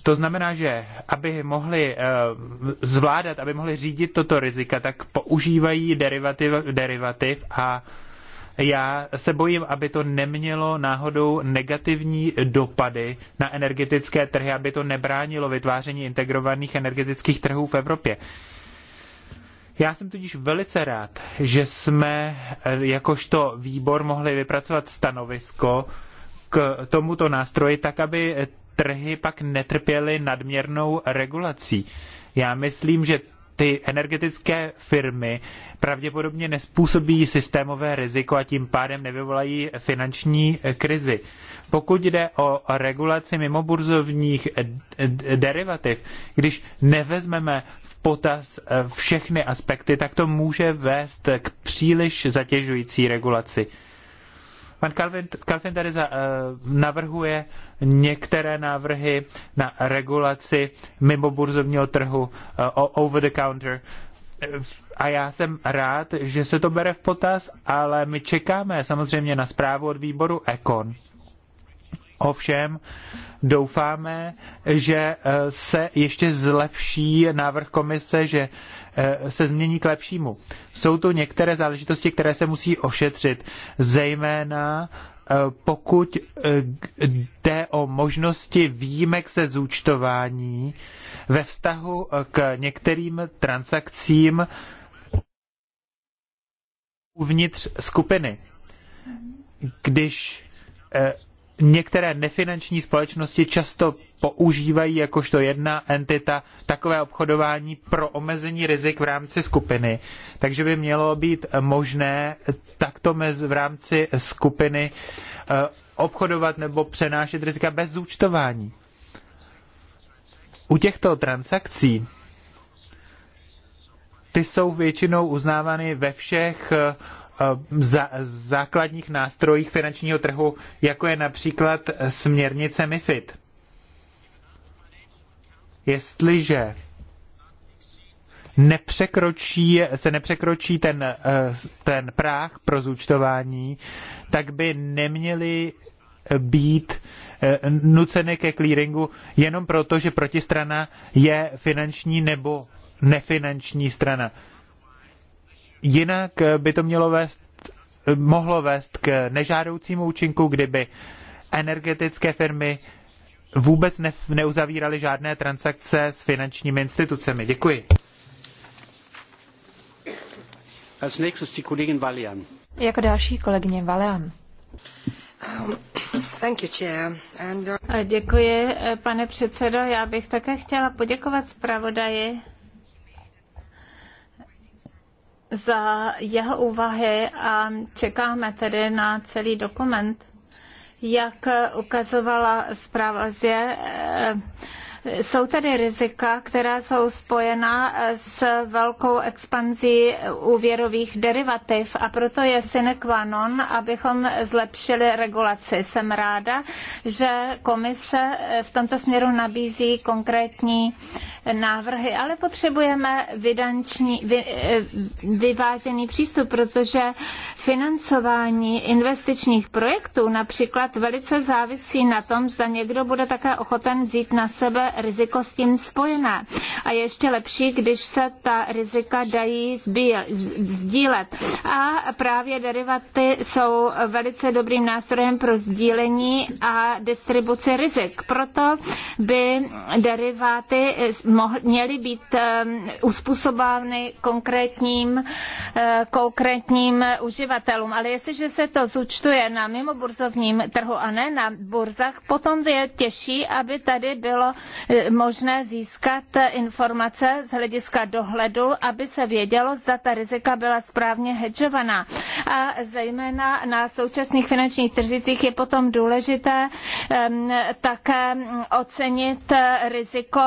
To znamená, že aby mohli eh, zvládat, aby mohli řídit toto rizika, tak používají derivativ, derivativ a já se bojím, aby to nemělo náhodou negativní dopady na energetické trhy, aby to nebránilo vytváření integrovaných energetických trhů v Evropě. Já jsem tudíž velice rád, že jsme eh, jakožto výbor mohli vypracovat stanovisko k tomuto nástroji, tak aby trhy pak netrpěly nadměrnou regulací. Já myslím, že ty energetické firmy pravděpodobně nespůsobí systémové riziko a tím pádem nevyvolají finanční krizi. Pokud jde o regulaci mimoburzovních derivativ, když nevezmeme v potaz eh, všechny aspekty, tak to může vést k příliš zatěžující regulaci. Pan Calvin, Calvin tady za, eh, navrhuje některé návrhy na regulaci mimo burzovního trhu eh, over the counter eh, a já jsem rád, že se to bere v potaz, ale my čekáme samozřejmě na zprávu od výboru Econ Ovšem doufáme, že eh, se ještě zlepší návrh komise, že eh, se změní k lepšímu. Jsou tu některé záležitosti, které se musí ošetřit, zejména eh, pokud jde o možnosti výjimek ze zúčtování ve vztahu k některým transakcím uvnitř skupiny. Když některé nefinanční společnosti často používají jakožto jedna entita takové obchodování pro omezení rizik v rámci skupiny. Takže by mělo být možné takto mez v rámci skupiny eh, obchodovat nebo přenášet rizika bez zúčtování. U těchto transakcí ty jsou většinou uznávány ve všech eh, Eh, základních nástrojích finančního trhu, jako je například směrnice MIFID. Jestliže nepřekročí, se nepřekročí ten, eh, ten práh pro zúčtování, tak by neměli být eh, nuceny ke clearingu jenom proto, že protistrana je finanční nebo nefinanční strana. Jinak eh, by to mělo vést, eh, mohlo vést k nežádoucímu účinku, kdyby energetické firmy vůbec ne, neuzavíraly žádné transakce s finančními institucemi. Děkuji. Als nächstes die Kollegin Valian. Jako další kolegyně Valian. Um, thank you, chair. And... Uh, Děkuji, eh, pane předsedo. Já bych také chtěla poděkovat zpravodaji za jeho úvahy a čekáme tedy na celý dokument. Jak ukazovala zpráva z je, jsou tady rizika, která jsou spojená s velkou expanzí úvěrových derivativ a proto je sine qua non, abychom zlepšili regulaci. Jsem ráda, že komise v tomto směru nabízí konkrétní návrhy, ale potřebujeme vydanční, vy, vyvážený přístup, protože financování investičních projektů například velice závisí na tom, zda někdo bude také ochoten vzít na sebe riziko s tím spojené. A je ještě lepší, když se ta rizika dají sdílet. A právě derivaty jsou velice dobrým nástrojem pro sdílení a distribuci rizik. Proto by deriváty měly být ehm, uspůsobány konkrétním, eh, konkrétním uživatelům. Ale jestliže se to zúčtuje na mimoburzovním trhu a ne na burzách, potom je těžší, aby tady bylo E, možné získat informace z hlediska dohledu, aby se vědělo, zda ta rizika byla správně hedžovaná. A zejména na současných finančních trzích je potom důležité také ocenit riziko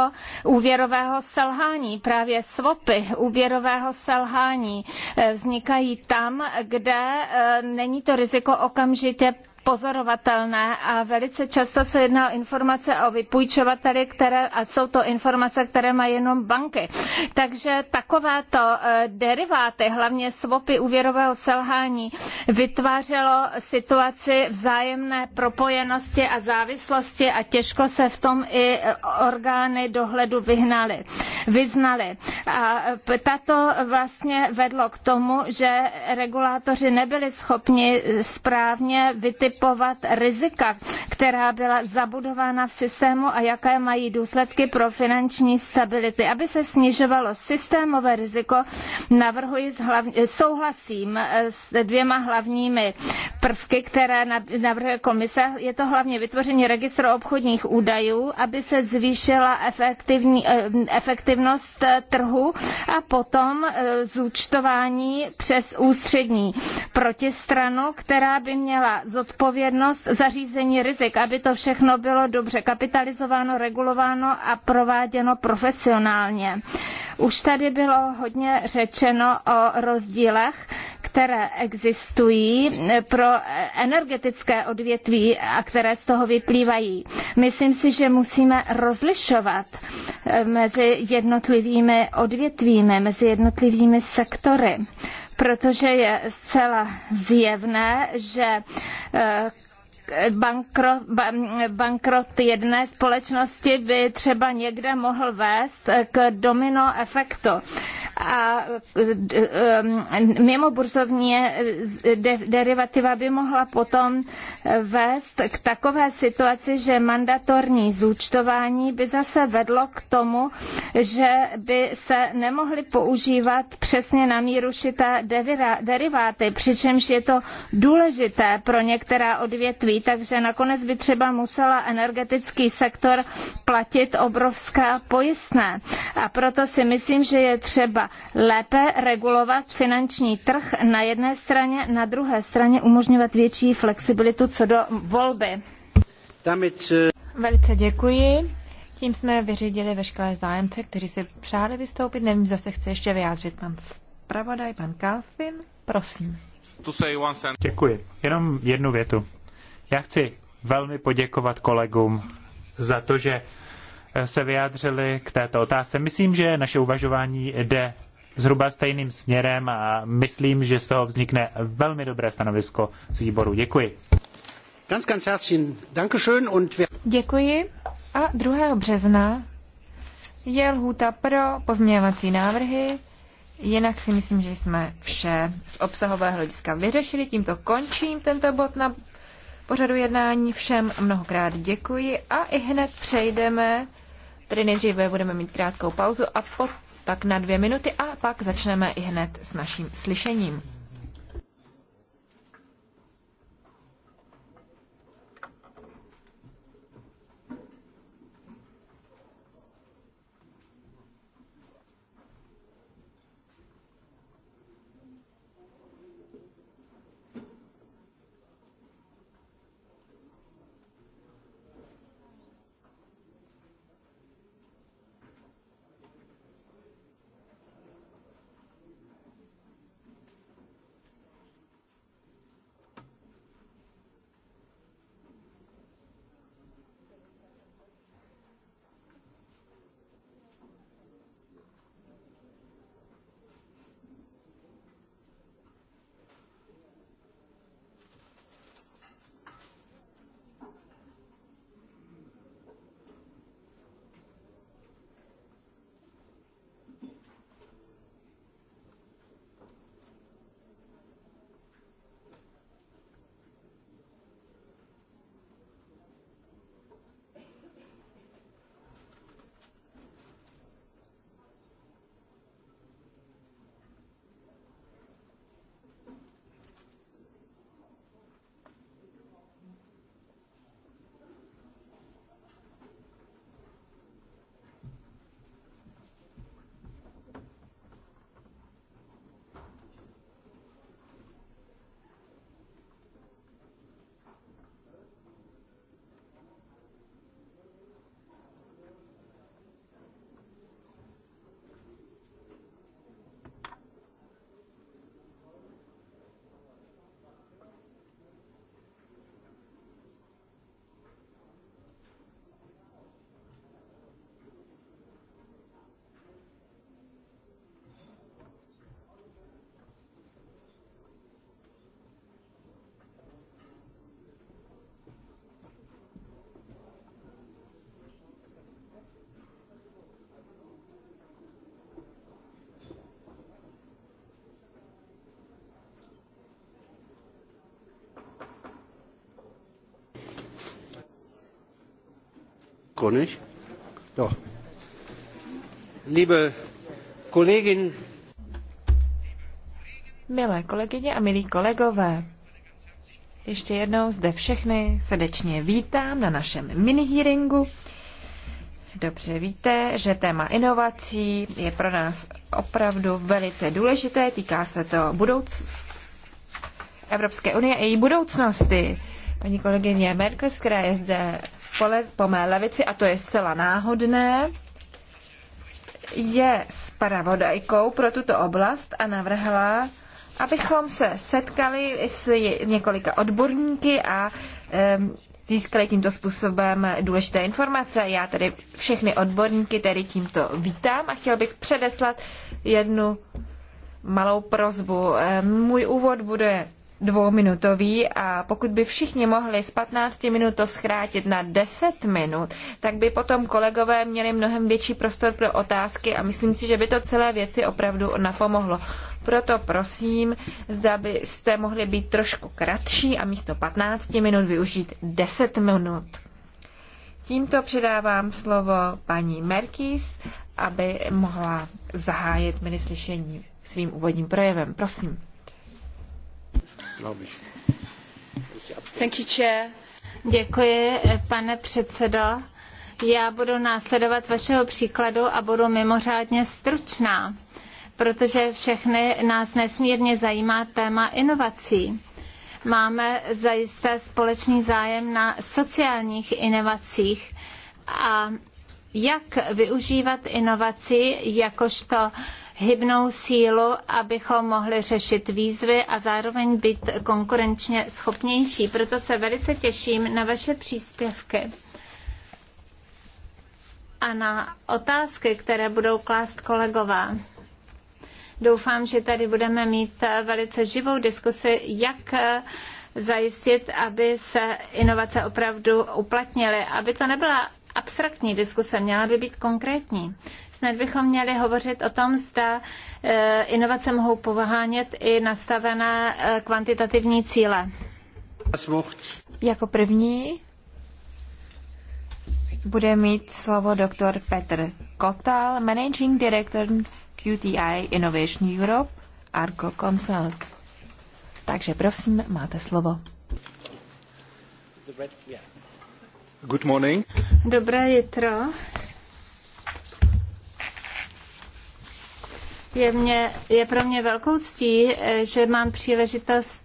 úvěrového selhání, právě swapy úvěrového selhání e, vznikají tam, kde e, není to riziko okamžitě pozorovatelné a velice často se jedná o informace o vypůjčovateli, které, a jsou to informace, které mají jenom banky. Takže takovéto eh, deriváty, hlavně swapy úvěrového selhání, vytvářelo situaci vzájemné propojenosti a závislosti a těžko se v tom i eh, orgány dohledu vyhnaly, vyznaly. A eh, tato vlastně vedlo k tomu, že regulátoři nebyli schopni správně vytipovat typovat rizika, která byla zabudována v systému a jaké mají důsledky pro finanční stability. Aby se snižovalo systémové riziko, navrhuji souhlasím eh, s dvěma hlavními prvky, které navrhuje komise. Je to hlavně vytvoření registru obchodních údajů, aby se zvýšila efektivní, eh, efektivnost eh, trhu a potom zúčtování přes ústřední protistranu, která by měla zodpovědnost odpovědnost za řízení rizik, aby to všechno bylo dobře kapitalizováno, regulováno a prováděno profesionálně. Už tady bylo hodně řečeno o rozdílech, které existují eh, pro energetické odvětví a které z toho vyplývají. Myslím si, že musíme rozlišovat eh, mezi jednotlivými odvětvími, mezi jednotlivými sektory protože je zcela zjevné, že eh, bankro, bankrot jedné společnosti by třeba někde mohl vést k domino efektu. A um, mimo burzovní derivativa by mohla potom vést k takové situaci, že mandatorní zúčtování by zase vedlo k tomu, že by se nemohly používat přesně na míru šité deriváty, přičemž je to důležité pro některá odvětví, takže nakonec by třeba musela energetický sektor platit obrovská pojistné. A proto si myslím, že je třeba lépe regulovat finanční trh na jedné straně, na druhé straně umožňovat větší flexibilitu co do volby. Velice děkuji. Tím jsme vyřídili veškeré zájemce, kteří si přáli vystoupit. Nevím, zase chce ještě vyjádřit pan zpravodaj, pan Kalfin. Prosím. Děkuji. Jenom jednu větu. Já chci velmi poděkovat kolegům za to, že eh, se vyjádřili k této otázce. Myslím, že naše uvažování jde zhruba stejným směrem a myslím, že z toho vznikne velmi dobré stanovisko z výboru. Děkuji. Děkuji. A 2. března je lhůta pro pozměňovací návrhy. Jinak si myslím, že jsme vše z obsahového hlediska vyřešili. Tímto končím tento bod na pořadu jednání. Všem mnohokrát děkuji a i hned přejdeme, tedy nejdříve budeme mít krátkou pauzu a pot, tak na dvě minuty a pak začneme i hned s naším slyšením. No. Milé kolegyně a milí kolegové, ještě jednou zde všechny srdečně vítám na našem mini-hearingu. Dobře víte, že téma inovací je pro nás opravdu velice důležité. Týká se to budouc... Evropské unie a její budoucnosti. Paní kolegyně Merkel, která je zde po mé levici, a to je zcela náhodné, je spravodajkou pro tuto oblast a navrhla, abychom se setkali s několika odborníky a získali tímto způsobem důležité informace. Já tedy všechny odborníky tedy tímto vítám a chtěl bych předeslat jednu malou prozbu. Můj úvod bude dvouminutový a pokud by všichni mohli z 15 minut to zkrátit na 10 minut, tak by potom kolegové měli mnohem větší prostor pro otázky a myslím si, že by to celé věci opravdu napomohlo. Proto prosím, zda byste mohli být trošku kratší a místo 15 minut využít 10 minut. Tímto předávám slovo paní Merkis, aby mohla zahájit mini slyšení svým úvodním projevem. Prosím. Děkuji, pane předsedo. Já budu následovat vašeho příkladu a budu mimořádně stručná, protože všechny nás nesmírně zajímá téma inovací. Máme zajisté společný zájem na sociálních inovacích a jak využívat inovaci jakožto hybnou sílu, abychom mohli řešit výzvy a zároveň být konkurenčně schopnější. Proto se velice těším na vaše příspěvky a na otázky, které budou klást kolegové. Doufám, že tady budeme mít velice živou diskusi, jak zajistit, aby se inovace opravdu uplatnily, aby to nebyla abstraktní diskuse, měla by být konkrétní snad bychom měli hovořit o tom, zda e, inovace mohou povahánět i nastavené e, kvantitativní cíle. Jako první bude mít slovo doktor Petr Kotal, Managing Director QTI Innovation Europe, Arco Consult. Takže prosím, máte slovo. Good morning. Dobré jitro. Je, mě, je pro mě velkou ctí, eh, že mám příležitost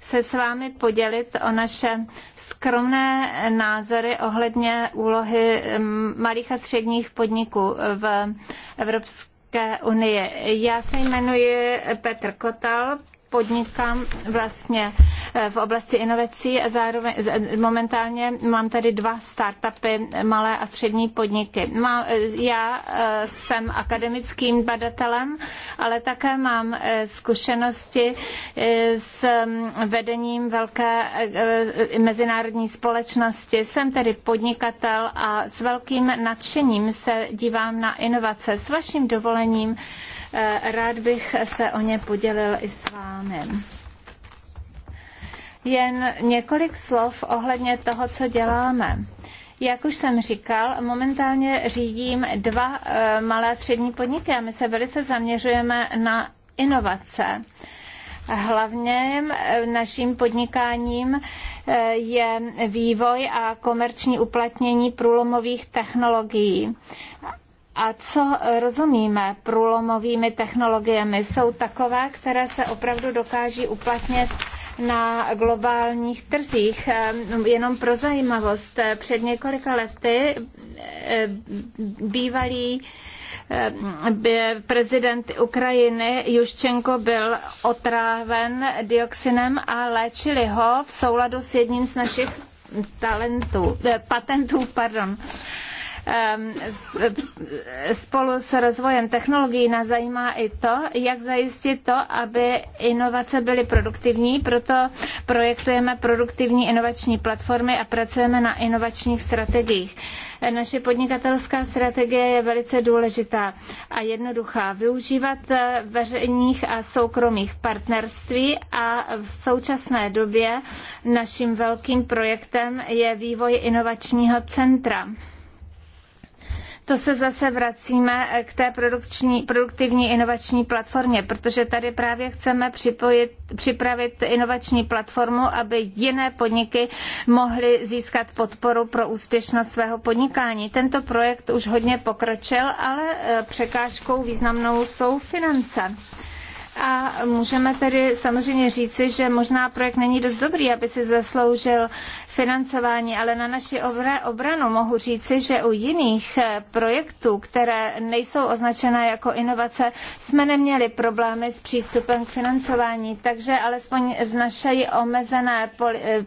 se s vámi podělit o naše skromné názory ohledně úlohy mm, malých a středních podniků v Evropské unii. Já se jmenuji Petr Kotal, podnikám vlastně eh, v oblasti inovací a zároveň eh, momentálně mám tady dva startupy, malé a střední podniky. Eh, já jsem akademickým badatelem, ale také mám zkušenosti s mm, vedením velké mezinárodní společnosti. Jsem tedy podnikatel a s velkým nadšením se dívám na inovace. S vaším dovolením Eh, rád bych se o ně podělil i s vámi. Jen několik slov ohledně toho, co děláme. Jak už jsem říkal, momentálně řídím dva eh, malé a střední podniky a my se velice zaměřujeme na inovace. Hlavně eh, naším podnikáním je vývoj a komerční uplatnění průlomových technologií. A co rozumíme průlomovými technologiemi? Jsou takové, které se opravdu dokáží uplatnit na globálních trzích. Ehm, jenom pro zajímavost, eh, před několika lety eh, bývalý ehm, prezident Ukrajiny Juščenko byl otráven dioxinem a léčili ho v souladu s jedním z našich talentů, eh, patentů. Pardon. Ehm, e, spolu s rozvojem technologií nás zajímá i to, jak zajistit to, aby inovace byly produktivní, proto projektujeme produktivní inovační platformy a pracujeme na inovačních strategiích. E, naše podnikatelská strategie je velice důležitá a jednoduchá. Využívat e, veřejných a soukromých partnerství a v současné době naším velkým projektem je vývoj inovačního centra to se zase vracíme k té produkční, produktivní inovační platformě, protože tady právě chceme připojit, připravit inovační platformu, aby jiné podniky mohly získat podporu pro úspěšnost svého podnikání. Tento projekt už hodně pokročil, ale eh, překážkou významnou jsou finance a můžeme tedy samozřejmě říci, že možná projekt není dost dobrý, aby si zasloužil financování, ale na naši obranu mohu říci, že u jiných eh, projektů, které nejsou označené jako inovace, jsme neměli problémy s přístupem k financování, takže alespoň z naší omezené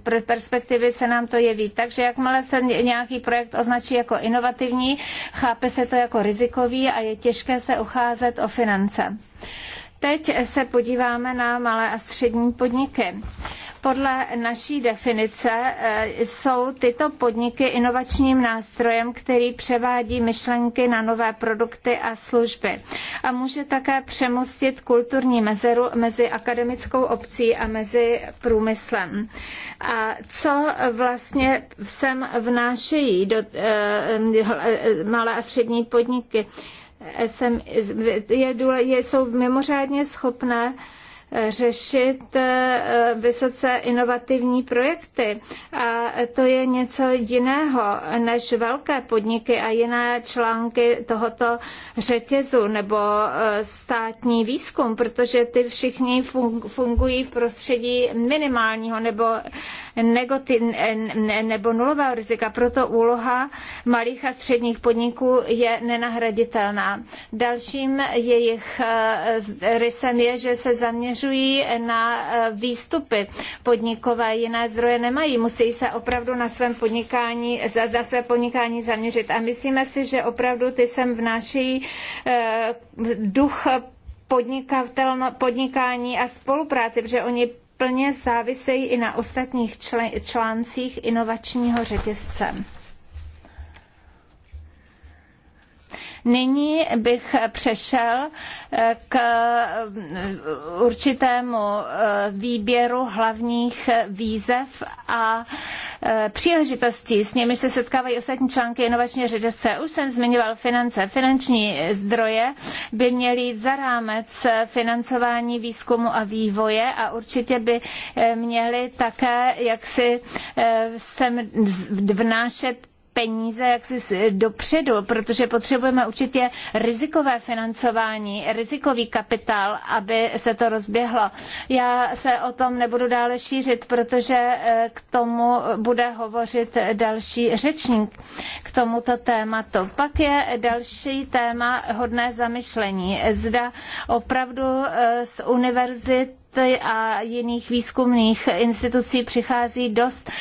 eh, perspektivy se nám to jeví. Takže jakmile se nějaký projekt označí jako inovativní, chápe se to jako rizikový a je těžké se ucházet o finance. Teď se podíváme na malé a střední podniky. Podle naší definice eh, jsou tyto podniky inovačním nástrojem, který převádí myšlenky na nové produkty a služby a může také přemostit kulturní mezeru mezi akademickou obcí a mezi průmyslem. A co vlastně sem vnášejí do eh, eh, malé a střední podniky? SM, je, je, jsou mimořádně schopné řešit eh, vysoce inovativní projekty. A to je něco jiného než velké podniky a jiné články tohoto řetězu nebo eh, státní výzkum, protože ty všichni fungují v prostředí minimálního nebo, negoti- nebo nulového rizika. Proto úloha malých a středních podniků je nenahraditelná. Dalším jejich eh, rysem je, že se zaměřují zaměřují na e, výstupy podnikové, jiné zdroje nemají, musí se opravdu na svém podnikání, za své podnikání zaměřit. A myslíme si, že opravdu ty sem vnáší e, duch podnikání a spolupráce, protože oni plně závisejí i na ostatních článcích inovačního řetězce. Nyní bych přešel eh, k eh, určitému eh, výběru hlavních výzev a příležitostí, s nimiž se setkávají ostatní články inovační řetězce. Už jsem zmiňoval finance. Finanční zdroje by měly jít za rámec financování výzkumu a vývoje a určitě by měly také jaksi sem vnášet peníze jaksi dopředu, protože potřebujeme určitě rizikové financování, rizikový kapitál, aby se to rozběhlo. Já se o tom nebudu dále šířit, protože eh, k tomu bude hovořit další řečník k tomuto tématu. Pak je další téma hodné zamyšlení. Zda opravdu eh, z univerzit a jiných výzkumných institucí přichází dost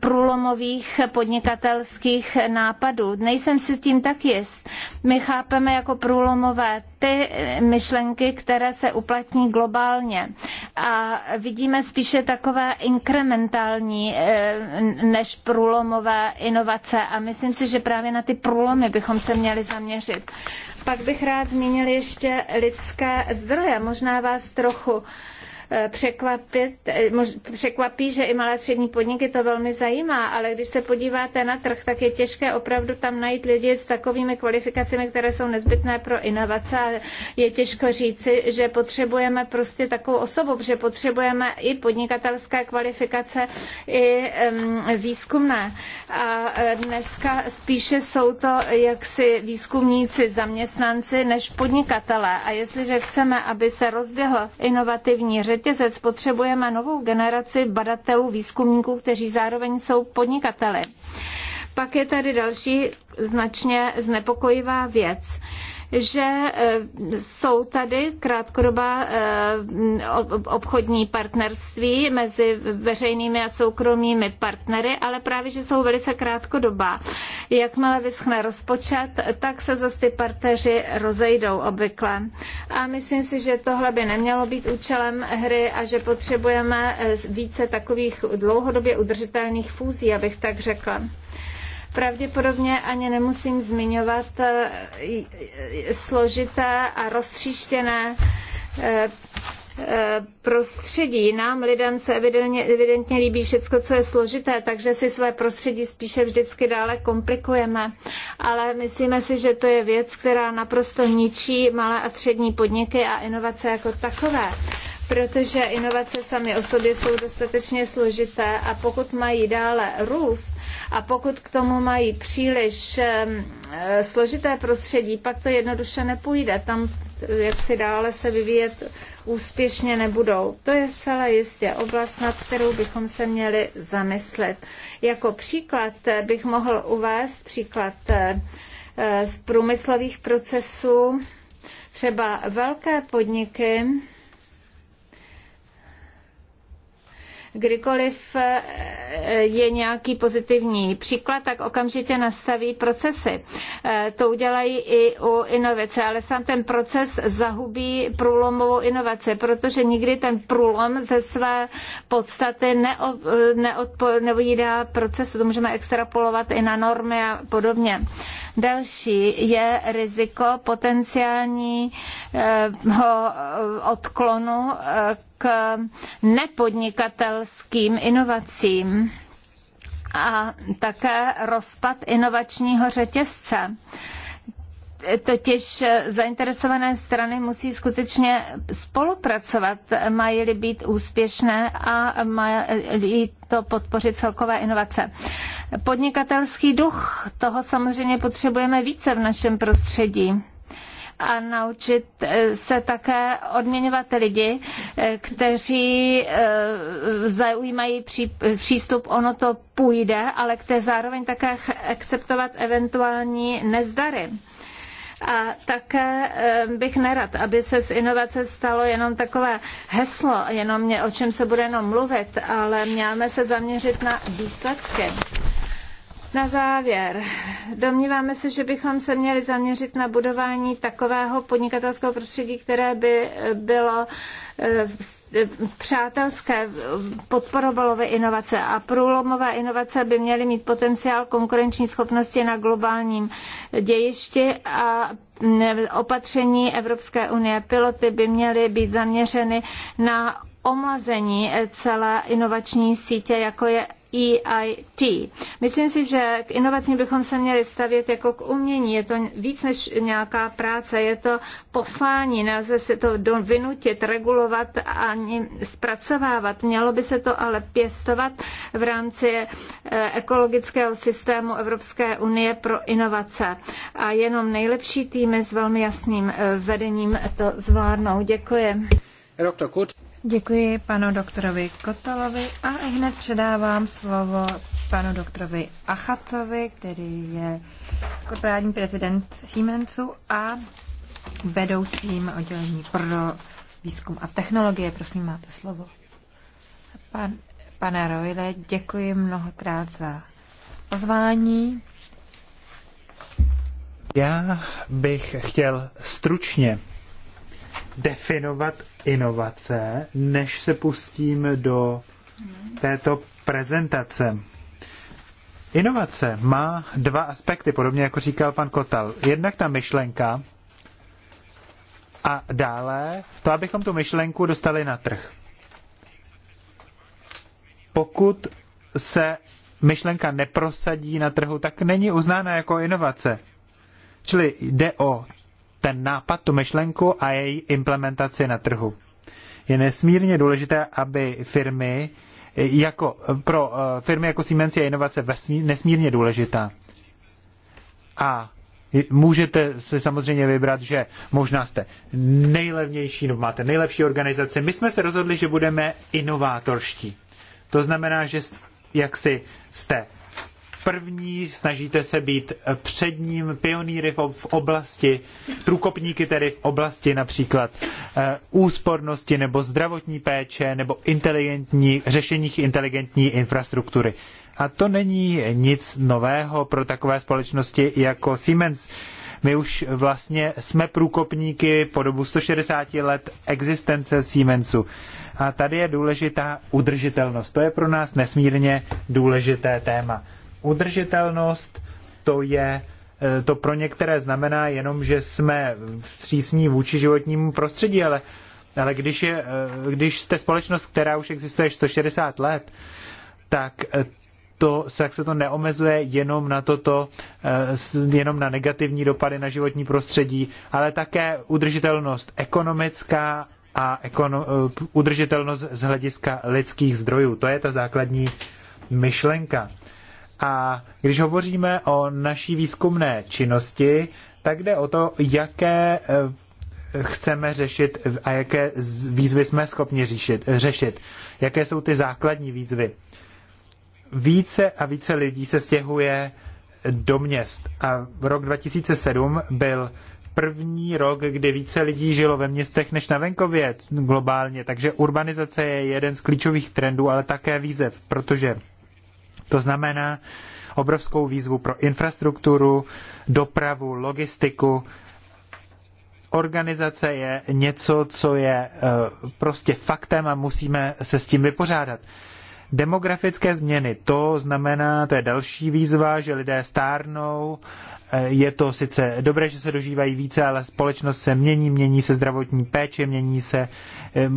průlomových podnikatelských nápadů. Nejsem si tím tak jist. My chápeme jako průlomové ty myšlenky, které se uplatní globálně. A vidíme spíše takové inkrementální eh, než průlomové inovace. A myslím si, že právě na ty průlomy bychom se měli zaměřit. Pak bych rád zmínil ještě lidské zdroje. Možná vás trochu překvapit, eh, překvapí, že i malé střední podniky to velmi zajímá, ale když se podíváte na trh, tak je těžké opravdu tam najít lidi s takovými kvalifikacemi, které jsou nezbytné pro inovace. A je těžko říci, že potřebujeme prostě takovou osobu, protože potřebujeme i podnikatelské kvalifikace, i výzkumné. A eh, dneska spíše jsou to jaksi výzkumníci, zaměstnanci než podnikatelé. A jestliže chceme, aby se rozběhl inovativní řeč, řetězec potřebujeme novou generaci badatelů, výzkumníků, kteří zároveň jsou podnikateli. Pak je tady další značně znepokojivá věc že eh, jsou tady krátkodobá eh, obchodní partnerství mezi veřejnými a soukromými partnery, ale právě, že jsou velice krátkodobá. Jakmile vyschne rozpočet, tak se zase ty partneři rozejdou obvykle. A myslím si, že tohle by nemělo být účelem hry a že potřebujeme eh, více takových dlouhodobě udržitelných fúzí, abych tak řekla. Pravděpodobně ani nemusím zmiňovat eh, složité a roztříštěné eh, eh, prostředí. Nám lidem se evidentně, evidentně líbí všechno, co je složité, takže si své prostředí spíše vždycky dále komplikujeme. Ale myslíme si, že to je věc, která naprosto ničí malé a střední podniky a inovace jako takové protože inovace sami o sobě jsou dostatečně složité a pokud mají dále růst, a pokud k tomu mají příliš eh, složité prostředí, pak to jednoduše nepůjde. Tam eh, jak si dále se vyvíjet úspěšně nebudou. To je celé jistě oblast, nad kterou bychom se měli zamyslet. Jako příklad eh, bych mohl uvést příklad z průmyslových procesů. Třeba velké podniky Kdykoliv eh, je nějaký pozitivní příklad, tak okamžitě nastaví procesy. Eh, to udělají i u inovace, ale sám ten proces zahubí průlomovou inovaci, protože nikdy ten průlom ze své podstaty eh, neodpovídá procesu. To můžeme extrapolovat i na normy a podobně. Další je riziko potenciálního eh, odklonu eh, k nepodnikatelským inovacím a také rozpad inovačního řetězce totiž zainteresované strany musí skutečně spolupracovat, mají-li být úspěšné a mají to podpořit celkové inovace. Podnikatelský duch, toho samozřejmě potřebujeme více v našem prostředí a naučit eh, se také odměňovat lidi, eh, kteří eh, zaujímají přístup, ono to půjde, ale které zároveň také akceptovat eventuální nezdary. A také eh, bych nerad, aby se z inovace stalo jenom takové heslo, jenom mě, o čem se bude jenom mluvit, ale měláme se zaměřit na výsledky. Na závěr, domníváme se, že bychom se měli zaměřit na budování takového podnikatelského prostředí, které by eh, bylo eh, přátelské, podporovalo by inovace a průlomové inovace by měly mít potenciál konkurenční schopnosti na globálním dějišti a opatření Evropské unie piloty by měly být zaměřeny na omlazení celé inovační sítě, jako je EIT. Myslím si, že k inovacím bychom se měli stavět jako k umění. Je to víc než nějaká práce, je to poslání, nelze si to vynutit, regulovat ani zpracovávat. Mělo by se to ale pěstovat v rámci eh, ekologického systému Evropské unie pro inovace. A jenom nejlepší týmy s velmi jasným eh, vedením to zvládnou. Děkuji. Dr. Kut. Děkuji panu doktorovi Kotalovi a hned předávám slovo panu doktorovi Achatovi, který je korporátní prezident Siemensu a vedoucím oddělení pro výzkum a technologie. Prosím, máte slovo. Pan, pane Rojle. děkuji mnohokrát za pozvání. Já bych chtěl stručně definovat inovace, než se pustím do této prezentace. Inovace má dva aspekty, podobně jako říkal pan Kotal. Jednak ta myšlenka a dále to, abychom tu myšlenku dostali na trh. Pokud se myšlenka neprosadí na trhu, tak není uznána jako inovace. Čili jde o ten nápad, tu myšlenku a její implementaci na trhu. Je nesmírně důležité, aby firmy eh, jako, eh, pro eh, firmy jako Siemens je inovace vesmír, nesmírně důležitá. A můžete si samozřejmě vybrat, že možná jste nejlevnější, nebo máte nejlepší organizaci. My jsme se rozhodli, že budeme inovátorští. To znamená, že jak si jste první, snažíte se být předním pionýry v oblasti, průkopníky tedy v oblasti například eh, úspornosti nebo zdravotní péče nebo inteligentní, řešeních inteligentní infrastruktury. A to není nic nového pro takové společnosti jako Siemens. My už vlastně jsme průkopníky po dobu 160 let existence Siemensu. A tady je důležitá udržitelnost. To je pro nás nesmírně důležité téma. Udržitelnost to je, e, to pro některé znamená jenom, že jsme přísní vůči životnímu prostředí, ale, ale když, je, e, když jste společnost, která už existuje 160 let, tak e, to, jak se to neomezuje jenom na toto, jenom na negativní dopady na životní prostředí, ale také udržitelnost ekonomická a ekono, udržitelnost z hlediska lidských zdrojů. To je ta základní myšlenka. A když hovoříme o naší výzkumné činnosti, tak jde o to, jaké eh, chceme řešit a jaké výzvy jsme schopni řešit, řešit. Jaké jsou ty základní výzvy. Více a více lidí se stěhuje do měst a v rok 2007 byl první rok, kdy více lidí žilo ve městech než na venkově globálně, takže urbanizace je jeden z klíčových trendů, ale také výzev, protože to znamená obrovskou výzvu pro infrastrukturu, dopravu, logistiku. Organizace je něco, co je eh, prostě faktem a musíme se s tím vypořádat. Demografické změny, to znamená, to je další výzva, že lidé stárnou Eh, je to sice dobré, že se dožívají více, ale společnost se mění, mění se zdravotní péče, mění se eh,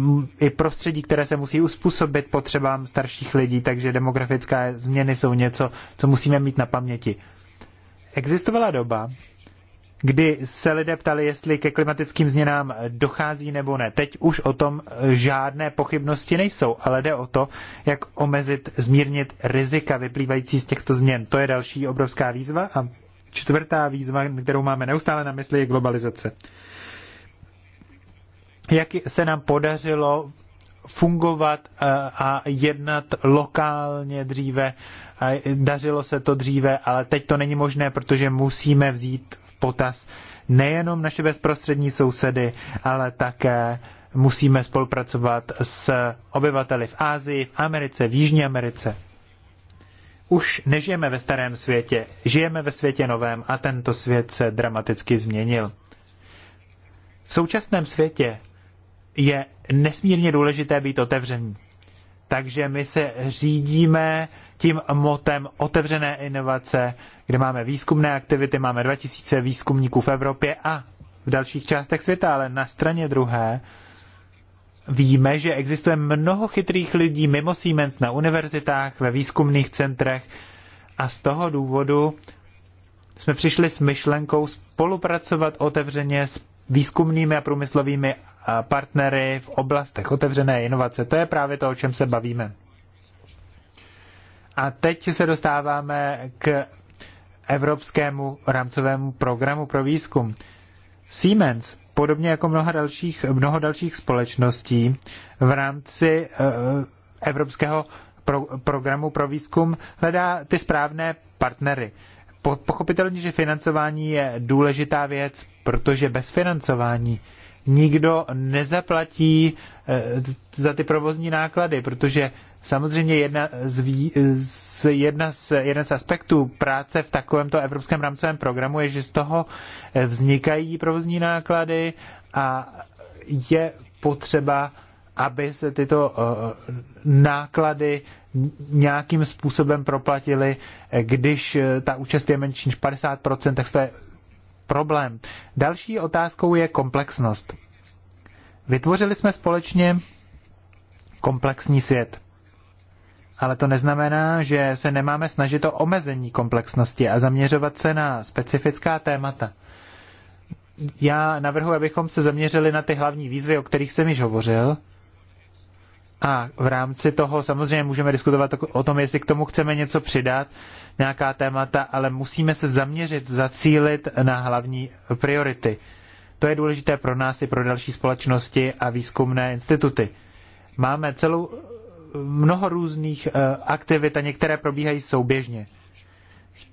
i prostředí, které se musí uspůsobit potřebám starších lidí, takže demografické změny jsou něco, co musíme mít na paměti. Existovala doba, kdy se lidé ptali, jestli ke klimatickým změnám dochází nebo ne. Teď už o tom žádné pochybnosti nejsou, ale jde o to, jak omezit, zmírnit rizika vyplývající z těchto změn. To je další obrovská výzva a čtvrtá výzva, kterou máme neustále na mysli, je globalizace. Jak se nám podařilo fungovat eh, a jednat lokálně dříve. Dařilo se to dříve, ale teď to není možné, protože musíme vzít v potaz nejenom naše bezprostřední sousedy, ale také musíme spolupracovat s obyvateli v Ázii, v Americe, v Jižní Americe už nežijeme ve starém světě, žijeme ve světě novém a tento svět se dramaticky změnil. V současném světě je nesmírně důležité být otevřený, Takže my se řídíme tím motem otevřené inovace, kde máme výzkumné aktivity, máme 2000 výzkumníků v Evropě a v dalších částech světa, ale na straně druhé víme, že existuje mnoho chytrých lidí mimo Siemens na univerzitách, ve výzkumných centrech a z toho důvodu jsme přišli s myšlenkou spolupracovat otevřeně s výzkumnými a průmyslovými eh, partnery v oblastech otevřené inovace. To je právě to, o čem se bavíme. A teď se dostáváme k evropskému rámcovému programu pro výzkum. Siemens podobně jako mnoha dalších, mnoho dalších společností v rámci eh, Evropského pro, programu pro výzkum hledá ty správné partnery. Po, pochopitelně, že financování je důležitá věc, protože bez financování nikdo nezaplatí eh, za ty provozní náklady, protože Samozřejmě jedna z, vý, z, jedna z, jeden z aspektů práce v takovémto evropském rámcovém programu je, že z toho eh, vznikají provozní náklady a je potřeba, aby se tyto eh, náklady nějakým způsobem proplatily. Eh, když ta účast je menší než 50%, tak to je problém. Další otázkou je komplexnost. Vytvořili jsme společně komplexní svět ale to neznamená, že se nemáme snažit o omezení komplexnosti a zaměřovat se na specifická témata. Já navrhuji, abychom se zaměřili na ty hlavní výzvy, o kterých jsem již hovořil. A v rámci toho samozřejmě můžeme diskutovat o tom, jestli k tomu chceme něco přidat, nějaká témata, ale musíme se zaměřit, zacílit na hlavní priority. To je důležité pro nás i pro další společnosti a výzkumné instituty. Máme celou mnoho různých eh, aktivit a některé probíhají souběžně.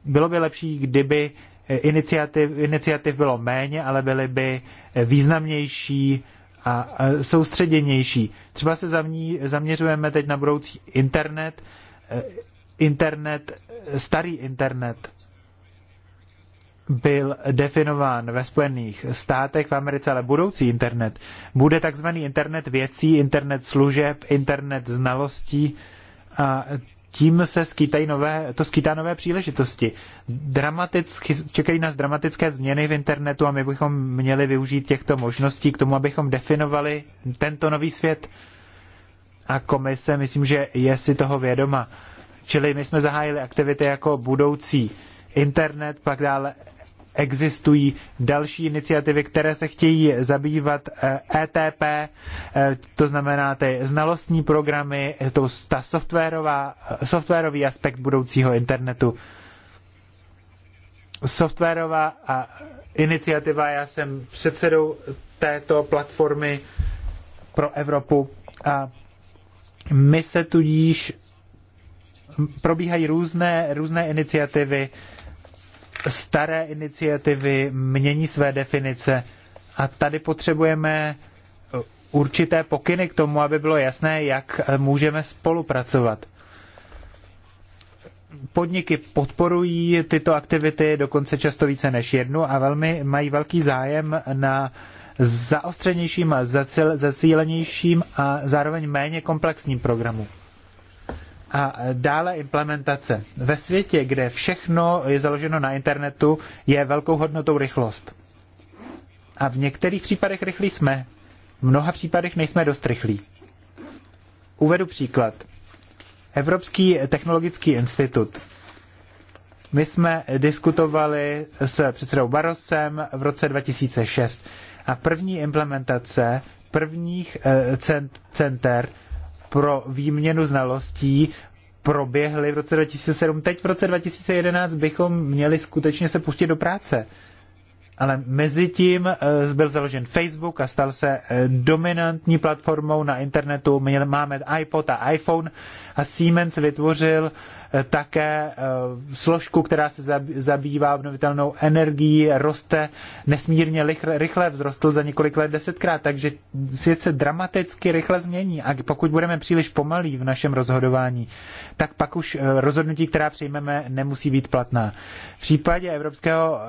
Bylo by lepší, kdyby eh, iniciativ, iniciativ bylo méně, ale byly by eh, významnější a soustředěnější. Třeba se zaměřujeme teď na budoucí internet, internet, starý internet byl definován ve Spojených státech v Americe, ale budoucí internet bude takzvaný internet věcí, internet služeb, internet znalostí a tím se skýtají nové, to skýtá nové příležitosti. Dramaticky, čekají nás dramatické změny v internetu a my bychom měli využít těchto možností k tomu, abychom definovali tento nový svět. A komise, myslím, že je si toho vědoma. Čili my jsme zahájili aktivity jako budoucí internet, pak dále existují další iniciativy, které se chtějí zabývat ETP, eh, e eh, to znamená ty znalostní programy, to, ta softwarová, softwarový aspekt budoucího internetu. Softwarová a iniciativa, já jsem předsedou této platformy pro Evropu a my se tudíž probíhají různé, různé iniciativy, staré iniciativy mění své definice a tady potřebujeme určité pokyny k tomu, aby bylo jasné, jak můžeme spolupracovat. Podniky podporují tyto aktivity dokonce často více než jednu a velmi mají velký zájem na zaostřenějším, zacílenějším a zároveň méně komplexním programu. A dále implementace. Ve světě, kde všechno je založeno na internetu, je velkou hodnotou rychlost. A v některých případech rychlí jsme, v mnoha případech nejsme dost rychlí. Uvedu příklad. Evropský technologický institut. My jsme diskutovali s předsedou Barosem v roce 2006 a první implementace prvních eh, center pro výměnu znalostí proběhly v roce 2007. Teď v roce 2011 bychom měli skutečně se pustit do práce ale mezi tím eh, byl založen Facebook a stal se eh, dominantní platformou na internetu. My máme iPod a iPhone a Siemens vytvořil eh, také složku, která se zabývá obnovitelnou energií, roste nesmírně rychle, vzrostl za několik let desetkrát, takže svět se dramaticky rychle změní a pokud budeme příliš pomalí v našem rozhodování, tak pak už rozhodnutí, která přijmeme, nemusí být platná. V případě Evropského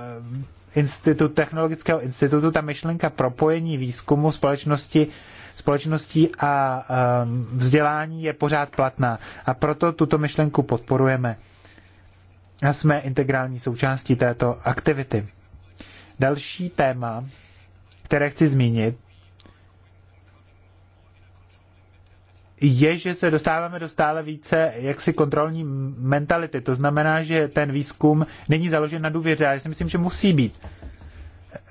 institut, technologického institutu, ta myšlenka propojení výzkumu společnosti společností a um, vzdělání je pořád platná. A proto tuto myšlenku podporujeme. A jsme integrální součástí této aktivity. Další téma, které chci zmínit, je, že se dostáváme do stále více jaksi kontrolní mentality. To znamená, že ten výzkum není založen na důvěře. ale já si myslím, že musí být.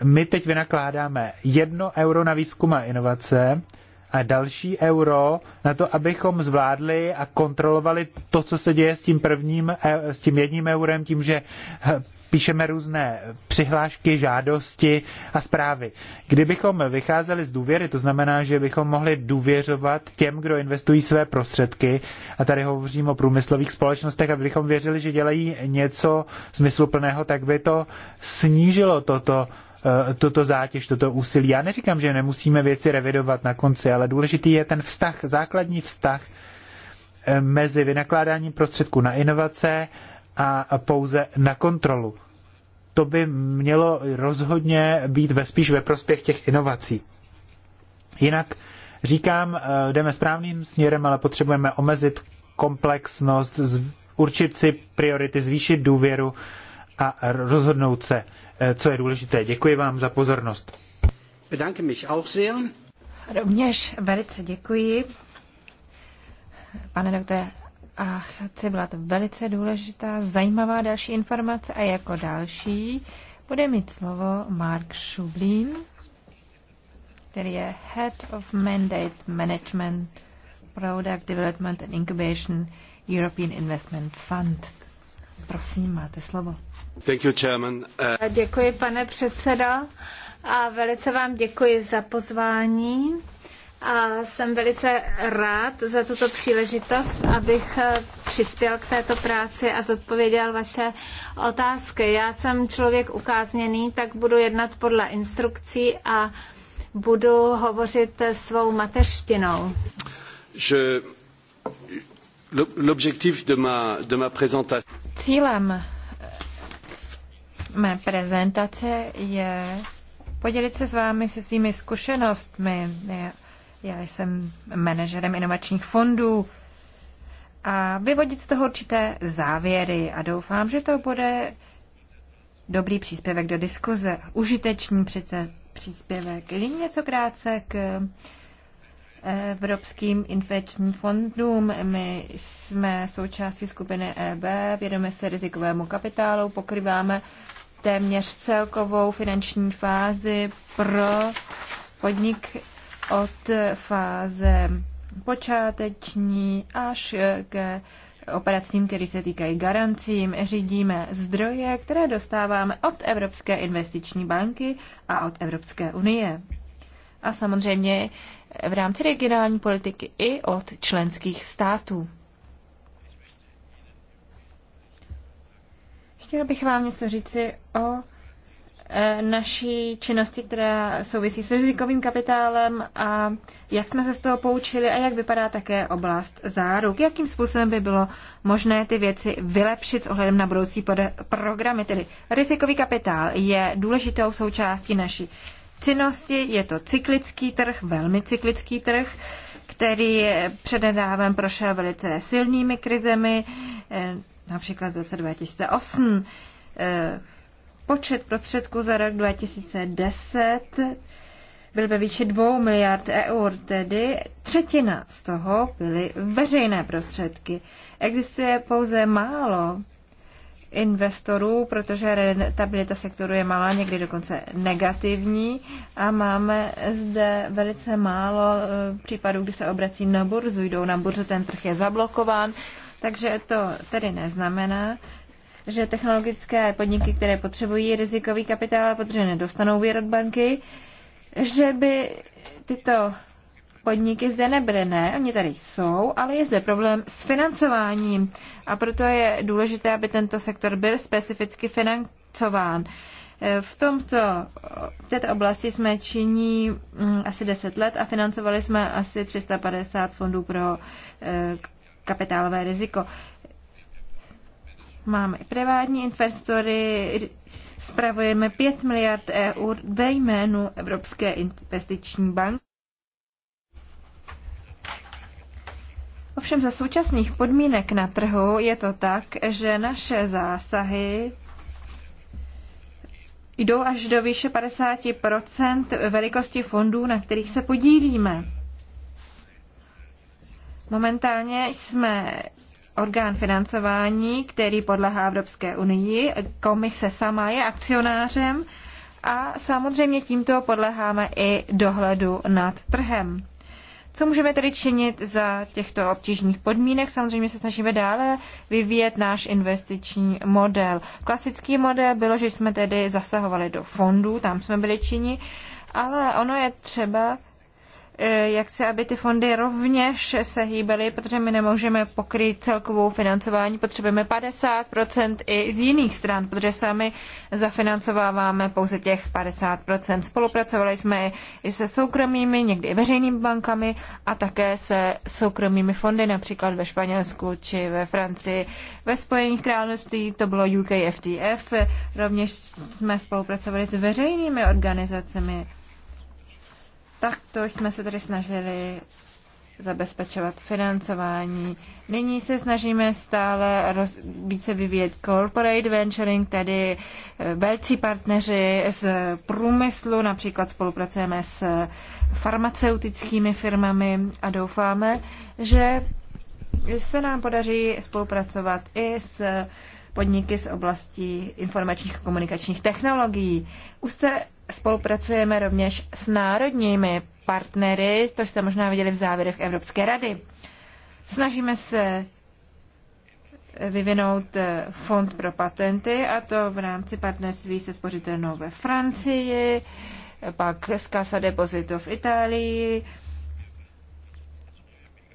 My teď vynakládáme jedno euro na výzkum a inovace a další euro na to, abychom zvládli a kontrolovali to, co se děje s tím prvním, e, s tím jedním eurem, tím, že píšeme různé přihlášky, žádosti a zprávy. Kdybychom vycházeli z důvěry, to znamená, že bychom mohli důvěřovat těm, kdo investují své prostředky, a tady hovořím o průmyslových společnostech, abychom věřili, že dělají něco smysluplného, tak by to snížilo toto eh, toto zátěž, toto úsilí. Já neříkám, že nemusíme věci revidovat na konci, ale důležitý je ten vztah, základní vztah eh, mezi vynakládáním prostředků na inovace a pouze na kontrolu. To by mělo rozhodně být ve spíš ve prospěch těch inovací. Jinak říkám, eh, jdeme správným směrem, ale potřebujeme omezit komplexnost, určit si priority, zvýšit důvěru a rozhodnout se, eh, co je důležité. Děkuji vám za pozornost. Bedanke mich auch sehr. Rovněž velice děkuji. Pane doktore a chci byla to velice důležitá, zajímavá další informace a jako další bude mít slovo Mark Šublín, který je Head of Mandate Management Product Development and Incubation European Investment Fund. Prosím, máte slovo. Thank you, chairman. Uh... Děkuji, pane předseda, a velice vám děkuji za pozvání a jsem velice rád za tuto příležitost, abych eh, přispěl k této práci a zodpověděl vaše otázky. Já jsem člověk ukázněný, tak budu jednat podle instrukcí a budu hovořit svou mateřštinou. Je... L'objectif de ma, de ma présentation. Cílem eh, mé prezentace je podělit se s vámi se svými zkušenostmi já jsem manažerem inovačních fondů a vyvodit z toho určité závěry a doufám, že to bude dobrý příspěvek do diskuze, užitečný přece příspěvek. Je něco krátce k Evropským infekčním fondům. My jsme součástí skupiny EB, vědeme se rizikovému kapitálu, pokrýváme téměř celkovou finanční fázi pro podnik od fáze počáteční až ke operacím, které se týkají garancím, řídíme zdroje, které dostáváme od Evropské investiční banky a od Evropské unie. A samozřejmě v rámci regionální politiky i od členských států. Chtěla bych vám něco říci o Eh, naší činnosti, která souvisí s rizikovým kapitálem a jak jsme se z toho poučili a jak vypadá také oblast záruk. Jakým způsobem by bylo možné ty věci vylepšit s ohledem na budoucí programy. Tedy rizikový kapitál je důležitou součástí naší činnosti. Je to cyklický trh, velmi cyklický trh který přednedávem prošel velice silnými krizemi, eh, například v roce 2008 Počet prostředků za rok 2010 byl ve výši 2 miliard eur, tedy třetina z toho byly veřejné prostředky. Existuje pouze málo investorů, protože rentabilita sektoru je malá, někdy dokonce negativní a máme zde velice málo eh, případů, kdy se obrací na burzu, jdou na burzu, ten trh je zablokován, takže to tedy neznamená, že technologické podniky, které potřebují rizikový kapitál, protože nedostanou úvěr od banky, že by tyto podniky zde nebyly. Ne, oni tady jsou, ale je zde problém s financováním. A proto je důležité, aby tento sektor byl specificky financován. V, tomto, v této oblasti jsme činí mm, asi 10 let a financovali jsme asi 350 fondů pro eh, kapitálové riziko. Máme privátní investory, spravujeme 5 miliard eur ve jménu Evropské investiční banky. Ovšem za současných podmínek na trhu je to tak, že naše zásahy jdou až do výše 50 velikosti fondů, na kterých se podílíme. Momentálně jsme orgán financování, který podlehá Evropské unii. Komise sama je akcionářem a samozřejmě tímto podleháme i dohledu nad trhem. Co můžeme tedy činit za těchto obtížných podmínek? Samozřejmě se snažíme dále vyvíjet náš investiční model. Klasický model bylo, že jsme tedy zasahovali do fondů, tam jsme byli činí, ale ono je třeba Eh, jak se, aby ty fondy rovněž se hýbaly, protože my nemůžeme pokrýt celkovou financování, potřebujeme 50% i z jiných stran, protože sami zafinancováváme pouze těch 50%. Spolupracovali jsme i se soukromými, někdy i veřejnými bankami a také se soukromými fondy, například ve Španělsku či ve Francii. Ve Spojených království to bylo UKFTF, rovněž jsme spolupracovali s veřejnými organizacemi Takto jsme se tady snažili zabezpečovat financování. Nyní se snažíme stále roz, více vyvíjet corporate venturing, tedy eh, velcí partneři z průmyslu, například spolupracujeme s farmaceutickými firmami a doufáme, že se nám podaří spolupracovat i s podniky z oblasti informačních a komunikačních technologií. Už se spolupracujeme rovněž s národními partnery, to jste možná viděli v závěrech Evropské rady. Snažíme se vyvinout eh, fond pro patenty, a to v rámci partnerství se spořitelnou ve Francii, pak z Casa Deposito v Itálii.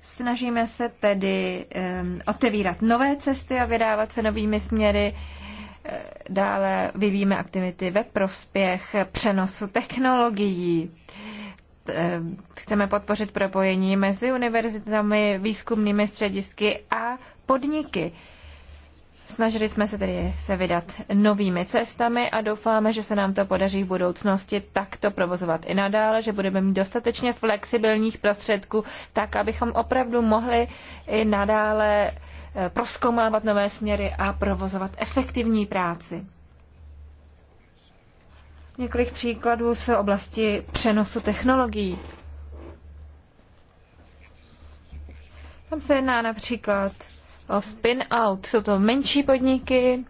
Snažíme se tedy um, otevírat nové cesty a vydávat se novými směry. Uh, Dále vyvíjíme aktivity ve prospěch přenosu technologií. Eh, chceme podpořit propojení mezi univerzitami, výzkumnými středisky a podniky. Snažili jsme se tedy se vydat novými cestami a doufáme, že se nám to podaří v budoucnosti takto provozovat i nadále, že budeme mít dostatečně flexibilních prostředků, tak abychom opravdu mohli i nadále Eh, proskomávat nové směry a provozovat efektivní práci. Několik příkladů se oblasti přenosu technologií. Tam se jedná například o spin-out. Jsou to menší podniky,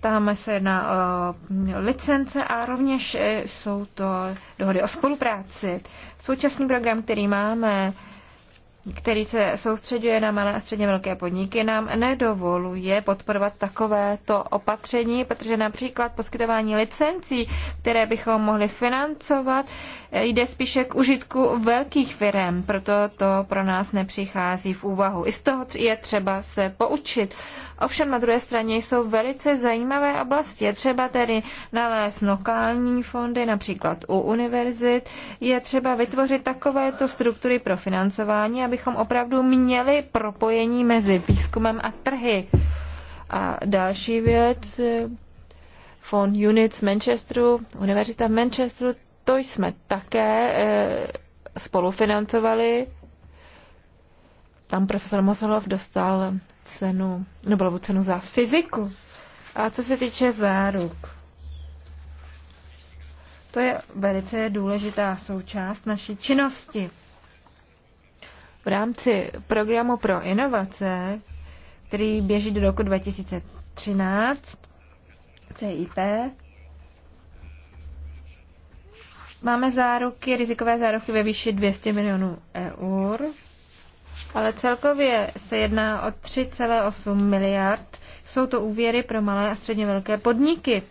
tam se jedná o licence a rovněž eh, jsou to dohody o spolupráci. Současný program, který máme, který se soustředuje na malé a středně velké podniky, nám nedovoluje podporovat takovéto opatření, protože například poskytování licencí, které bychom mohli financovat, jde spíše k užitku velkých firm, proto to pro nás nepřichází v úvahu. I z toho je třeba se poučit. Ovšem na druhé straně jsou velice zajímavé oblasti. Je třeba tedy nalézt lokální fondy, například u univerzit. Je třeba vytvořit takovéto struktury pro financování, abychom opravdu měli propojení mezi výzkumem a trhy. A další věc, fond Unit z Manchesteru, Univerzita v Manchesteru, to jsme také eh, spolufinancovali tam profesor Mosolov dostal cenu, nebo cenu za fyziku. A co se týče záruk, to je velice důležitá součást naší činnosti. V rámci programu pro inovace, který běží do roku 2013, CIP, máme záruky, rizikové záruky ve výši 200 milionů eur ale celkově se jedná o 3,8 miliard. Jsou to úvěry pro malé a středně velké podniky.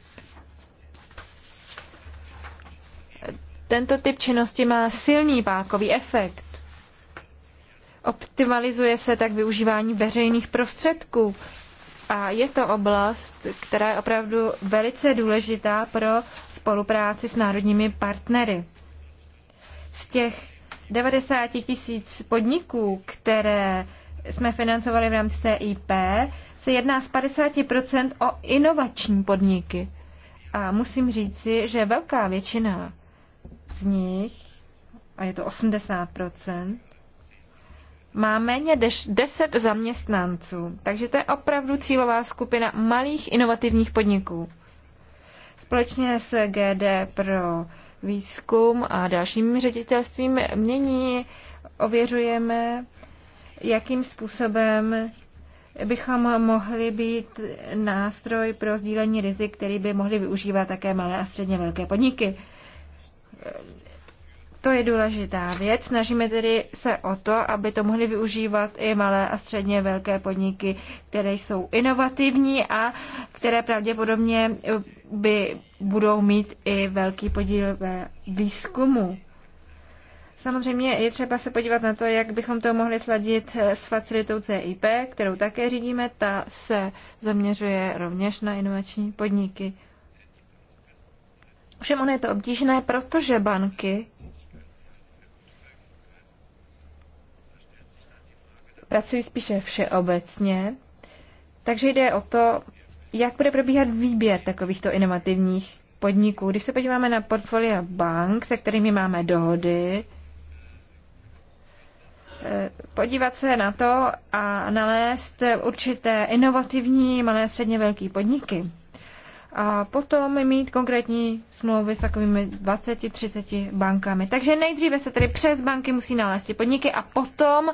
Tento typ činnosti má silný pákový efekt. Optimalizuje se tak využívání veřejných prostředků. A je to oblast, která je opravdu velice důležitá pro spolupráci s národními partnery. Z těch 90 tisíc podniků, které jsme financovali v rámci CIP, se jedná z 50% o inovační podniky. A musím říci, že velká většina z nich, a je to 80%, má méně než 10 zaměstnanců. Takže to je opravdu cílová skupina malých inovativních podniků. Společně s GD pro výzkum a dalším ředitelstvím. Mění ověřujeme, jakým způsobem bychom mohli být nástroj pro sdílení rizik, který by mohli využívat také malé a středně velké podniky. To je důležitá věc. Snažíme tedy se o to, aby to mohly využívat i malé a středně velké podniky, které jsou inovativní a které pravděpodobně eh, by budou mít i velký podíl ve výzkumu. Samozřejmě je třeba se podívat na to, jak bychom to mohli sladit eh, s facilitou CIP, kterou také řídíme. Ta se zaměřuje rovněž na inovační podniky. Všem ono je to obtížné, protože banky pracují spíše všeobecně. Takže jde o to, jak bude probíhat výběr takovýchto inovativních podniků. Když se podíváme na portfolia bank, se kterými máme dohody, eh, podívat se na to a nalézt určité inovativní malé středně velké podniky a potom mít konkrétní smlouvy s takovými 20-30 bankami. Takže nejdříve se tedy přes banky musí nalézt podniky a potom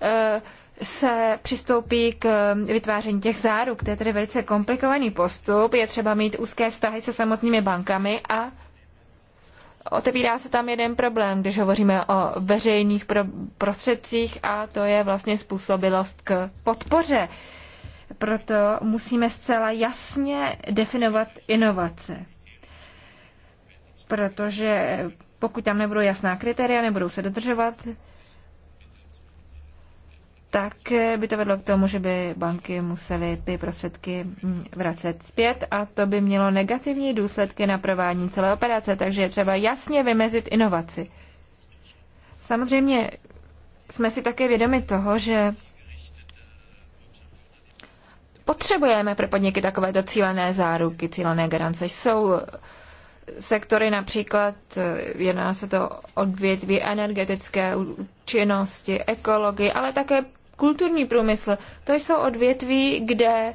e, se přistoupí k e, vytváření těch záruk. To je tedy velice komplikovaný postup. Je třeba mít úzké vztahy se samotnými bankami a otevírá se tam jeden problém, když hovoříme o veřejných prostředcích a to je vlastně způsobilost k podpoře. Proto musíme zcela jasně definovat inovace. Protože pokud tam nebudou jasná kritéria, nebudou se dodržovat, tak by to vedlo k tomu, že by banky musely ty prostředky mm, vracet zpět a to by mělo negativní důsledky na provádění celé operace, takže je třeba jasně vymezit inovaci. Samozřejmě jsme si také vědomi toho, že Potřebujeme pro podniky takovéto cílené záruky, cílené garance. Jsou sektory, například jedná se to odvětví energetické činnosti, ekologie, ale také kulturní průmysl. To jsou odvětví, kde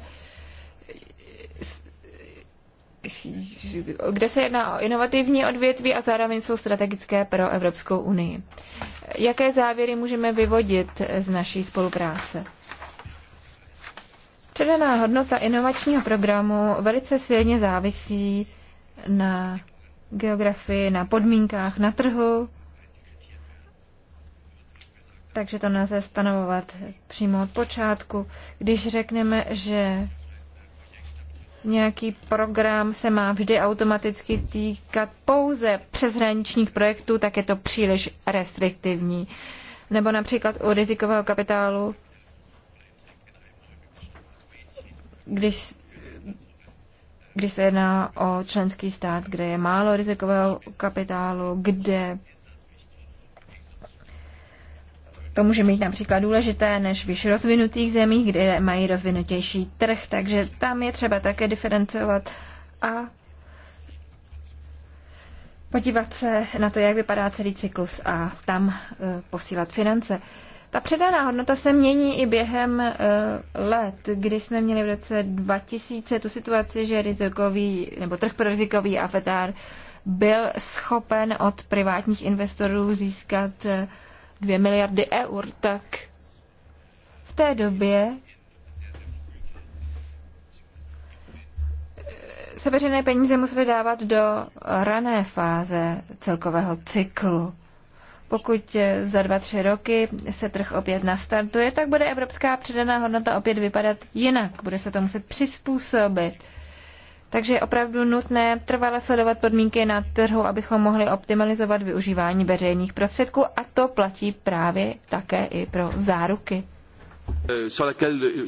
kde se jedná o inovativní odvětví a zároveň jsou strategické pro Evropskou unii. Jaké závěry můžeme vyvodit z naší spolupráce? Předaná hodnota inovačního programu velice silně závisí na geografii, na podmínkách na trhu, takže to nelze stanovovat přímo od počátku. Když řekneme, že nějaký program se má vždy automaticky týkat pouze přeshraničních projektů, tak je to příliš restriktivní. Nebo například u rizikového kapitálu když, když se jedná o členský stát, kde je málo rizikového kapitálu, kde to může mít například důležité než v rozvinutých zemích, kde mají rozvinutější trh, takže tam je třeba také diferencovat a podívat se na to, jak vypadá celý cyklus a tam eh, posílat finance. Ta předaná hodnota se mění i během eh, let, kdy jsme měli v roce 2000 tu situaci, že rizikový nebo trh pro rizikový avatar byl schopen od privátních investorů získat 2 eh, miliardy eur, tak v té době eh, se veřejné peníze musely dávat do rané fáze celkového cyklu. Pokud eh, za dva, tři roky se trh opět nastartuje, tak bude evropská přidaná hodnota opět vypadat jinak. Bude se to muset přizpůsobit. Takže je opravdu nutné trvale sledovat podmínky na trhu, abychom mohli optimalizovat využívání veřejných prostředků a to platí právě také i pro záruky. Euh,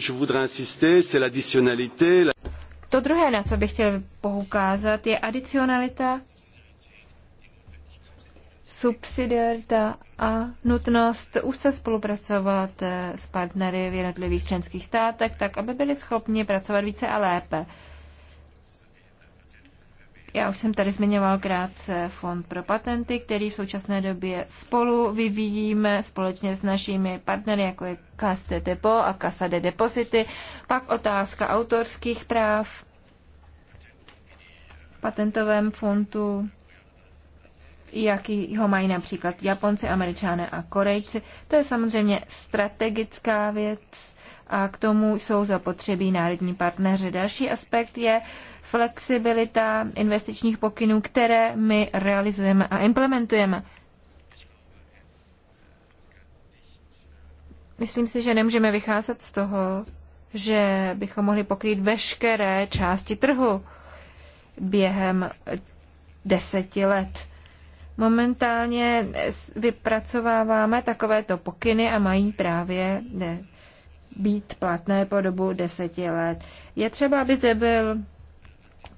to druhé, na co bych chtěl poukázat, je adicionalita subsidiarita a nutnost už se spolupracovat eh, s partnery v jednotlivých členských státech, tak aby byli schopni pracovat více a lépe. Já už jsem tady zmiňoval krátce Fond pro patenty, který v současné době spolu vyvíjíme společně s našimi partnery, jako je CAS Depo a Casa de Deposity. Pak otázka autorských práv v patentovém fondu jaký ho mají například Japonci, Američané a Korejci. To je samozřejmě strategická věc a k tomu jsou zapotřebí národní partneři. Další aspekt je flexibilita investičních pokynů, které my realizujeme a implementujeme. Myslím si, že nemůžeme vycházet z toho, že bychom mohli pokrýt veškeré části trhu během deseti let. Momentálně vypracováváme takovéto pokyny a mají právě být platné po dobu deseti let. Je třeba, aby zde byl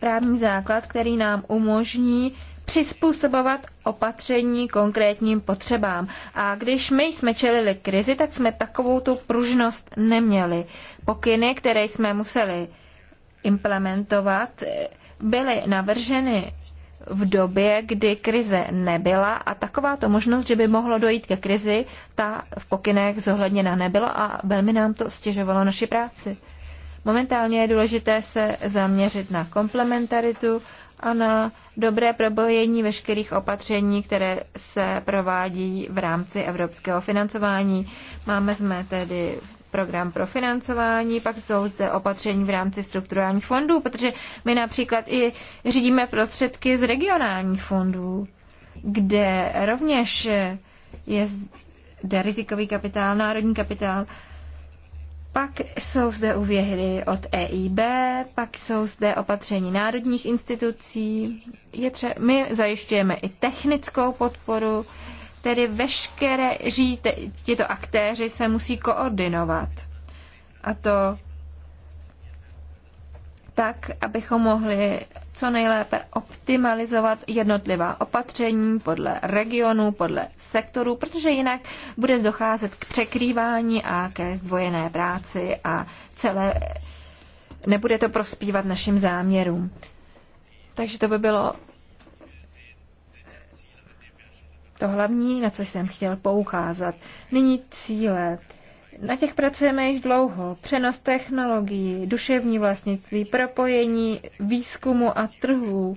právní základ, který nám umožní přizpůsobovat opatření konkrétním potřebám. A když my jsme čelili krizi, tak jsme takovou tu pružnost neměli. Pokyny, které jsme museli implementovat, byly navrženy v době, kdy krize nebyla a takováto možnost, že by mohlo dojít ke krizi, ta v pokynech zohledněna nebyla a velmi nám to stěžovalo naši práci. Momentálně je důležité se zaměřit na komplementaritu a na dobré probojení veškerých opatření, které se provádí v rámci evropského financování. Máme jsme tedy program pro financování, pak jsou zde opatření v rámci strukturálních fondů, protože my například i řídíme prostředky z regionálních fondů, kde rovněž je zde rizikový kapitál, národní kapitál, pak jsou zde uvěhy od EIB, pak jsou zde opatření národních institucí. Je tře- my zajišťujeme i technickou podporu, Tedy veškeří tito aktéři se musí koordinovat. A to tak, abychom mohli co nejlépe optimalizovat jednotlivá opatření podle regionu, podle sektoru, protože jinak bude docházet k překrývání a ke zdvojené práci a celé nebude to prospívat našim záměrům. Takže to by bylo to hlavní, na co jsem chtěl poukázat. Nyní cíle. Na těch pracujeme již dlouho. Přenos technologií, duševní vlastnictví, propojení výzkumu a trhů.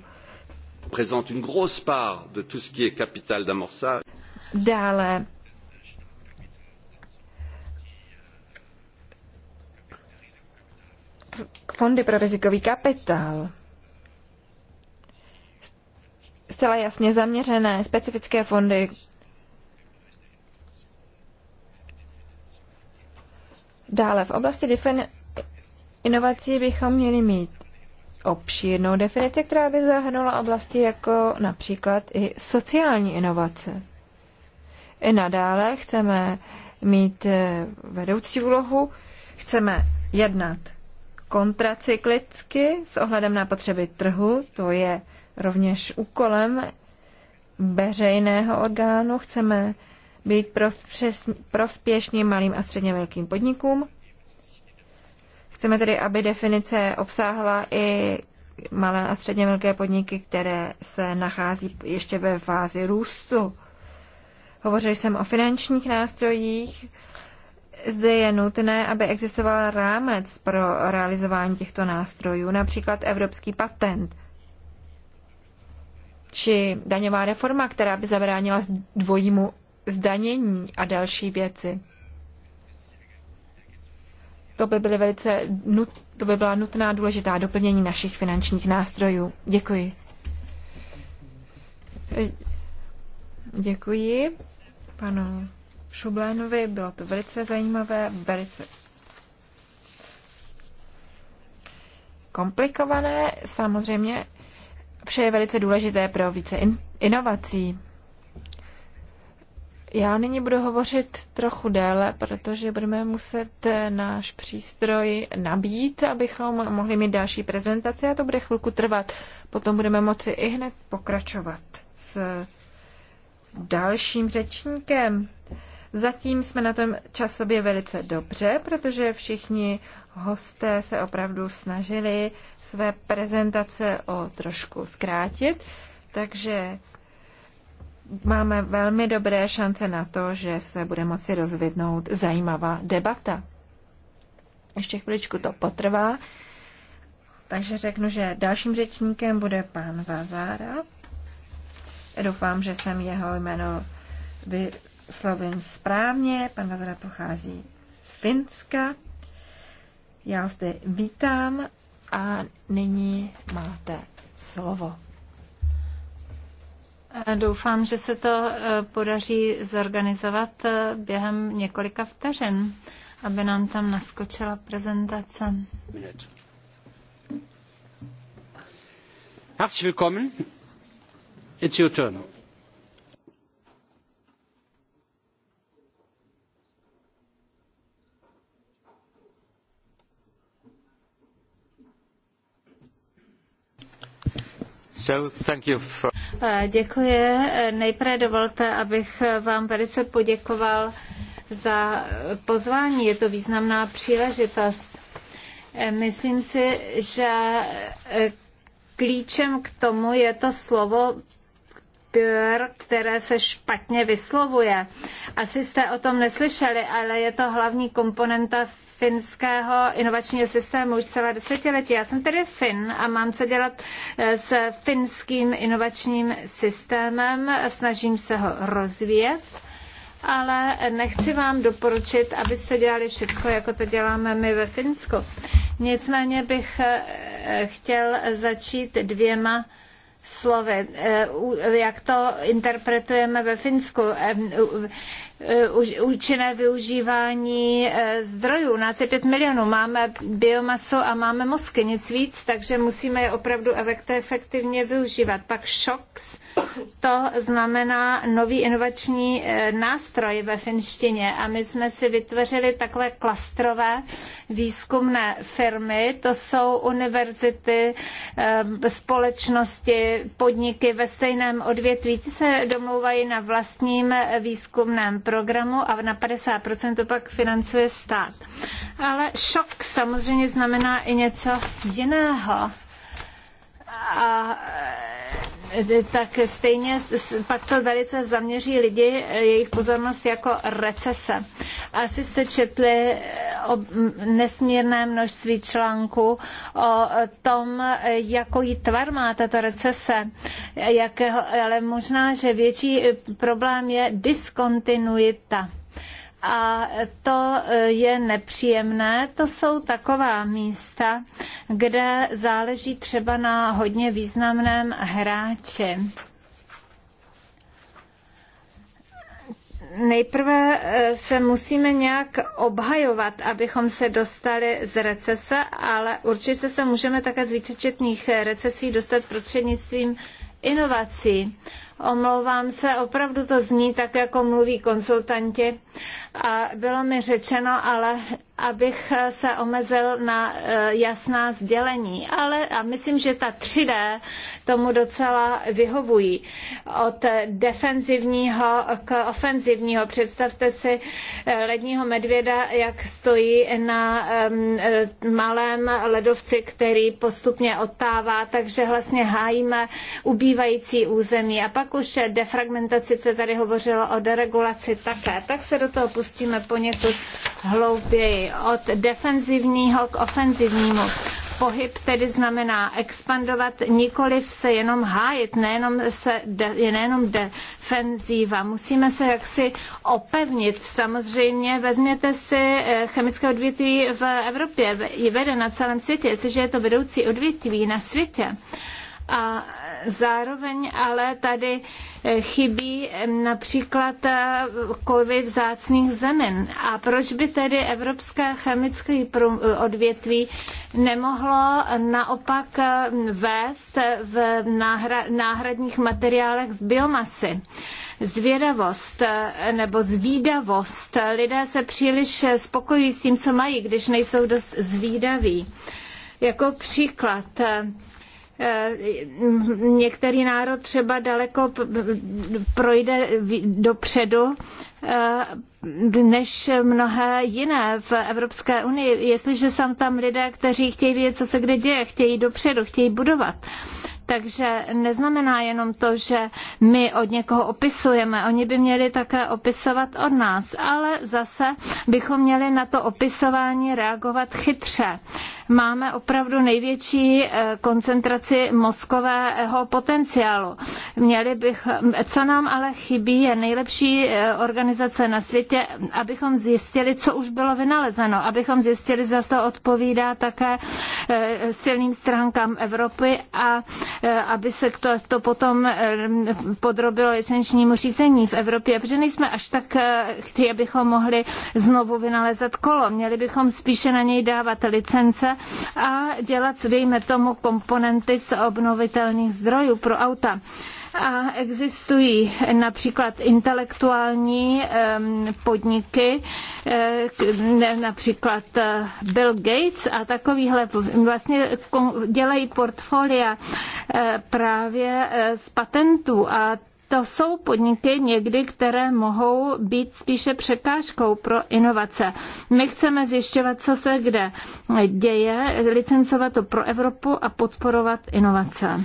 Dále fondy pro rizikový kapitál zcela jasně zaměřené specifické fondy, Dále v oblasti defin- inovací bychom měli mít obšírnou definici, která by zahrnula oblasti jako například i sociální inovace. I nadále chceme mít eh, vedoucí úlohu, chceme jednat kontracyklicky s ohledem na potřeby trhu, to je rovněž úkolem veřejného orgánu. Chceme být prospěšní malým a středně velkým podnikům. Chceme tedy, aby definice obsáhla i malé a středně velké podniky, které se nachází ještě ve fázi růstu. Hovořil jsem o finančních nástrojích. Zde je nutné, aby existoval rámec pro realizování těchto nástrojů, například evropský patent – či daňová reforma, která by zabránila dvojímu zdanění a další věci. To by, byly velice, nut, to by byla nutná důležitá doplnění našich finančních nástrojů. Děkuji. Děkuji panu Šublénovi, bylo to velice zajímavé, velice komplikované. Samozřejmě vše je velice důležité pro více in- inovací. Já nyní budu hovořit trochu déle, protože budeme muset eh, náš přístroj nabít, abychom mohli mít další prezentaci a to bude chvilku trvat. Potom budeme moci i hned pokračovat s dalším řečníkem. Zatím jsme na tom časově velice dobře, protože všichni hosté se opravdu snažili své prezentace o trošku zkrátit, takže máme velmi dobré šance na to, že se bude moci rozvidnout zajímavá debata. Ještě chviličku to potrvá, takže řeknu, že dalším řečníkem bude pan Vazára. Doufám, že jsem jeho jméno vy, slovím správně. Pan Vazara pochází z Finska. Já vás zde vítám a nyní máte slovo. Eh, doufám, že se to eh, podaří zorganizovat eh, během několika vteřin, aby nám tam naskočila prezentace. Herzlich willkommen. It's your turn. Děkuji. Nejprve dovolte, abych vám velice poděkoval za pozvání. Je to významná příležitost. Myslím si, že klíčem k tomu je to slovo Pure, které se špatně vyslovuje. Asi jste o tom neslyšeli, ale je to hlavní komponenta finského inovačního systému už celé desetiletí. Já jsem tedy Fin a mám co dělat eh, s finským inovačním systémem. Snažím se ho rozvíjet ale nechci vám doporučit, abyste dělali všechno, jako to děláme my ve Finsku. Nicméně bych eh, chtěl začít dvěma slovy, eh, jak to interpretujeme ve Finsku eh, eh, účinné využívání zdrojů. Nás je pět milionů, máme biomasu a máme mozky, nic víc, takže musíme je opravdu efektivně využívat. Pak šoks, to znamená nový inovační eh, nástroj ve finštině a my jsme si vytvořili takové klastrové výzkumné firmy. To jsou univerzity, eh, společnosti, podniky ve stejném odvětví. Ty se domlouvají na vlastním eh, výzkumném programu a na 50% to pak financuje stát. Ale šok samozřejmě znamená i něco jiného a e, tak stejně pak to velice zaměří lidi, jejich pozornost jako recese. Asi jste četli e, o nesmírné množství článků o tom, jakou tvar má tato recese, jakého, ale možná, že větší problém je diskontinuita a to e, je nepříjemné. To jsou taková místa, kde záleží třeba na hodně významném hráči. nejprve e, se musíme nějak obhajovat, abychom se dostali z recese, ale určitě se můžeme také z vícečetných recesí dostat prostřednictvím inovací. Omlouvám se, opravdu to zní tak, jako mluví konsultanti. A bylo mi řečeno, ale abych se omezil na e, jasná sdělení. Ale a myslím, že ta 3D tomu docela vyhovují. Od defenzivního k ofenzivního. Představte si e, ledního medvěda, jak stojí na e, malém ledovci, který postupně odtává, takže vlastně hájíme ubývající území. A pak pak už defragmentaci se tady hovořilo o deregulaci také, tak se do toho pustíme poněkud hlouběji. Od defenzivního k ofenzivnímu. Pohyb tedy znamená expandovat, nikoliv se jenom hájit, nejenom, se de, nejenom defenzíva. Musíme se jaksi opevnit. Samozřejmě vezměte si eh, chemické odvětví v Evropě, vede na celém světě, jestliže je to vedoucí odvětví na světě, a zároveň ale tady eh, chybí eh, například kovy eh, vzácných zemin. A proč by tedy evropské chemické odvětví nemohlo naopak vést v náhradních materiálech z biomasy? Zvědavost nebo zvídavost. Lidé se příliš spokojí s tím, co mají, když nejsou dost zvídaví. Jako příklad Eh, některý národ třeba daleko projde dopředu eh, než mnohé jiné v Evropské unii. Jestliže jsou tam lidé, kteří chtějí vědět, co se kde děje, chtějí dopředu, chtějí budovat, takže neznamená jenom to, že my od někoho opisujeme, oni by měli také opisovat od nás, ale zase bychom měli na to opisování reagovat chytře. Máme opravdu největší eh, koncentraci mozkového potenciálu. Měli bych, co nám ale chybí, je nejlepší eh, organizace na světě, abychom zjistili, co už bylo vynalezeno, abychom zjistili, zda to odpovídá také eh, silným stránkám Evropy a Eh, aby se to, to potom eh, podrobilo licenčnímu řízení v Evropě, protože nejsme až tak eh, chtěli, abychom mohli znovu vynalezat kolo. Měli bychom spíše na něj dávat licence a dělat, dejme tomu, komponenty z obnovitelných zdrojů pro auta. A existují například intelektuální podniky, například eh, Bill Gates a takovýhle vlastně dělají portfolia eh, právě eh, z patentů a to jsou podniky někdy, které mohou být spíše překážkou pro inovace. My chceme zjišťovat, co se kde děje, licencovat to pro Evropu a podporovat inovace.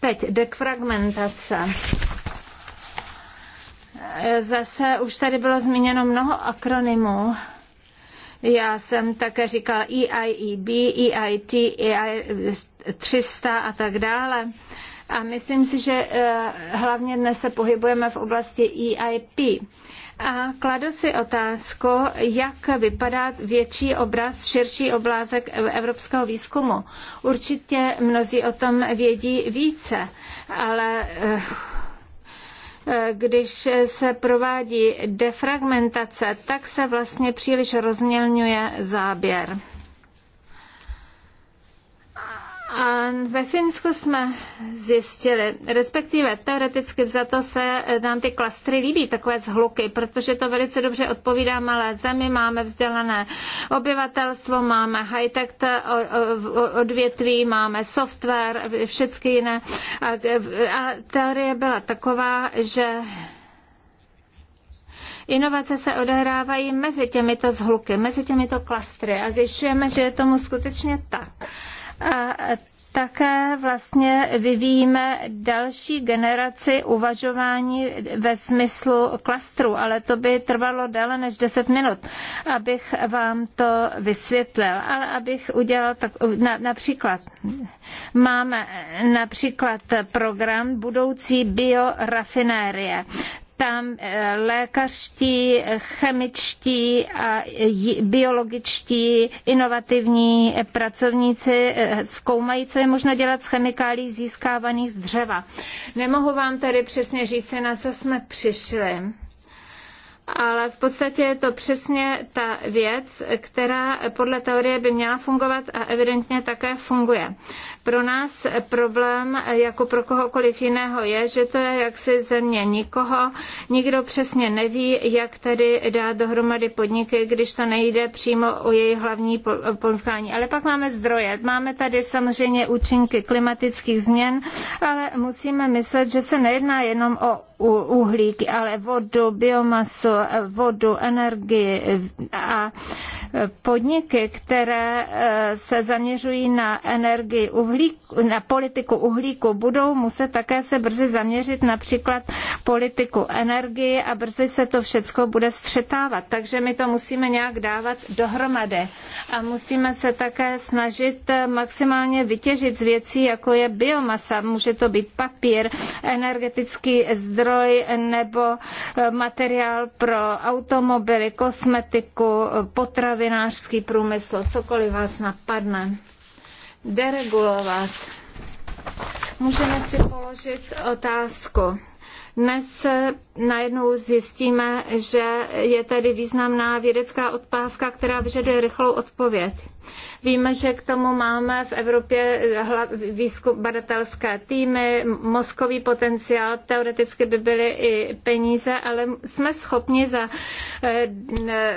Teď dekfragmentace. Zase už tady bylo zmíněno mnoho akronymů. Já jsem také říkal EIEB, EIT, EI 300 a tak dále. A myslím si, že eh, hlavně dnes se pohybujeme v oblasti EIP a kladu si otázku, jak vypadá větší obraz, širší oblázek evropského výzkumu. Určitě mnozí o tom vědí více, ale eh, eh, když se provádí defragmentace, tak se vlastně příliš rozmělňuje záběr. A ve Finsku jsme zjistili, respektive teoreticky vzato se eh, nám ty klastry líbí, takové zhluky, protože to velice dobře odpovídá malé zemi, máme vzdělané obyvatelstvo, máme high-tech eh, odvětví, máme software, eh, všechny jiné. A, a teorie byla taková, že Inovace se odehrávají mezi těmito zhluky, mezi těmito klastry a zjišťujeme, že je tomu skutečně tak a také vlastně vyvíjíme další generaci uvažování ve smyslu klastru, ale to by trvalo déle než 10 minut, abych vám to vysvětlil. Ale abych udělal tak, na, například, máme například program budoucí biorafinérie tam eh, lékařští, chemičtí a biologičtí inovativní eh, pracovníci eh, zkoumají, co je možno dělat s chemikálií získávaných z dřeva. Nemohu vám tedy přesně říct, na co jsme přišli ale v podstatě je to přesně ta věc, která podle teorie by měla fungovat a evidentně také funguje. Pro nás problém, jako pro kohokoliv jiného, je, že to je jaksi země nikoho. Nikdo přesně neví, jak tady dát dohromady podniky, když to nejde přímo o její hlavní podnikání. Ale pak máme zdroje. Máme tady samozřejmě účinky klimatických změn, ale musíme myslet, že se nejedná jenom o uhlík, ale vodu, biomasu, vodu, energii a Podniky, které eh, se zaměřují na energii uhlíku, na politiku uhlíku, budou muset také se brzy zaměřit například politiku energie a brzy se to všechno bude střetávat. Takže my to musíme nějak dávat dohromady. A musíme se také snažit eh, maximálně vytěžit z věcí, jako je biomasa. Může to být papír, energetický zdroj nebo eh, materiál pro automobily, kosmetiku, potraviny potravinářský průmysl, cokoliv vás napadne, deregulovat. Můžeme si položit otázku. Dnes najednou zjistíme, že je tady významná vědecká odpázka, která vyžaduje rychlou odpověď. Víme, že k tomu máme v Evropě výzkum badatelské týmy, mozkový potenciál, teoreticky by byly i peníze, ale jsme schopni za, eh,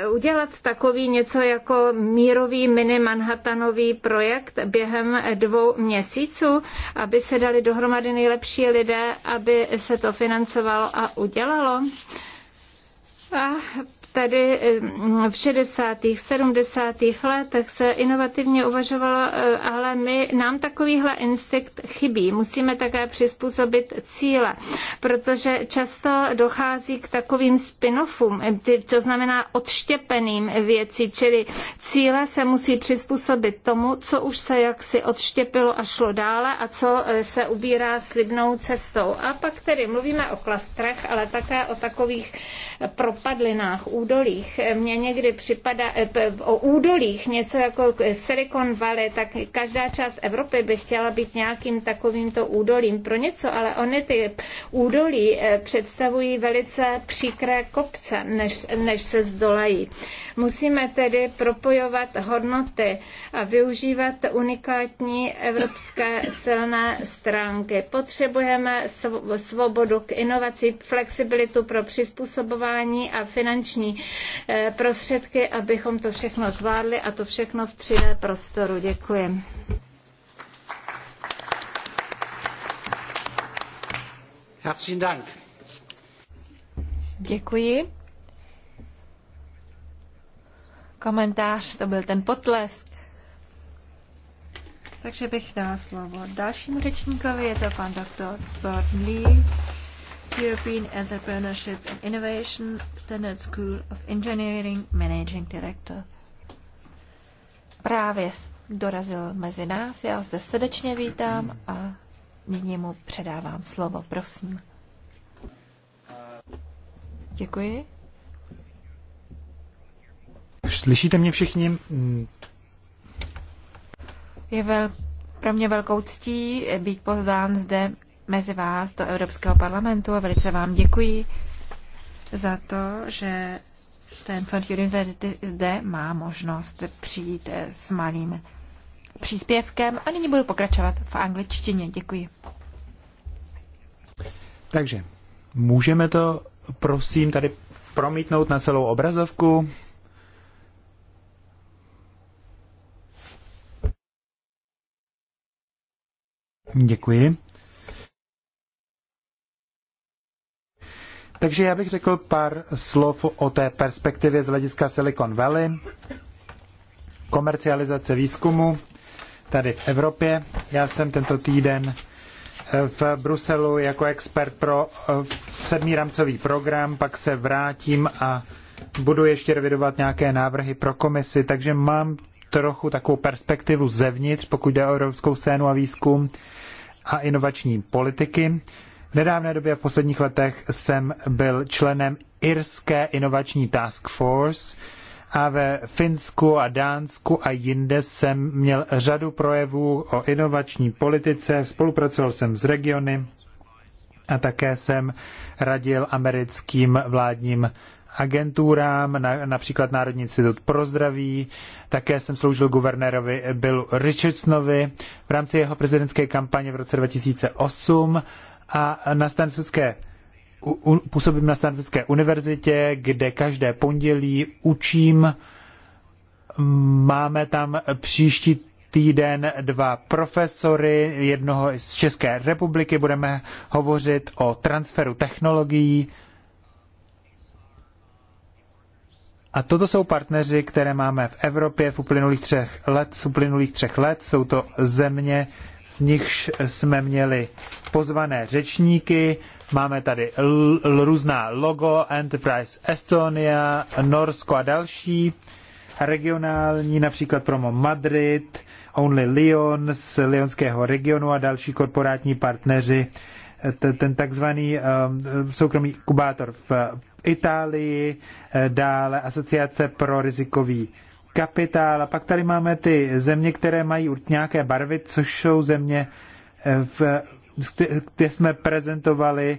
udělat takový něco jako mírový mini Manhattanový projekt během dvou měsíců, aby se dali dohromady nejlepší lidé, aby se to financovalo a udělalo selhalo. A Tady eh, v 60. 70. letech se inovativně uvažovalo, eh, ale my, nám takovýhle instinkt chybí. Musíme také přizpůsobit cíle, protože často dochází k takovým spin-offům, eh, to znamená odštěpeným věcí, čili cíle se musí přizpůsobit tomu, co už se jaksi odštěpilo a šlo dále a co se ubírá slibnou cestou. A pak tedy mluvíme o klastrech, ale také o takových propadlinách, údolích. Mně někdy připadá eh, o údolích něco jako Silicon Valley, tak každá část Evropy by chtěla být nějakým takovýmto údolím pro něco, ale ony ty údolí eh, představují velice příkré kopce, než, než se zdolají. Musíme tedy propojovat hodnoty a využívat unikátní evropské silné stránky. Potřebujeme svobodu k inovací, flexibilitu pro přizpůsobování a finanční Eh, prostředky, abychom to všechno zvládli a to všechno v 3D prostoru. Děkuji. Herzlichen Dank. Děkuji. Komentář, to byl ten potlesk. Takže bych dala slovo dalšímu řečníkovi, je to pan doktor Lee. European Entrepreneurship and Innovation Standard School of Engineering Managing Director. Právě dorazil mezi nás, já zde srdečně vítám a nyní mu předávám slovo, prosím. Děkuji. Slyšíte mě všichni? Je vel, pro mě velkou ctí být pozván zde mezi vás do Evropského parlamentu a velice vám děkuji za to, že Stanford University zde má možnost přijít s malým příspěvkem a nyní budu pokračovat v angličtině. Děkuji. Takže můžeme to prosím tady promítnout na celou obrazovku. Děkuji. Takže já bych řekl pár slov o té perspektivě z hlediska Silicon Valley, komercializace výzkumu tady v Evropě. Já jsem tento týden eh, v Bruselu jako expert pro eh, sedmý rámcový program, pak se vrátím a budu ještě revidovat nějaké návrhy pro komisi, takže mám trochu takovou perspektivu zevnitř, pokud jde o evropskou scénu a výzkum a inovační politiky. V nedávné době, v posledních letech, jsem byl členem Irské inovační task force a ve Finsku a Dánsku a jinde jsem měl řadu projevů o inovační politice, spolupracoval jsem s regiony a také jsem radil americkým vládním agenturám, například Národní institut pro zdraví. Také jsem sloužil guvernérovi Billu Richardsonovi v rámci jeho prezidentské kampaně v roce 2008 a na Stanfordské působím na Stanfordské univerzitě, kde každé pondělí učím. Máme tam příští týden dva profesory, jednoho z České republiky. Budeme hovořit o transferu technologií. A toto jsou partneři, které máme v Evropě v uplynulých třech let. V uplynulých třech let jsou to země, z nichž jsme měli pozvané řečníky. Máme tady různá logo, Enterprise Estonia, Norsko a další. Regionální, například promo Madrid, Only Lyon z lyonského regionu a další korporátní partneři. Ten takzvaný eh, soukromý kubátor v Itálii, eh, dále Asociace pro rizikový kapitál. A pak tady máme ty země, které mají nějaké barvy, což jsou země, eh, v, kde jsme prezentovali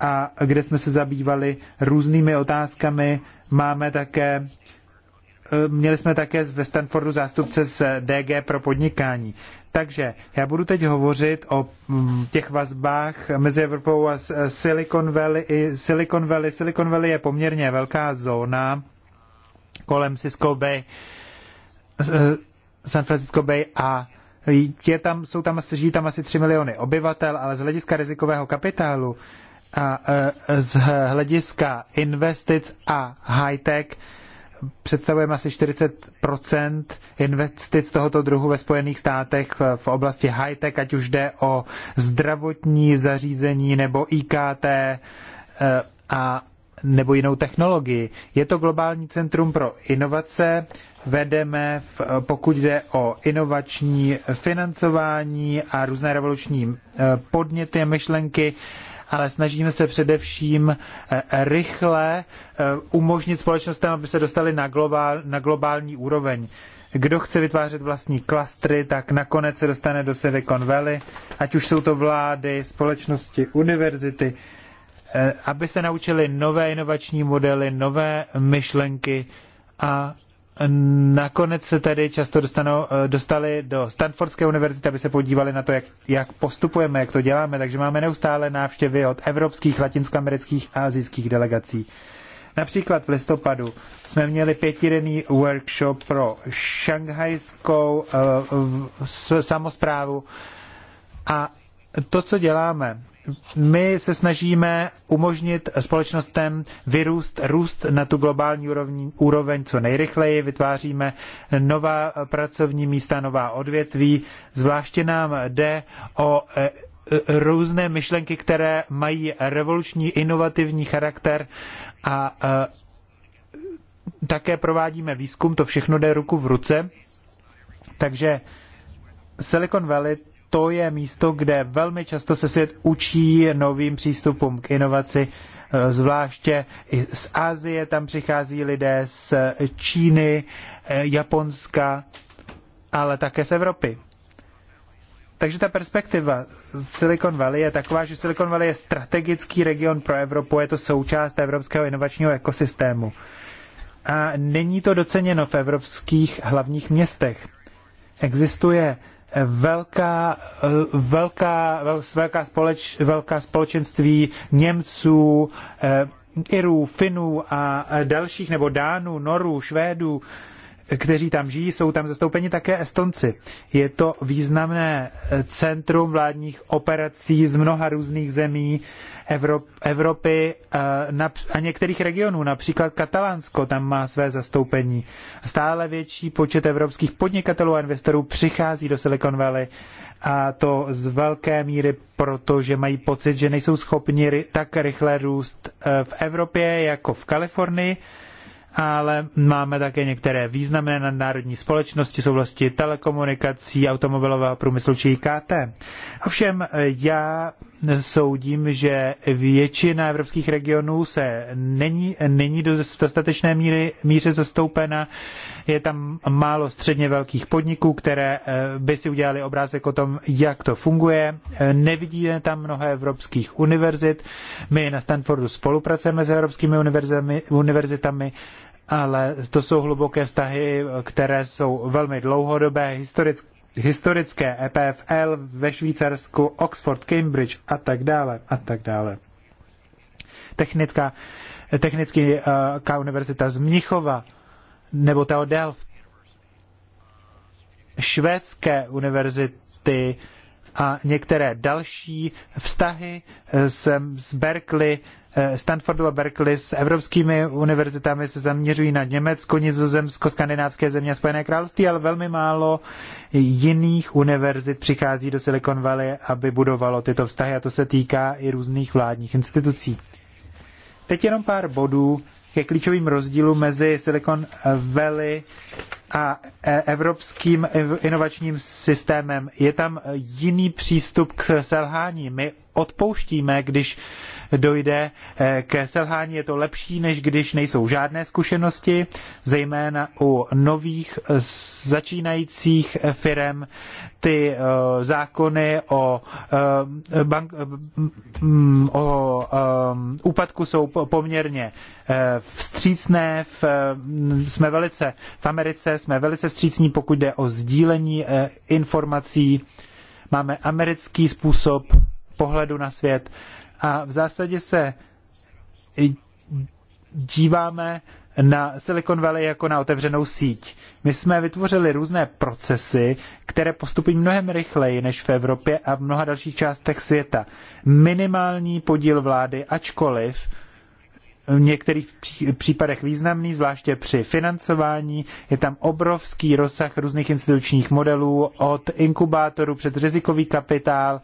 a kde jsme se zabývali různými otázkami. Máme také, eh, měli jsme také ve Stanfordu zástupce z DG pro podnikání. Takže já budu teď hovořit o mm, těch vazbách mezi Evropou a Silicon Valley. Silicon Valley, Silicon Valley je poměrně velká zóna, kolem Cisco Bay, eh, San Francisco Bay a je tam, jsou tam, žijí tam asi 3 miliony obyvatel, ale z hlediska rizikového kapitálu a eh, z hlediska investic a high-tech představujeme asi 40 investic tohoto druhu ve Spojených státech v oblasti high-tech, ať už jde o zdravotní zařízení nebo IKT eh, a nebo jinou technologii. Je to globální centrum pro inovace, vedeme, v, pokud jde o inovační financování a různé revoluční eh, podněty a myšlenky, ale snažíme se především eh, rychle eh, umožnit společnostem, aby se dostali na, globál, na globální úroveň. Kdo chce vytvářet vlastní klastry, tak nakonec se dostane do Silicon Valley, ať už jsou to vlády, společnosti, univerzity, Eh, aby se naučili nové inovační modely, nové myšlenky a nakonec se tedy často dostanou, eh, dostali do Stanfordské univerzity, aby se podívali na to, jak, jak postupujeme, jak to děláme. Takže máme neustále návštěvy od evropských, latinskoamerických a azijských delegací. Například v listopadu jsme měli pětidenní workshop pro šanghajskou uh, samosprávu a to, co děláme, my se snažíme umožnit společnostem vyrůst růst na tu globální úroveň, úroveň co nejrychleji, vytváříme nová pracovní místa, nová odvětví, zvláště nám jde o e, různé myšlenky, které mají revoluční, inovativní charakter a e, také provádíme výzkum, to všechno jde ruku v ruce. Takže Silicon Valley to je místo, kde velmi často se svět učí novým přístupům k inovaci, eh, zvláště z Asie tam přichází lidé, z Číny, eh, Japonska, ale také z Evropy. Takže ta perspektiva Silicon Valley je taková, že Silicon Valley je strategický region pro Evropu, je to součást evropského inovačního ekosystému. A není to doceněno v evropských hlavních městech. Existuje velká, velká, velká, společ, velká společenství Němců, eh, Irů, Finů a dalších, nebo Dánů, Norů, Švédů, kteří tam žijí, jsou tam zastoupeni také Estonci. Je to významné centrum vládních operací z mnoha různých zemí Evropy eh, a některých regionů, například Katalánsko tam má své zastoupení. Stále větší počet evropských podnikatelů a investorů přichází do Silicon Valley a to z velké míry proto, že mají pocit, že nejsou schopni tak rychle růst eh, v Evropě jako v Kalifornii, ale máme také některé významné nadnárodní společnosti z oblasti telekomunikací, automobilového průmyslu či IKT. Ovšem já soudím, že většina evropských regionů se není, není do dostatečné míry, míře zastoupena. Je tam málo středně velkých podniků, které eh, by si udělali obrázek o tom, jak to funguje. Nevidíme tam mnoho evropských univerzit. My na Stanfordu spolupracujeme s evropskými univerzitami, ale to jsou hluboké vztahy, které jsou velmi dlouhodobé, historické historické EPFL ve Švýcarsku, Oxford, Cambridge a tak dále a tak dále. Technická, technická eh, univerzita z Mnichova nebo Teo Delft, švédské univerzity, a některé další vztahy s, eh, s Berkeley, eh, Stanfordu a Berkeley s evropskými univerzitami se zaměřují na Německo, Nizozemsko, skandinávské země a Spojené království, ale velmi málo jiných univerzit přichází do Silicon Valley, aby budovalo tyto vztahy a to se týká i různých vládních institucí. Teď jenom pár bodů ke klíčovým rozdílům mezi Silicon Valley a e, evropským inovačním systémem. Je tam jiný přístup k selhání. My odpouštíme, když dojde eh, ke selhání, je to lepší, než když nejsou žádné zkušenosti, zejména u nových eh, začínajících eh, firm. Ty zákony o, bank, o úpadku jsou poměrně vstřícné. V, jsme velice v Americe, jsme velice vstřícní, pokud jde o sdílení informací. Máme americký způsob pohledu na svět a v zásadě se díváme na Silicon Valley jako na otevřenou síť. My jsme vytvořili různé procesy, které postupují mnohem rychleji než v Evropě a v mnoha dalších částech světa. Minimální podíl vlády, ačkoliv v některých případech významný, zvláště při financování. Je tam obrovský rozsah různých institučních modelů, od inkubátorů před rizikový kapitál,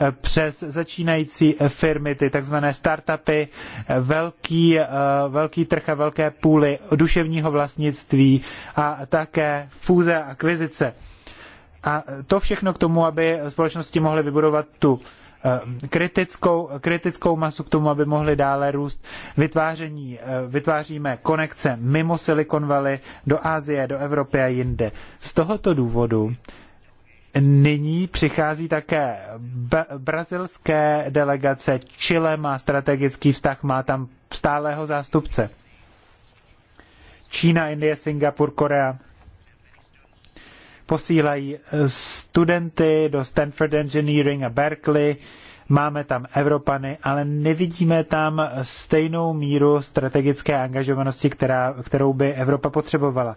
eh, přes začínající firmy, ty takzvané startupy, eh, velký, eh, velký trh a velké půly duševního vlastnictví a také fúze a akvizice. A to všechno k tomu, aby společnosti mohly vybudovat tu Eh, kritickou, kritickou masu k tomu, aby mohli dále růst. Vytváření, eh, vytváříme konekce mimo Silicon Valley do Asie, do Evropy a jinde. Z tohoto důvodu Nyní přichází také brazilské delegace, Chile má strategický vztah, má tam stálého zástupce. Čína, Indie, Singapur, Korea posílají eh, studenty do Stanford Engineering a Berkeley, máme tam Evropany, ale nevidíme tam stejnou míru strategické angažovanosti, která, kterou by Evropa potřebovala.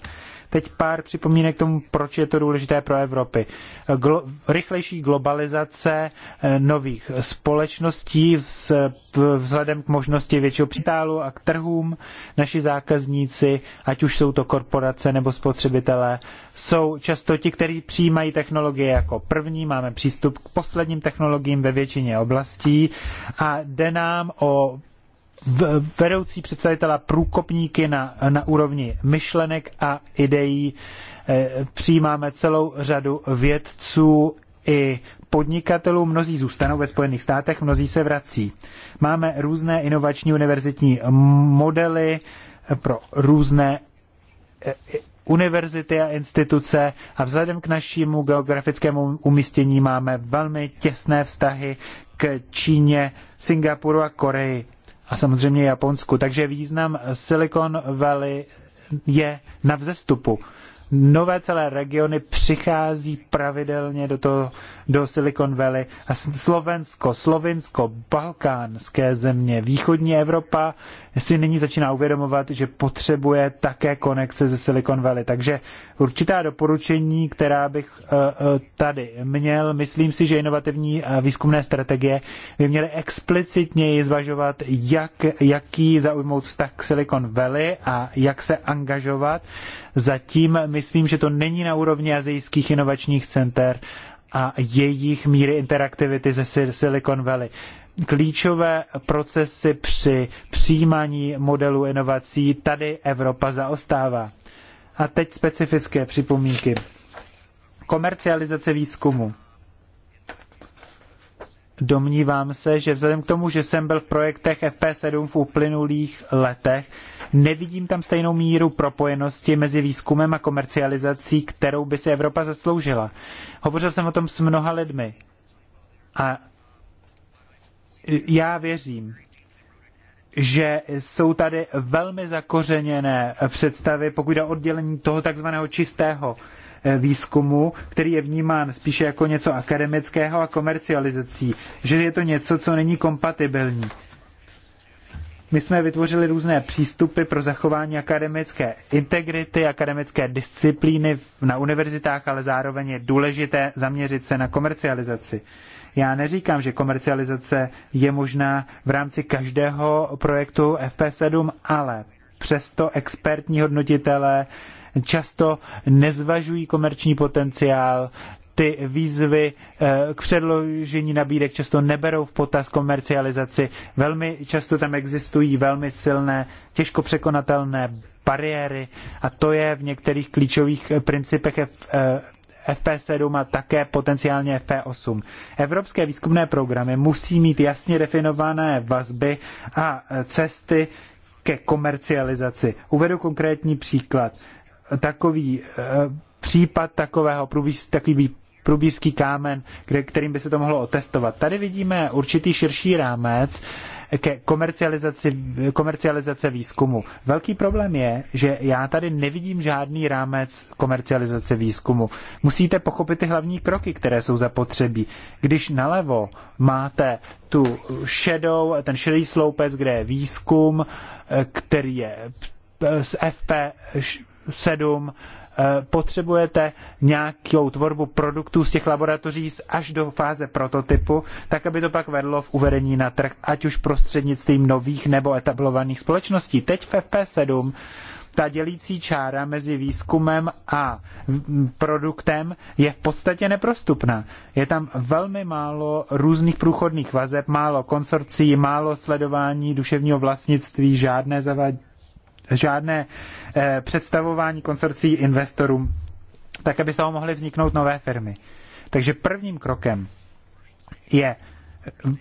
Teď pár připomínek k tomu, proč je to důležité pro Evropy. Glo- rychlejší globalizace eh, nových společností vzhledem k možnosti většího přitálu a k trhům. Naši zákazníci, ať už jsou to korporace nebo spotřebitelé, jsou často ti, kteří přijímají technologie jako první, máme přístup k posledním technologiím ve většině oblastí a jde nám o vedoucí představitela průkopníky na, na úrovni myšlenek a ideí. Eh, přijímáme celou řadu vědců i podnikatelů, mnozí zůstanou ve Spojených státech, mnozí se vrací. Máme různé inovační univerzitní modely pro různé eh, univerzity a instituce a vzhledem k našemu geografickému umístění máme velmi těsné vztahy k Číně, Singapuru a Koreji a samozřejmě Japonsku. Takže význam Silicon Valley je na vzestupu nové celé regiony přichází pravidelně do, toho, do Silicon Valley a Slovensko, Slovinsko, balkánské země, východní Evropa si nyní začíná uvědomovat, že potřebuje také konekce ze Silicon Valley. Takže určitá doporučení, která bych eh, eh, tady měl, myslím si, že inovativní a výzkumné strategie by měly explicitněji zvažovat, jak, jaký zaujmout vztah k Silicon Valley a jak se angažovat. Zatím my myslím, že to není na úrovni azijských inovačních center a jejich míry interaktivity ze Silicon Valley. Klíčové procesy při přijímání modelů inovací tady Evropa zaostává. A teď specifické připomínky. Komercializace výzkumu Domnívám se, že vzhledem k tomu, že jsem byl v projektech FP7 v uplynulých letech, nevidím tam stejnou míru propojenosti mezi výzkumem a komercializací, kterou by si Evropa zasloužila. Hovořil jsem o tom s mnoha lidmi. A já věřím, že jsou tady velmi zakořeněné představy, pokud jde o oddělení toho takzvaného čistého Eh, výzkumu, který je vnímán spíše jako něco akademického a komercializací, že je to něco, co není kompatibilní. My jsme vytvořili různé přístupy pro zachování akademické integrity, akademické disciplíny na univerzitách, ale zároveň je důležité zaměřit se na komercializaci. Já neříkám, že komercializace je možná v rámci každého projektu FP7, ale přesto expertní hodnotitelé často nezvažují komerční potenciál, ty výzvy eh, k předložení nabídek často neberou v potaz komercializaci. Velmi často tam existují velmi silné, těžko překonatelné bariéry a to je v některých klíčových principech FP7 eh, a také potenciálně FP8. Evropské výzkumné programy musí mít jasně definované vazby a cesty ke komercializaci. Uvedu konkrétní příklad takový eh, případ takového průbíz, takový průbízký kámen, kde, kterým by se to mohlo otestovat. Tady vidíme určitý širší rámec ke komercializaci, komercializace výzkumu. Velký problém je, že já tady nevidím žádný rámec komercializace výzkumu. Musíte pochopit ty hlavní kroky, které jsou zapotřebí. Když nalevo máte tu šedou, ten šedý sloupec, kde je výzkum, eh, který je z eh, FP 7 eh, potřebujete nějakou tvorbu produktů z těch laboratoří až do fáze prototypu, tak aby to pak vedlo v uvedení na trh, ať už prostřednictvím nových nebo etablovaných společností. Teď v FP7 ta dělící čára mezi výzkumem a produktem je v podstatě neprostupná. Je tam velmi málo různých průchodných vazeb, málo konsorcí, málo sledování duševního vlastnictví, žádné zavádí žádné eh, představování konsorcí investorům, tak aby z toho mohly vzniknout nové firmy. Takže prvním krokem je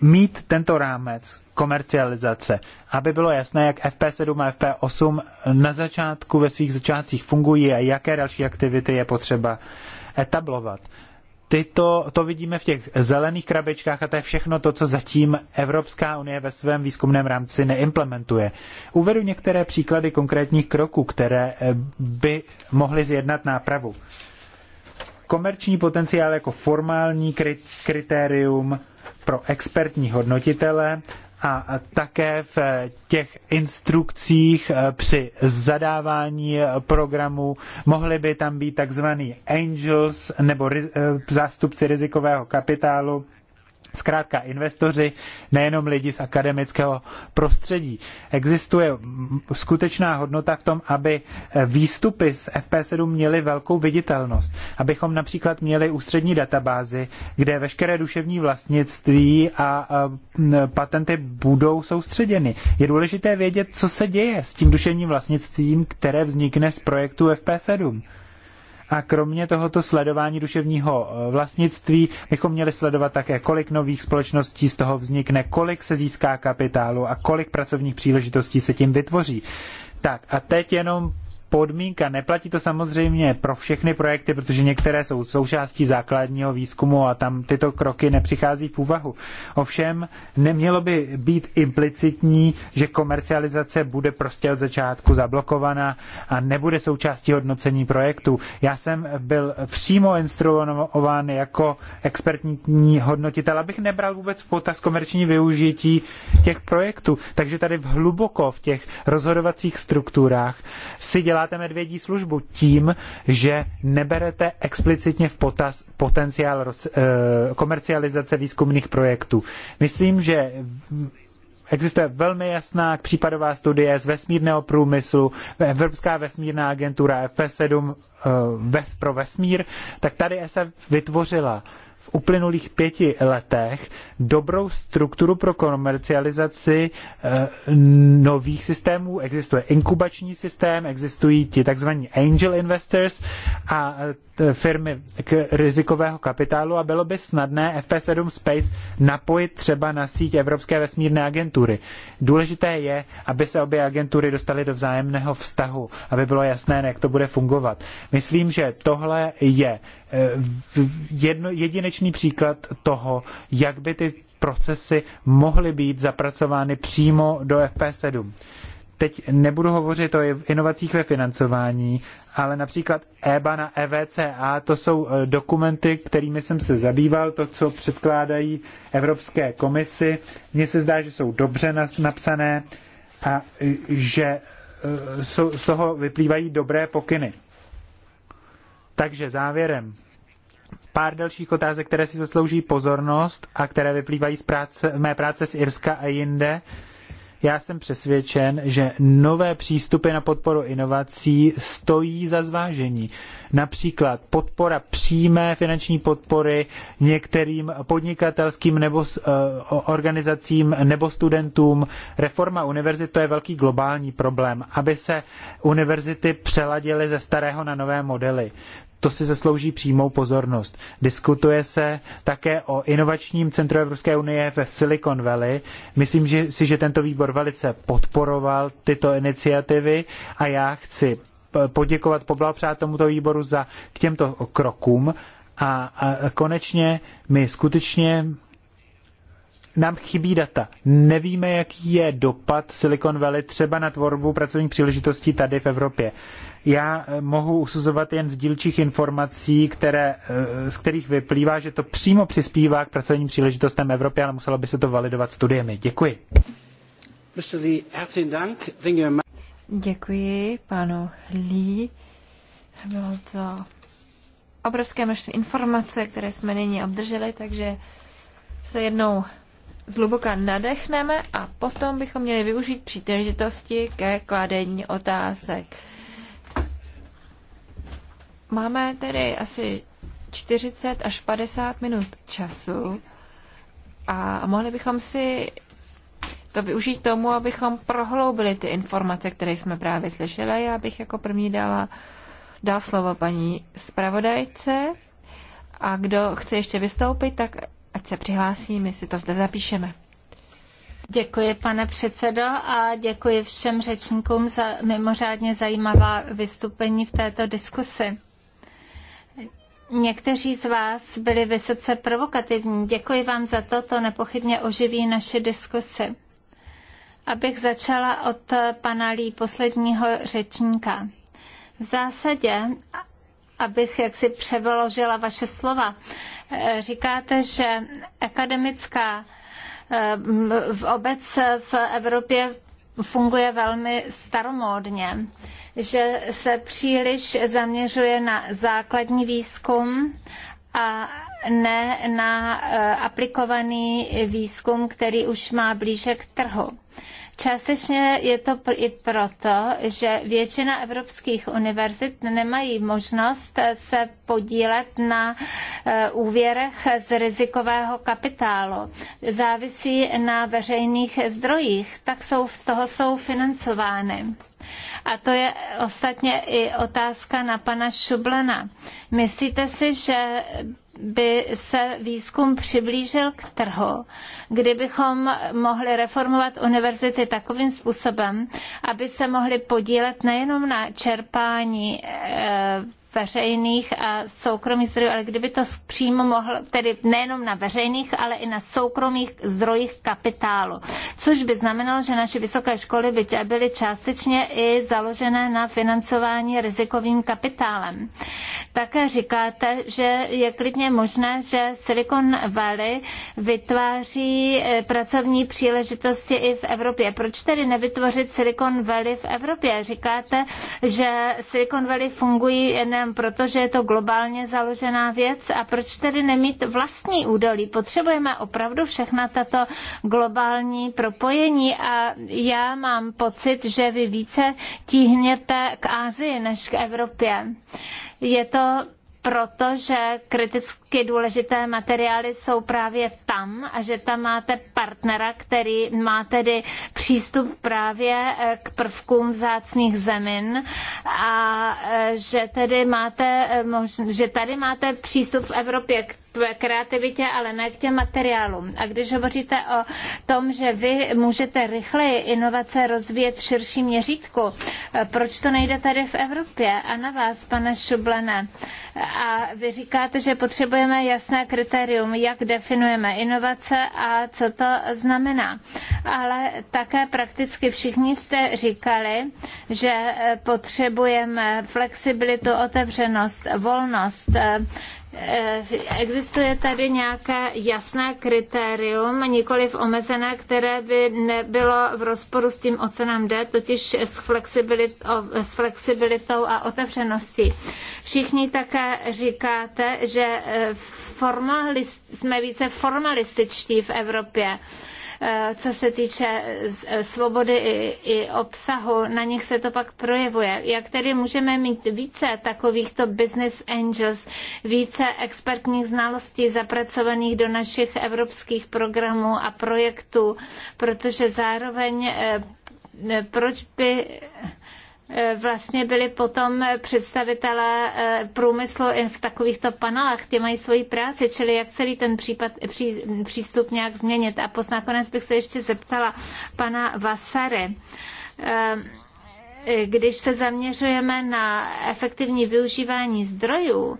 mít tento rámec komercializace, aby bylo jasné, jak FP7 a FP8 na začátku ve svých začátcích fungují a jaké další aktivity je potřeba etablovat tyto, to vidíme v těch zelených krabičkách a to je všechno to, co zatím Evropská unie ve svém výzkumném rámci neimplementuje. Uvedu některé příklady konkrétních kroků, které eh, by mohly zjednat nápravu. Komerční potenciál jako formální kritérium pro expertní hodnotitele a také v těch instrukcích eh, při zadávání eh, programu mohly by tam být takzvaný angels nebo eh, zástupci rizikového kapitálu, zkrátka investoři, nejenom lidi z akademického prostředí. Existuje skutečná hodnota v tom, aby eh, výstupy z FP7 měly velkou viditelnost. Abychom například měli ústřední databázi, kde veškeré duševní vlastnictví a eh, patenty budou soustředěny. Je důležité vědět, co se děje s tím duševním vlastnictvím, které vznikne z projektu FP7. A kromě tohoto sledování duševního eh, vlastnictví bychom měli sledovat také, kolik nových společností z toho vznikne, kolik se získá kapitálu a kolik pracovních příležitostí se tím vytvoří. Tak a teď jenom podmínka. Neplatí to samozřejmě pro všechny projekty, protože některé jsou součástí základního výzkumu a tam tyto kroky nepřichází v úvahu. Ovšem, nemělo by být implicitní, že komercializace bude prostě od začátku zablokovaná a nebude součástí hodnocení projektu. Já jsem byl přímo instruován jako expertní hodnotitel, abych nebral vůbec v potaz komerční využití těch projektů. Takže tady v hluboko v těch rozhodovacích strukturách si dělá děláte medvědí službu tím, že neberete explicitně v potaz potenciál roz, eh, komercializace výzkumných projektů. Myslím, že Existuje velmi jasná případová studie z vesmírného průmyslu, Evropská vesmírná agentura FP7 eh, ves pro vesmír, tak tady se vytvořila uplynulých pěti letech dobrou strukturu pro komercializaci eh, nových systémů. Existuje inkubační systém, existují ti tzv. angel investors a eh, firmy k rizikového kapitálu a bylo by snadné FP7 Space napojit třeba na síť Evropské vesmírné agentury. Důležité je, aby se obě agentury dostaly do vzájemného vztahu, aby bylo jasné, jak to bude fungovat. Myslím, že tohle je Eh, jedno, jedinečný příklad toho, jak by ty procesy mohly být zapracovány přímo do FP7. Teď nebudu hovořit o inovacích ve financování, ale například EBA na EVCA, to jsou eh, dokumenty, kterými jsem se zabýval, to, co předkládají Evropské komisi. Mně se zdá, že jsou dobře napsané a že eh, z toho vyplývají dobré pokyny. Takže závěrem. Pár dalších otázek, které si zaslouží pozornost a které vyplývají z práce, mé práce z Irska a jinde. Já jsem přesvědčen, že nové přístupy na podporu inovací stojí za zvážení. Například podpora přímé finanční podpory některým podnikatelským nebo eh, organizacím nebo studentům. Reforma univerzit to je velký globální problém, aby se univerzity přeladily ze starého na nové modely to si zaslouží přímou pozornost. Diskutuje se také o inovačním centru Evropské unie ve Silicon Valley. Myslím že, si, že tento výbor velice podporoval tyto iniciativy a já chci poděkovat, poblahopřát tomuto výboru za k těmto krokům a, a konečně my skutečně nám chybí data. Nevíme, jaký je dopad Silicon Valley třeba na tvorbu pracovních příležitostí tady v Evropě. Já eh, mohu usuzovat jen z dílčích informací, které, eh, z kterých vyplývá, že to přímo přispívá k pracovním příležitostem Evropy, ale muselo by se to validovat studiemi. Děkuji. Děkuji panu Lee. Bylo to obrovské množství informace, které jsme nyní obdrželi, takže se jednou zhluboka nadechneme a potom bychom měli využít příležitosti ke kladení otázek. Máme tedy asi 40 až 50 minut času a mohli bychom si to využít tomu, abychom prohloubili ty informace, které jsme právě slyšeli. Já bych jako první dala, dal slovo paní zpravodajce a kdo chce ještě vystoupit, tak ať se přihlásí, my si to zde zapíšeme. Děkuji, pane předsedo, a děkuji všem řečníkům za mimořádně zajímavá vystoupení v této diskusi. Někteří z vás byli vysoce provokativní. Děkuji vám za to, to nepochybně oživí naše diskusy. Abych začala od pana Lí, posledního řečníka. V zásadě, abych jaksi přeložila vaše slova, Eh, říkáte, že akademická eh, v obec v Evropě funguje velmi staromódně, že se příliš zaměřuje na základní výzkum a ne na eh, aplikovaný výzkum, který už má blíže k trhu. Částečně je to i proto, že většina evropských univerzit nemají možnost se podílet na e, úvěrech z rizikového kapitálu. Závisí na veřejných zdrojích, tak jsou, z toho jsou financovány. A to je ostatně i otázka na pana Šublena. Myslíte si, že by se výzkum přiblížil k trhu, kdybychom mohli reformovat univerzity takovým způsobem, aby se mohly podílet nejenom na čerpání eh, veřejných a soukromých zdrojů, ale kdyby to přímo mohlo tedy nejenom na veřejných, ale i na soukromých zdrojích kapitálu. Což by znamenalo, že naše vysoké školy by byly částečně i založené na financování rizikovým kapitálem. Také říkáte, že je klidně je možné, že Silicon Valley vytváří e, pracovní příležitosti i v Evropě. Proč tedy nevytvořit Silicon Valley v Evropě? Říkáte, že Silicon Valley fungují jenom proto, že je to globálně založená věc a proč tedy nemít vlastní údolí? Potřebujeme opravdu všechna tato globální propojení a já mám pocit, že vy více tíhněte k Ázii než k Evropě. Je to protože kriticky důležité materiály jsou právě tam a že tam máte partnera, který má tedy přístup právě eh, k prvkům vzácných zemin a eh, že tedy máte, eh, že tady máte přístup v Evropě k k kreativitě, ale ne k těm materiálům. A když hovoříte o tom, že vy můžete rychleji inovace rozvíjet v širším měřítku, eh, proč to nejde tady v Evropě? A na vás, pane Šublene. A vy říkáte, že potřebujeme jasné kritérium, jak definujeme inovace a co to znamená. Ale také prakticky všichni jste říkali, že eh, potřebujeme flexibilitu, otevřenost, volnost, eh, Existuje tady nějaké jasné kritérium, nikoli v omezené, které by nebylo v rozporu s tím, o co nám jde, totiž s, flexibilit, s flexibilitou a otevřeností. Všichni také říkáte, že eh, formalist, jsme více formalističtí v Evropě. Eh, co se týče eh, svobody i, obsahu, na nich se to pak projevuje. Jak tedy můžeme mít více takovýchto business angels, více expertních znalostí zapracovaných do našich evropských programů a projektů, protože zároveň eh, proč by E, vlastně byli potom představitelé e, průmyslu v takovýchto panelách, ti mají svoji práci, čili jak celý ten případ, pří, přístup nějak změnit. A nakonec bych se ještě zeptala pana Vasary e, když se zaměřujeme na efektivní využívání zdrojů,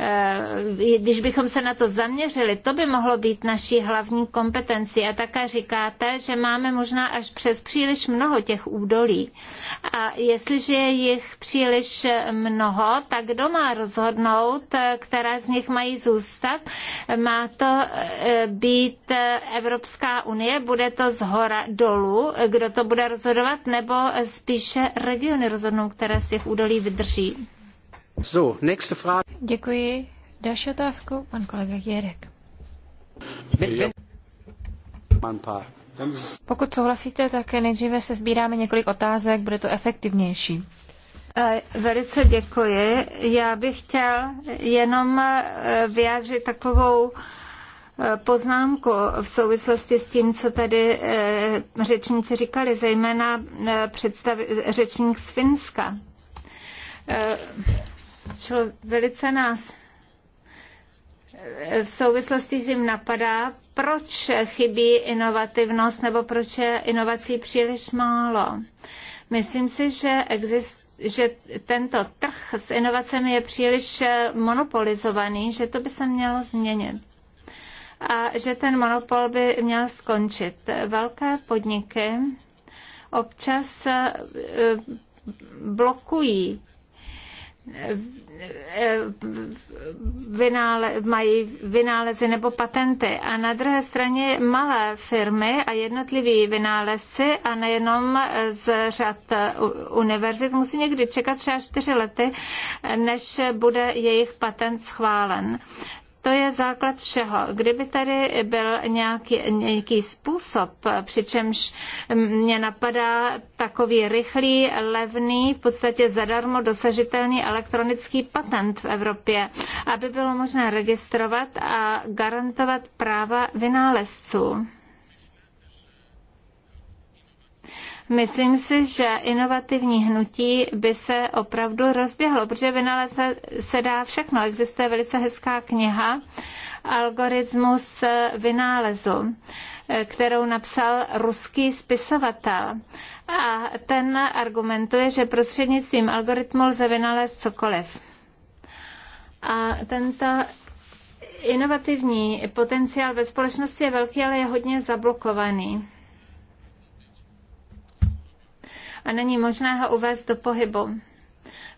Eh, když bychom se na to zaměřili, to by mohlo být naší hlavní kompetenci. A také říkáte, že máme možná až přes příliš mnoho těch údolí. A jestliže je jich příliš mnoho, tak kdo má rozhodnout, která z nich mají zůstat? Má to eh, být eh, Evropská unie? Bude to z hora dolů? Kdo to bude rozhodovat? Nebo spíše regiony rozhodnou, které z těch údolí vydrží? So, nächste Frage. Děkuji. Další otázku, pan kolega Jirek. Pokud souhlasíte, tak nejdříve se sbíráme několik otázek, bude to efektivnější. E, velice děkuji. Já bych chtěl jenom e, vyjádřit takovou e, poznámku v souvislosti s tím, co tady řečníci říkali, zejména představ, řečník z Finska člo, velice nás eh, v souvislosti s tím napadá, proč chybí inovativnost nebo proč je inovací příliš málo. Myslím si, že exist, že tento trh s inovacemi je příliš eh, monopolizovaný, že to by se mělo změnit a že ten monopol by měl skončit. Velké podniky občas eh, blokují vynále, mají vynálezy nebo patenty. A na druhé straně malé firmy a jednotliví vynálezci a nejenom z řad univerzit musí někdy čekat třeba čtyři lety, než bude jejich patent schválen. To je základ všeho. Kdyby tady byl nějaký, nějaký způsob, přičemž mě napadá takový rychlý, levný, v podstatě zadarmo dosažitelný elektronický patent v Evropě, aby bylo možné registrovat a garantovat práva vynálezců. Myslím si, že inovativní hnutí by se opravdu rozběhlo, protože vynaleze se dá všechno. Existuje velice hezká kniha, algoritmus vynálezu, kterou napsal ruský spisovatel. A ten argumentuje, že prostřednictvím algoritmu lze vynalézt cokoliv. A tento inovativní potenciál ve společnosti je velký, ale je hodně zablokovaný. a není možné ho uvést do pohybu.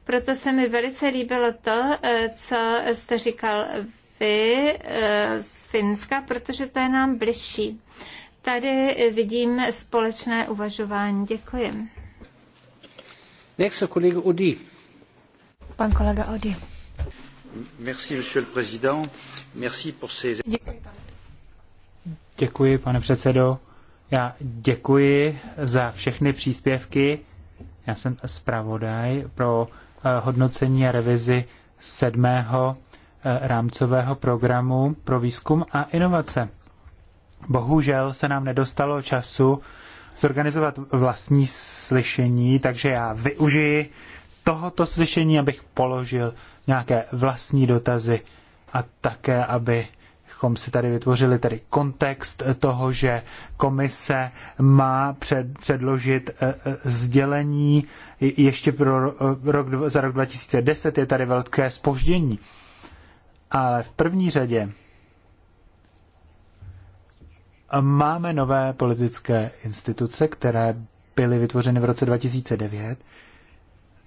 Proto se mi velice líbilo to, eh, co jste říkal vy eh, z Finska, protože to je nám bližší. Tady vidím společné uvažování. Děkuji. Next, kolega Odi. Pan kolega Odi. Merci, monsieur le président. Merci pour ces... Děkuji, pane, Děkuji, pane předsedo. Já děkuji za všechny příspěvky. Já jsem zpravodaj pro eh, hodnocení a revizi sedmého eh, rámcového programu pro výzkum a inovace. Bohužel se nám nedostalo času zorganizovat vlastní slyšení, takže já využiji tohoto slyšení, abych položil nějaké vlastní dotazy a také, aby abychom si tady vytvořili tedy kontext toho, že komise má před, předložit e, e, sdělení ještě pro e, rok, za rok 2010 je tady velké spoždění. Ale v první řadě máme nové politické instituce, které byly vytvořeny v roce 2009,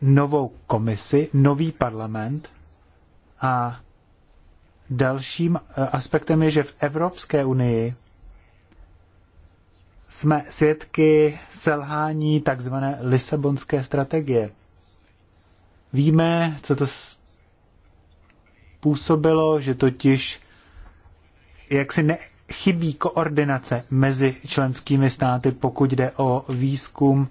novou komisi, nový parlament a Dalším eh, aspektem je, že v Evropské unii jsme svědky selhání takzvané Lisabonské strategie. Víme, co to působilo, že totiž jaksi ne, chybí koordinace mezi členskými státy, pokud jde o výzkum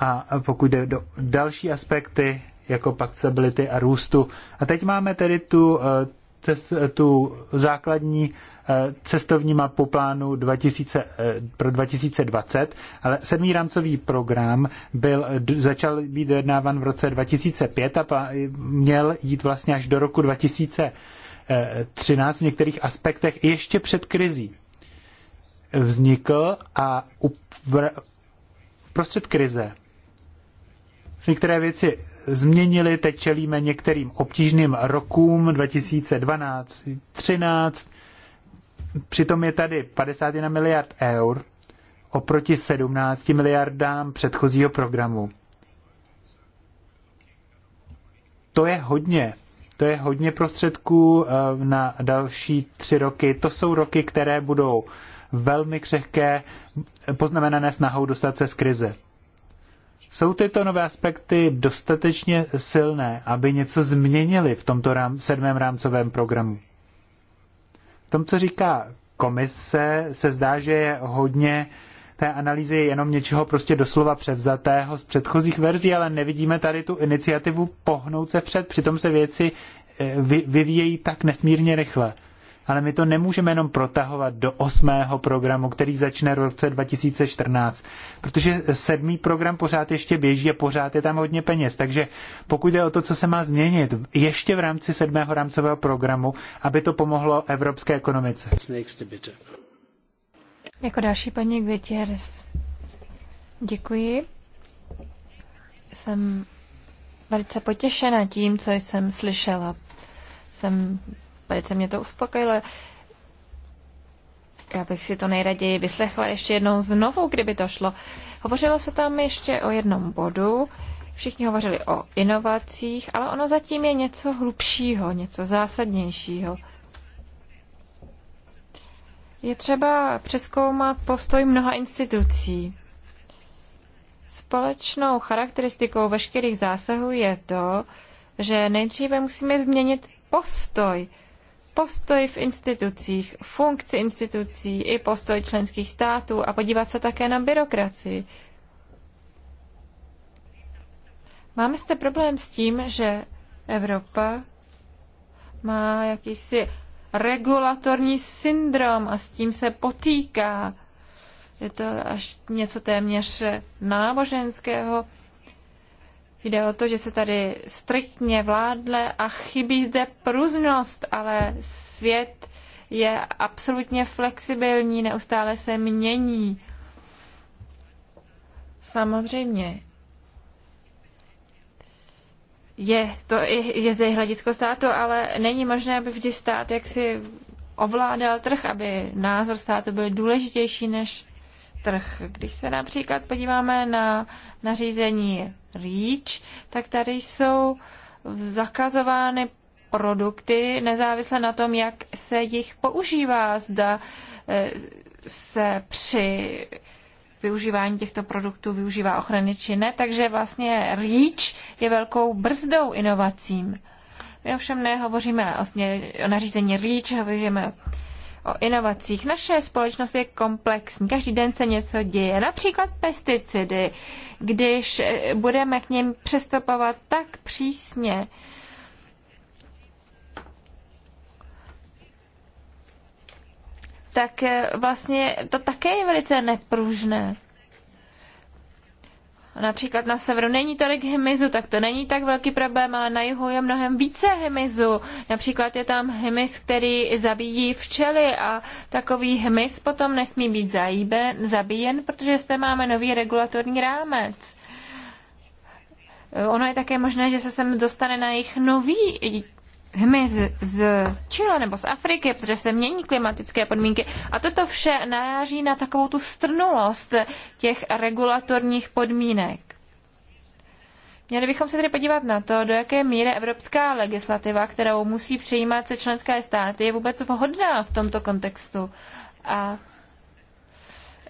a pokud jde o další aspekty, jako pak stability a růstu. A teď máme tedy tu eh, cest, tu základní eh, cestovní mapu plánu 2000, eh, pro 2020, ale sedmý rámcový program byl, začal být dojednáván v roce 2005 a měl jít vlastně až do roku 2013 v některých aspektech ještě před krizí. Vznikl a uprostřed krize se některé věci změnili, teď čelíme některým obtížným rokům 2012, 13. Přitom je tady 51 miliard eur oproti 17 miliardám předchozího programu. To je hodně. To je hodně prostředků eh, na další tři roky. To jsou roky, které budou velmi křehké, poznamenané snahou dostat se z krize. Jsou tyto nové aspekty dostatečně silné, aby něco změnili v tomto rám, sedmém rámcovém programu? V tom, co říká komise, se zdá, že je hodně té analýzy je jenom něčeho prostě doslova převzatého z předchozích verzí, ale nevidíme tady tu iniciativu pohnout se před, přitom se věci eh, vyvíjejí tak nesmírně rychle ale my to nemůžeme jenom protahovat do osmého programu, který začne v roce 2014, protože sedmý program pořád ještě běží a pořád je tam hodně peněz. Takže pokud jde o to, co se má změnit ještě v rámci sedmého rámcového programu, aby to pomohlo evropské ekonomice. Jako další paní Gutierrez. Děkuji. Jsem velice potěšena tím, co jsem slyšela. Jsem velice mě to uspokojilo. Já bych si to nejraději vyslechla ještě jednou znovu, kdyby to šlo. Hovořilo se tam ještě o jednom bodu, všichni hovořili o inovacích, ale ono zatím je něco hlubšího, něco zásadnějšího. Je třeba přeskoumat postoj mnoha institucí. Společnou charakteristikou veškerých zásahů je to, že nejdříve musíme změnit postoj, postoj v institucích, funkci institucí i postoj členských států a podívat se také na byrokracii. Máme zde problém s tím, že Evropa má jakýsi regulatorní syndrom a s tím se potýká. Je to až něco téměř náboženského. Jde o to, že se tady striktně vládle a chybí zde průznost, ale svět je absolutně flexibilní, neustále se mění. Samozřejmě. Je, to, i je zde hledisko státu, ale není možné, aby vždy stát jaksi ovládal trh, aby názor státu byl důležitější než trh. Když se například podíváme na nařízení REACH, tak tady jsou zakazovány produkty nezávisle na tom, jak se jich používá. Zda e, se při využívání těchto produktů využívá ochrany či ne, takže vlastně REACH je velkou brzdou inovacím. My ovšem nehovoříme o, směr, o nařízení REACH, hovoříme o inovacích. Naše společnost je komplexní, každý den se něco děje. Například pesticidy, když eh, budeme k něm přestupovat tak přísně, tak eh, vlastně to také je velice nepružné například na severu není tolik hmyzu, tak to není tak velký problém, ale na jihu je mnohem více hmyzu. Například je tam hmyz, který zabíjí včely a takový hmyz potom nesmí být zabíjen, protože zde máme nový regulatorní rámec. Ono je také možné, že se sem dostane na jejich nový hmyz z Chile nebo z Afriky, protože se mění klimatické podmínky. A toto vše naráží na takovou tu strnulost těch regulatorních podmínek. Měli bychom se tedy podívat na to, do jaké míry evropská legislativa, kterou musí přijímat se členské státy, je vůbec vhodná v tomto kontextu. A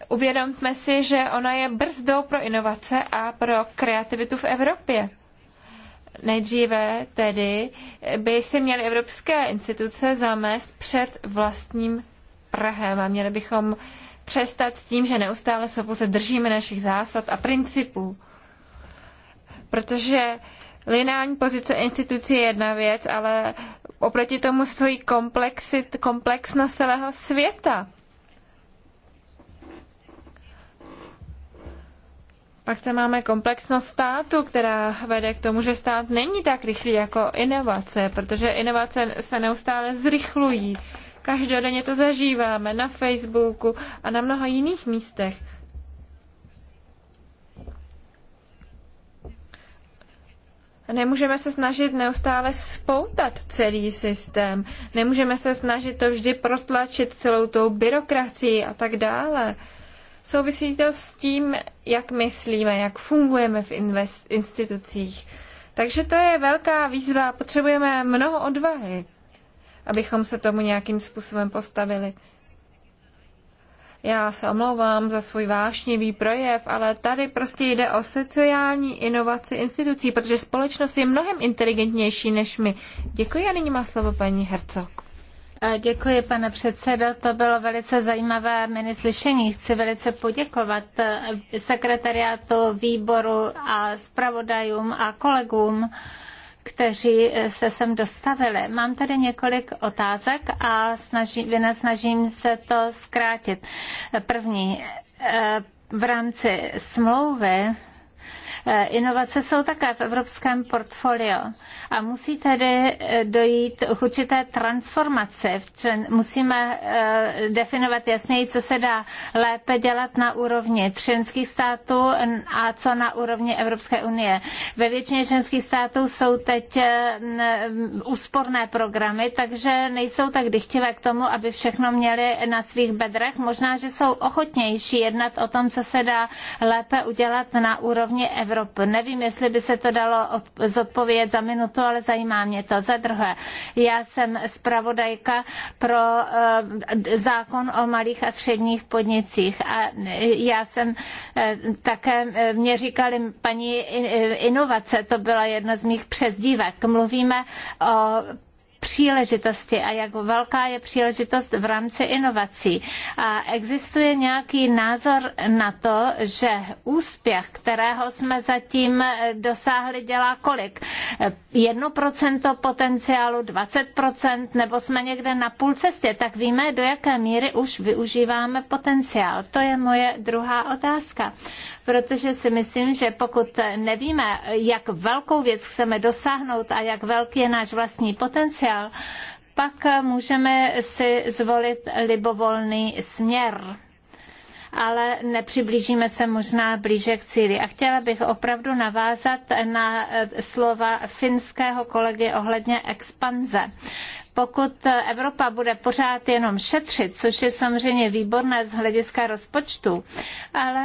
uvědomme si, že ona je brzdou pro inovace a pro kreativitu v Evropě. Nejdříve tedy by si měly evropské instituce zamést před vlastním Prahem a měli bychom přestat s tím, že neustále se pouze držíme našich zásad a principů. Protože lineární pozice institucí je jedna věc, ale oproti tomu stojí komplexit, komplexnost celého světa. Pak se máme komplexnost státu, která vede k tomu, že stát není tak rychlý jako inovace, protože inovace se neustále zrychlují. Každodenně to zažíváme na Facebooku a na mnoha jiných místech. Nemůžeme se snažit neustále spoutat celý systém. Nemůžeme se snažit to vždy protlačit celou tou byrokracií a tak dále. Souvisí to s tím, jak myslíme, jak fungujeme v invest- institucích. Takže to je velká výzva. Potřebujeme mnoho odvahy, abychom se tomu nějakým způsobem postavili. Já se omlouvám za svůj vášnivý projev, ale tady prostě jde o sociální inovaci institucí, protože společnost je mnohem inteligentnější než my. Děkuji a nyní má slovo paní Hercog. Eh, děkuji, pane předsedo. To bylo velice zajímavé mini slyšení. Chci velice poděkovat eh, sekretariátu výboru a zpravodajům a kolegům, kteří eh, se sem dostavili. Mám tady několik otázek a snažím, se to zkrátit. První, v rámci smlouvy Eh, inovace jsou také v evropském portfoliu a musí tedy eh, dojít k určité transformaci. Musíme eh, definovat jasněji, co se dá lépe dělat na úrovni členských států a co na úrovni Evropské unie. Ve většině členských států jsou teď úsporné programy, takže nejsou tak dychtivé k tomu, aby všechno měli na svých bedrech. Možná, že jsou ochotnější jednat o tom, co se dá lépe udělat na úrovni Evropské Evropu. Nevím, jestli by se to dalo zodpovědět za minutu, ale zajímá mě to. Za druhé, já jsem zpravodajka pro eh, zákon o malých a středních podnicích a já jsem eh, také, eh, mě říkali paní inovace, to byla jedna z mých přezdívek. Mluvíme o příležitosti a jak velká je příležitost v rámci inovací. A existuje nějaký názor na to, že úspěch, kterého jsme zatím dosáhli, dělá kolik? Jedno procento potenciálu, 20%, nebo jsme někde na půl cestě, tak víme, do jaké míry už využíváme potenciál. To je moje druhá otázka protože si myslím, že pokud nevíme, jak velkou věc chceme dosáhnout a jak velký je náš vlastní potenciál, pak můžeme si zvolit libovolný směr ale nepřiblížíme se možná blíže k cíli. A chtěla bych opravdu navázat na eh, slova finského kolegy ohledně expanze pokud Evropa bude pořád jenom šetřit, což je samozřejmě výborné z hlediska rozpočtu, ale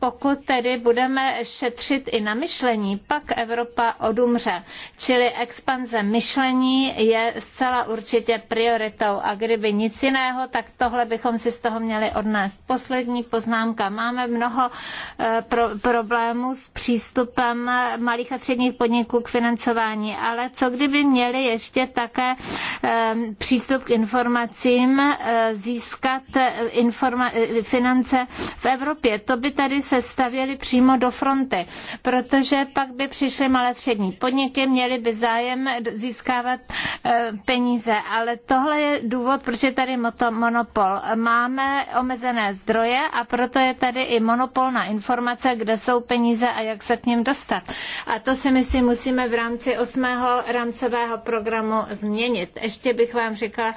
pokud tedy budeme šetřit i na myšlení, pak Evropa odumře. Čili expanze myšlení je zcela určitě prioritou a kdyby nic jiného, tak tohle bychom si z toho měli odnést. Poslední poznámka. Máme mnoho eh, pro- problémů s přístupem malých a středních podniků k financování, ale co kdyby měli ještě také ehm, přístup k informacím, eh, získat eh, informa- finance v Evropě? To by tady se stavěli přímo do fronty, protože pak by přišly malé střední podniky, měly by zájem získávat eh, peníze. Ale tohle je důvod, proč je tady monopol. Máme omezené zdroje a proto je tady i monopol na informace, kde jsou peníze a jak se k ním dostat. A to si myslím musíme v rámci osmého rámcového programu změnit. Ještě bych vám řekla,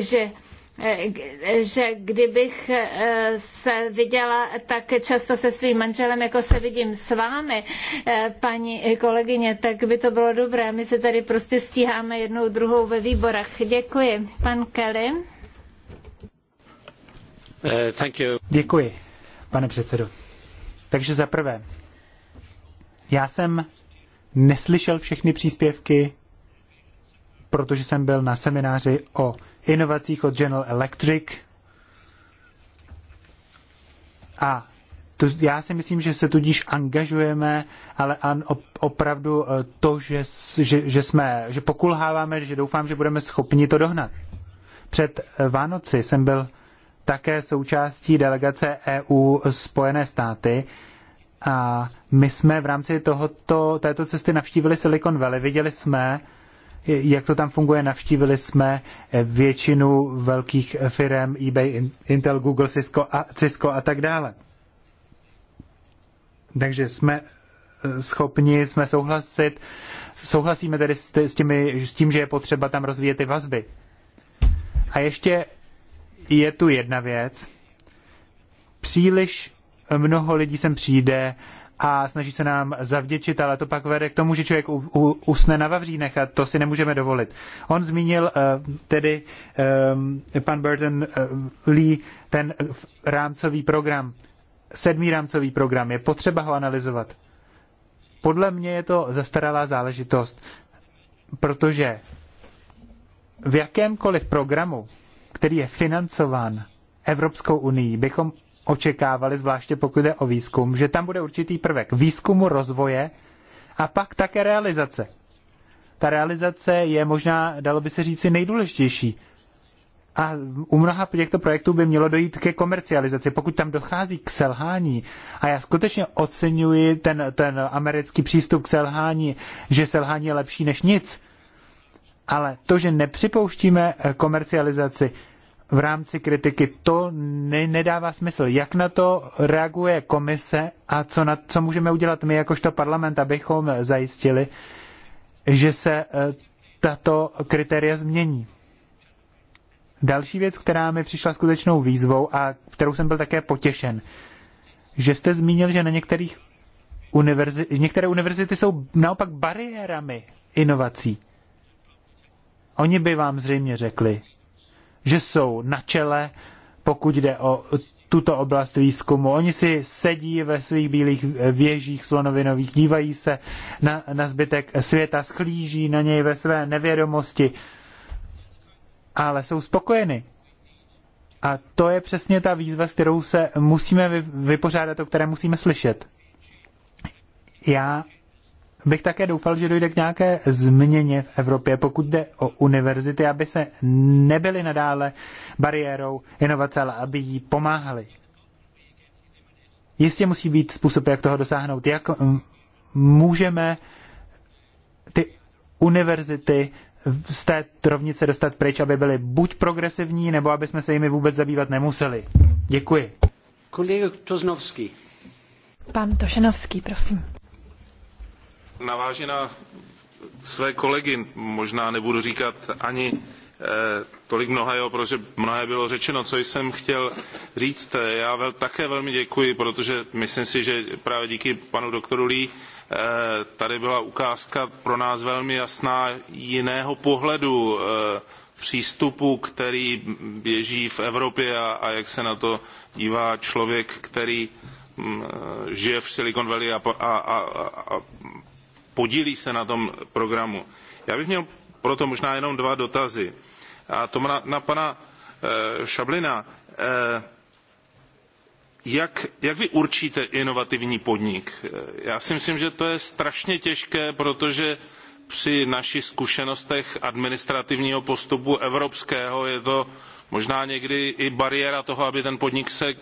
že že kdybych eh, se viděla tak často se svým manželem, jako se vidím s vámi, eh, paní kolegyně, tak by to bylo dobré. My se tady prostě stíháme jednou druhou ve výborách. Děkuji. Pan Kelly. Eh, thank you. Děkuji, pane předsedo. Takže za prvé, já jsem neslyšel všechny příspěvky, protože jsem byl na semináři o inovacích od General Electric. A to, já si myslím, že se tudíž angažujeme, ale an, opravdu eh, to, že, že, že jsme, že pokulháváme, že doufám, že budeme schopni to dohnat. Před eh, Vánoci jsem byl také součástí delegace EU Spojené státy a my jsme v rámci tohoto, této cesty navštívili Silicon Valley. Viděli jsme, jak to tam funguje. Navštívili jsme eh, většinu velkých firm eBay, Intel, Google, Cisco a, Cisco a tak dále. Takže jsme eh, schopni, jsme souhlasit, souhlasíme tedy s, těmi, s tím, že je potřeba tam rozvíjet ty vazby. A ještě je tu jedna věc. Příliš mnoho lidí sem přijde a snaží se nám zavděčit, ale to pak vede k tomu, že člověk u, u, usne na vavřínech a to si nemůžeme dovolit. On zmínil eh, tedy eh, pan Burton eh, Lee ten rámcový program, sedmý rámcový program. Je potřeba ho analyzovat. Podle mě je to zastaralá záležitost, protože v jakémkoliv programu, který je financován Evropskou unii, bychom očekávali, zvláště pokud jde o výzkum, že tam bude určitý prvek výzkumu, rozvoje a pak také realizace. Ta realizace je možná, dalo by se říci, nejdůležitější. A u mnoha těchto projektů by mělo dojít ke komercializaci. Pokud tam dochází k selhání, a já skutečně oceňuji ten, ten americký přístup k selhání, že selhání je lepší než nic, ale to, že nepřipouštíme komercializaci, v rámci kritiky, to ne, nedává smysl. Jak na to reaguje komise a co, na, co můžeme udělat my jakožto parlament, abychom zajistili, že se e, tato kritéria změní? Další věc, která mi přišla skutečnou výzvou a kterou jsem byl také potěšen, že jste zmínil, že na některých univerzi- některé univerzity jsou naopak bariérami inovací. Oni by vám zřejmě řekli, že jsou na čele, pokud jde o tuto oblast výzkumu. Oni si sedí ve svých bílých věžích slonovinových, dívají se na, na zbytek světa, schlíží na něj ve své nevědomosti, ale jsou spokojeny. A to je přesně ta výzva, s kterou se musíme vypořádat, o které musíme slyšet. Já bych také doufal, že dojde k nějaké změně v Evropě, pokud jde o univerzity, aby se nebyly nadále bariérou inovace, ale aby jí pomáhali. Jistě musí být způsob, jak toho dosáhnout. Jak můžeme ty univerzity z té rovnice dostat pryč, aby byly buď progresivní, nebo aby jsme se jimi vůbec zabývat nemuseli. Děkuji. Kolega Toznovský. Pan Tošenovský, prosím. Naváži na své kolegy, možná nebudu říkat ani eh, tolik mnohého, protože mnohé bylo řečeno, co jsem chtěl říct. Já vel, také velmi děkuji, protože myslím si, že právě díky panu doktoru Lee eh, tady byla ukázka pro nás velmi jasná jiného pohledu eh, přístupu, který běží v Evropě a, a jak se na to dívá člověk, který hm, žije v Silicon Valley a, a, a, a podílí se na tom programu. Já bych měl proto možná jenom dva dotazy. A to na, na pana e, Šablina. E, jak, jak vy určíte inovativní podnik? Eh, já si myslím, že to je strašně těžké, protože při našich zkušenostech administrativního postupu evropského je to možná někdy i bariéra toho, aby ten podnik, se,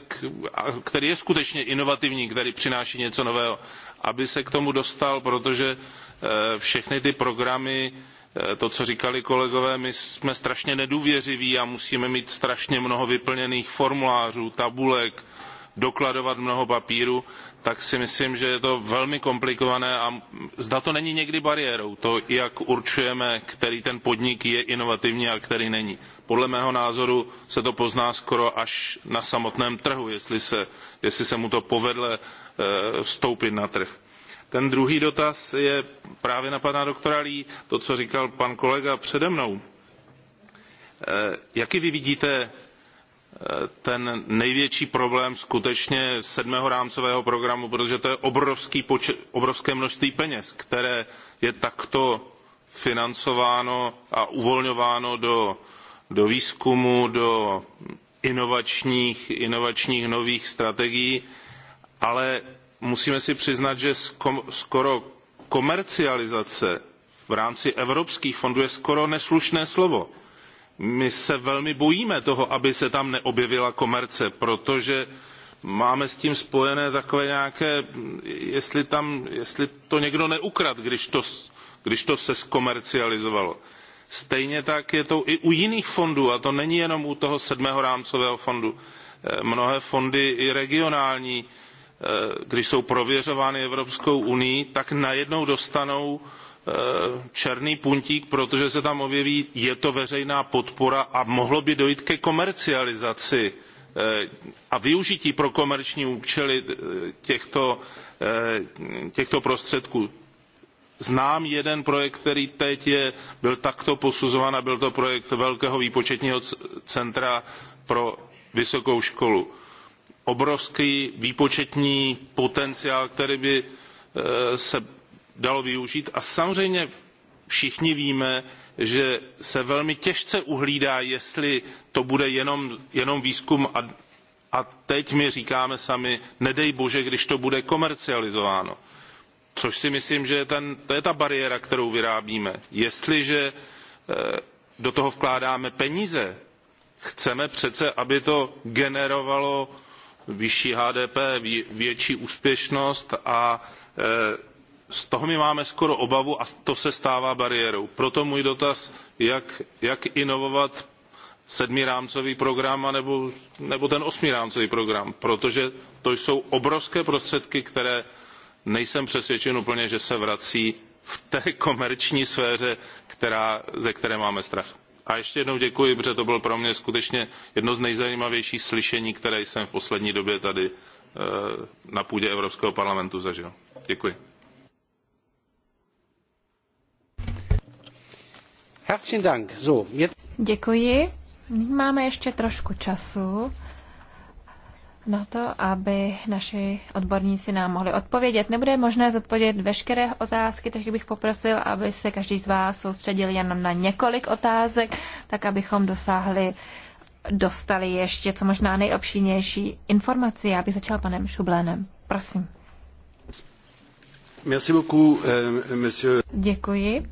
který je skutečně inovativní, který přináší něco nového, aby se k tomu dostal, protože eh, všechny ty programy, eh, to, co říkali kolegové, my jsme strašně nedůvěřiví a musíme mít strašně mnoho vyplněných formulářů, tabulek, dokladovat mnoho papíru, tak si myslím, že je to velmi komplikované a zda to není někdy bariérou, to jak určujeme, který ten podnik je inovativní a který není. Podle mého názoru se to pozná skoro až na samotném trhu, jestli se, jestli se mu to povedle, Eh, vstoupit na trh. Ten druhý dotaz je právě na pana doktora Lí, to, co říkal pan kolega přede mnou. Eh, jaký vy vidíte eh, ten největší problém skutečně sedmého rámcového programu, protože to je obrovský počet, obrovské množství peněz, které je takto financováno a uvolňováno do, do výzkumu, do inovačních, inovačních nových strategií ale musíme si přiznat, že skoro komercializace v rámci evropských fondů je skoro neslušné slovo. My se velmi bojíme toho, aby se tam neobjevila komerce, protože máme s tím spojené takové nějaké, jestli, tam, jestli to někdo neukrad, když to, když to se zkomercializovalo. Stejně tak je to i u jiných fondů, a to není jenom u toho sedmého rámcového fondu. Eh, mnohé fondy i regionální Eh, když jsou prověřovány Evropskou unii, tak najednou dostanou eh, černý puntík, protože se tam objeví, je to veřejná podpora a mohlo by dojít ke komercializaci eh, a využití pro komerční účely těchto, těchto prostředků. Znám jeden projekt, který teď je, byl takto posuzován a byl to projekt Velkého výpočetního centra pro vysokou školu obrovský výpočetní potenciál, který by eh, se dalo využít. A samozřejmě všichni víme, že se velmi těžce uhlídá, jestli to bude jenom, jenom výzkum a, a teď my říkáme sami, nedej bože, když to bude komercializováno. Což si myslím, že ten, to je ta bariéra, kterou vyrábíme. Jestliže eh, do toho vkládáme peníze, chceme přece, aby to generovalo vyšší HDP, větší úspěšnost a e, z toho my máme skoro obavu a to se stává bariérou. Proto můj dotaz, jak, jak inovovat rámcový program nebo ten rámcový program, protože to jsou obrovské prostředky, které nejsem přesvědčen úplně, že se vrací v té komerční sféře, která, ze které máme strach. A ještě jednou děkuji, protože to bylo pro mě skutečně jedno z nejzajímavějších slyšení, které jsem v poslední době tady eh, na půdě Evropského parlamentu zažil. Děkuji. Herzlichen Dank. So, Děkuji. Máme ještě trošku času na to, aby naši odborníci nám mohli odpovědět. Nebude možné zodpovědět veškeré otázky, takže bych poprosil, aby se každý z vás soustředil jenom na několik otázek, tak abychom dosáhli, dostali ještě co možná nejobšínější informaci. Já bych začal panem Šublénem. Prosím. Merci beaucoup, euh, monsieur. Děkuji.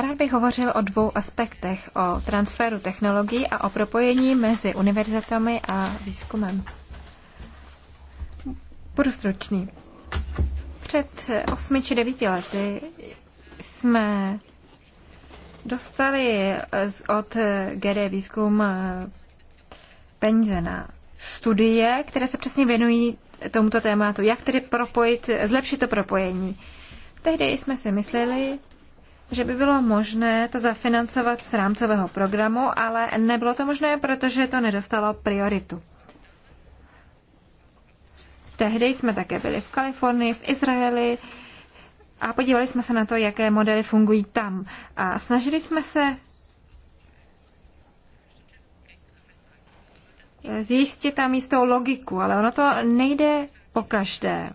Rád bych hovořil o dvou aspektech, o transferu technologií a o propojení mezi univerzitami a výzkumem. Budu stručný. Před 8 či 9 lety jsme dostali od GD Výzkum eh, peníze na studie, které se přesně věnují tomuto tématu, jak tedy propojit, zlepšit to propojení. Tehdy jsme si mysleli, že by bylo možné to zafinancovat z rámcového programu, ale nebylo to možné, protože to nedostalo prioritu. Tehdy jsme také byli v Kalifornii, v Izraeli a podívali jsme se na to, jaké modely fungují tam. A snažili jsme se zjistit tam jistou logiku, ale ono to nejde po každé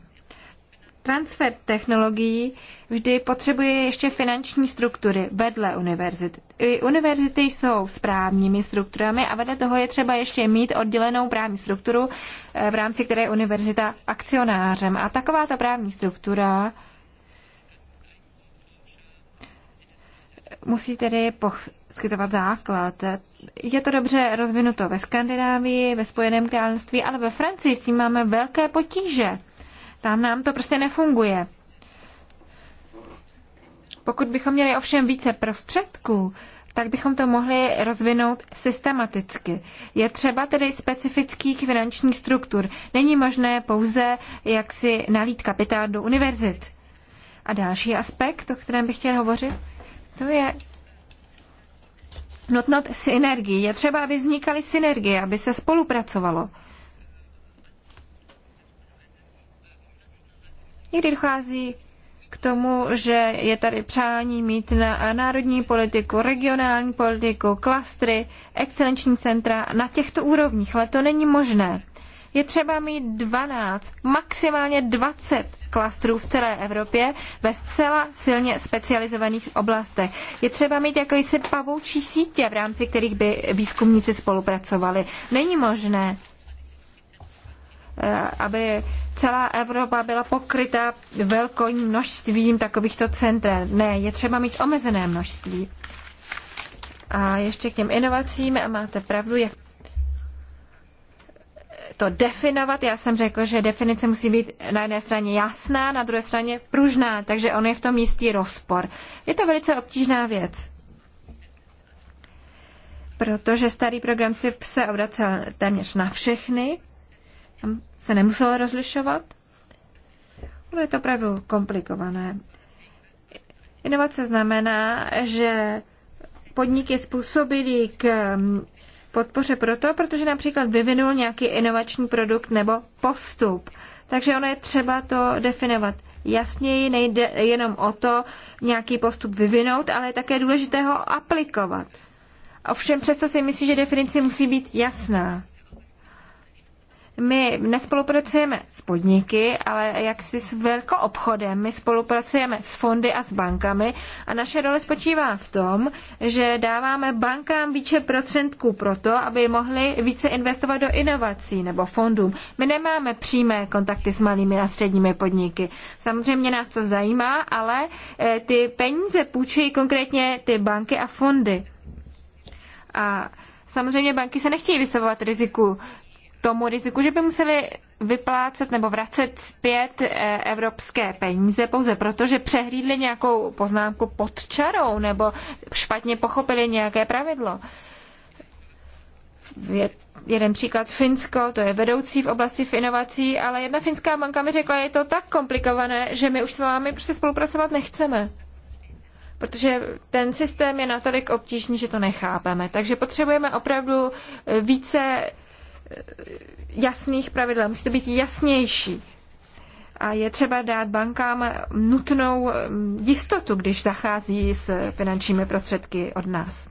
transfer technologií vždy potřebuje ještě finanční struktury vedle univerzit. I univerzity jsou správními strukturami a vedle toho je třeba ještě mít oddělenou právní strukturu, eh, v rámci které je univerzita akcionářem. A takováto právní struktura musí tedy poskytovat základ. Je to dobře rozvinuto ve Skandinávii, ve Spojeném království, ale ve Francii s tím máme velké potíže. Tam nám to prostě nefunguje. Pokud bychom měli ovšem více prostředků, tak bychom to mohli rozvinout systematicky. Je třeba tedy specifických finančních struktur. Není možné pouze jak si nalít kapitál do univerzit. A další aspekt, o kterém bych chtěl hovořit, to je nutnost synergie. Je třeba, aby vznikaly synergie, aby se spolupracovalo. Někdy dochází k tomu, že je tady přání mít na národní politiku, regionální politiku, klastry, excelenční centra na těchto úrovních, ale to není možné. Je třeba mít 12, maximálně 20 klastrů v celé Evropě ve zcela silně specializovaných oblastech. Je třeba mít jakýsi pavoučí sítě, v rámci kterých by výzkumníci spolupracovali. Není možné Eh, aby celá Evropa byla pokryta velkým množstvím takovýchto center. Ne, je třeba mít omezené množství. A ještě k těm inovacím, a máte pravdu, jak to definovat. Já jsem řekl, že definice musí být na jedné straně jasná, na druhé straně pružná, takže on je v tom jistý rozpor. Je to velice obtížná věc. Protože starý program si se obracel téměř na všechny se nemuselo rozlišovat. Ono je to opravdu komplikované. Inovace znamená, že podnik je způsobilý k mm, podpoře proto, protože například vyvinul nějaký inovační produkt nebo postup. Takže ono je třeba to definovat jasněji, nejde jenom o to nějaký postup vyvinout, ale je také důležité ho aplikovat. Ovšem přesto si myslím, že definice musí být jasná. My nespolupracujeme s podniky, ale jaksi s obchodem. My spolupracujeme s fondy a s bankami a naše role spočívá v tom, že dáváme bankám více procentků pro to, aby mohli více investovat do inovací nebo fondům. My nemáme přímé kontakty s malými a středními podniky. Samozřejmě nás to zajímá, ale eh, ty peníze půjčují konkrétně ty banky a fondy. A samozřejmě banky se nechtějí vystavovat riziku tomu riziku, že by museli vyplácet nebo vracet zpět eh, evropské peníze pouze proto, že přehlídli nějakou poznámku pod čarou nebo špatně pochopili nějaké pravidlo. Je jeden příklad Finsko, to je vedoucí v oblasti v inovací, ale jedna finská banka mi řekla, je to tak komplikované, že my už s vámi prostě spolupracovat nechceme. Protože ten systém je natolik obtížný, že to nechápeme. Takže potřebujeme opravdu více jasných pravidel, musí to být jasnější. A je třeba dát bankám nutnou eh, jistotu, když zachází s finančními prostředky od nás.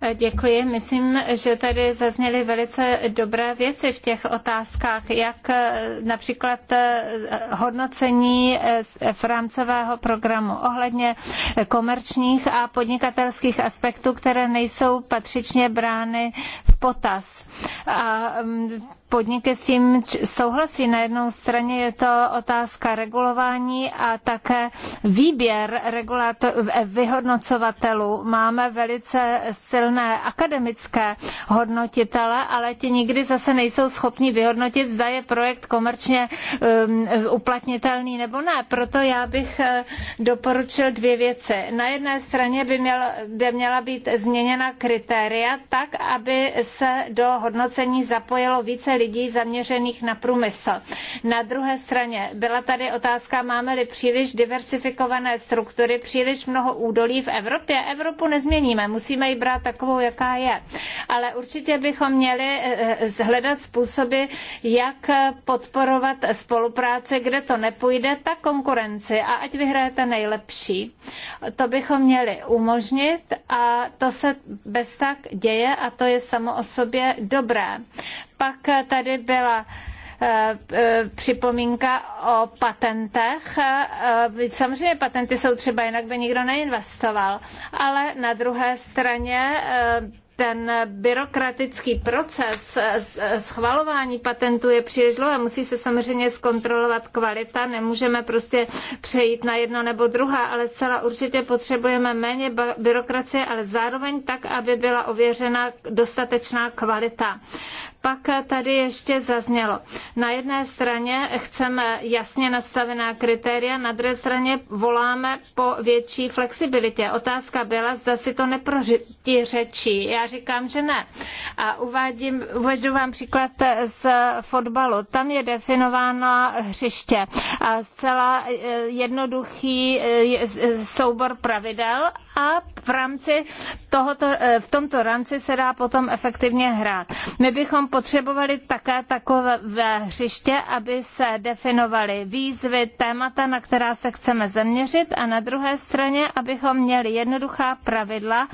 Eh, děkuji. Myslím, že tady zazněly velice dobré věci v těch otázkách, jak eh, například hodnocení v rámcového programu ohledně komerčních a podnikatelských aspektů, které nejsou patřičně brány v potaz. A mm, podniky s tím souhlasí. Na jednou straně je to otázka regulování a také výběr vyhodnocovatelů. Máme velice silné akademické hodnotitele, ale ti nikdy zase nejsou schopni vyhodnotit, zda je projekt komerčně um, uplatnitelný nebo ne. Proto já bych eh, doporučil dvě věci. Na jedné straně by, měl, by měla být změněna kritéria tak, aby se do hodnocení zapojilo více lidí zaměřených na průmysl. Na druhé straně byla tady otázka, máme-li příliš diversifikované struktury, příliš mnoho údolí v Evropě. Evropu nezměníme, musíme ji brát takovou, jaká je. Ale určitě bychom měli eh, eh, zhledat způsoby, jak podporovat spolupráci, kde to nepůjde, tak konkurenci a ať vyhraje ten nejlepší. To bychom měli umožnit a to se bez tak děje a to je samo o sobě dobré. Pak tady byla eh, eh, připomínka o patentech. Eh, samozřejmě patenty jsou třeba, jinak by nikdo neinvestoval. Ale na druhé straně ten byrokratický proces schvalování patentů je příliš dlouhý. Musí se samozřejmě zkontrolovat kvalita, nemůžeme prostě přejít na jedno nebo druhé, ale zcela určitě potřebujeme méně byrokracie, ale zároveň tak, aby byla ověřena dostatečná kvalita pak tady ještě zaznělo. Na jedné straně chceme jasně nastavená kritéria, na druhé straně voláme po větší flexibilitě. Otázka byla, zda si to neprotiřečí. Já říkám, že ne. A uvádím, uvedu vám příklad z fotbalu. Tam je definováno hřiště a zcela eh, jednoduchý eh, soubor pravidel a v rámci tohoto, eh, v tomto rámci se dá potom efektivně hrát. My bychom potřebovali také takové hřiště, aby se definovaly výzvy, témata, na která se chceme zaměřit a na druhé straně, abychom měli jednoduchá pravidla.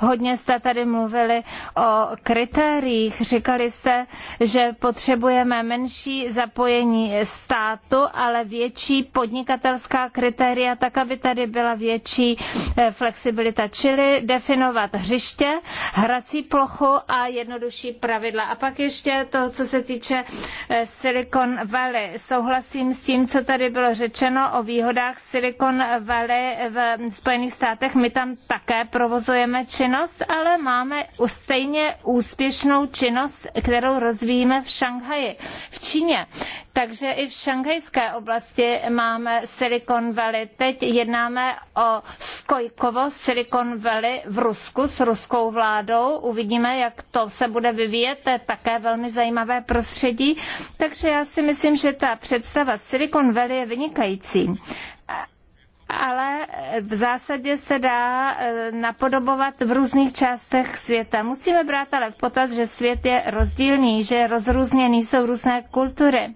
Hodně jste tady mluvili o kritériích. Říkali jste, že potřebujeme menší zapojení státu, ale větší podnikatelská kritéria, tak aby tady byla větší eh, flexibilita, čili definovat hřiště, hrací plochu a jednodušší pravidla. A pak je ještě to, co se týče eh, Silicon Valley. Souhlasím s tím, co tady bylo řečeno o výhodách Silicon Valley v Spojených státech. My tam také provozujeme činnost, ale máme stejně úspěšnou činnost, kterou rozvíjíme v Šanghaji, v Číně. Takže i v šanghajské oblasti máme Silicon Valley. Teď jednáme o Skojkovo Silicon Valley v Rusku s ruskou vládou. Uvidíme, jak to se bude vyvíjet. To je také velmi zajímavé prostředí, takže já si myslím, že ta představa Silicon Valley je vynikající ale v zásadě se dá eh, napodobovat v různých částech světa. Musíme brát ale v potaz, že svět je rozdílný, že rozrůzněný, jsou různé kultury.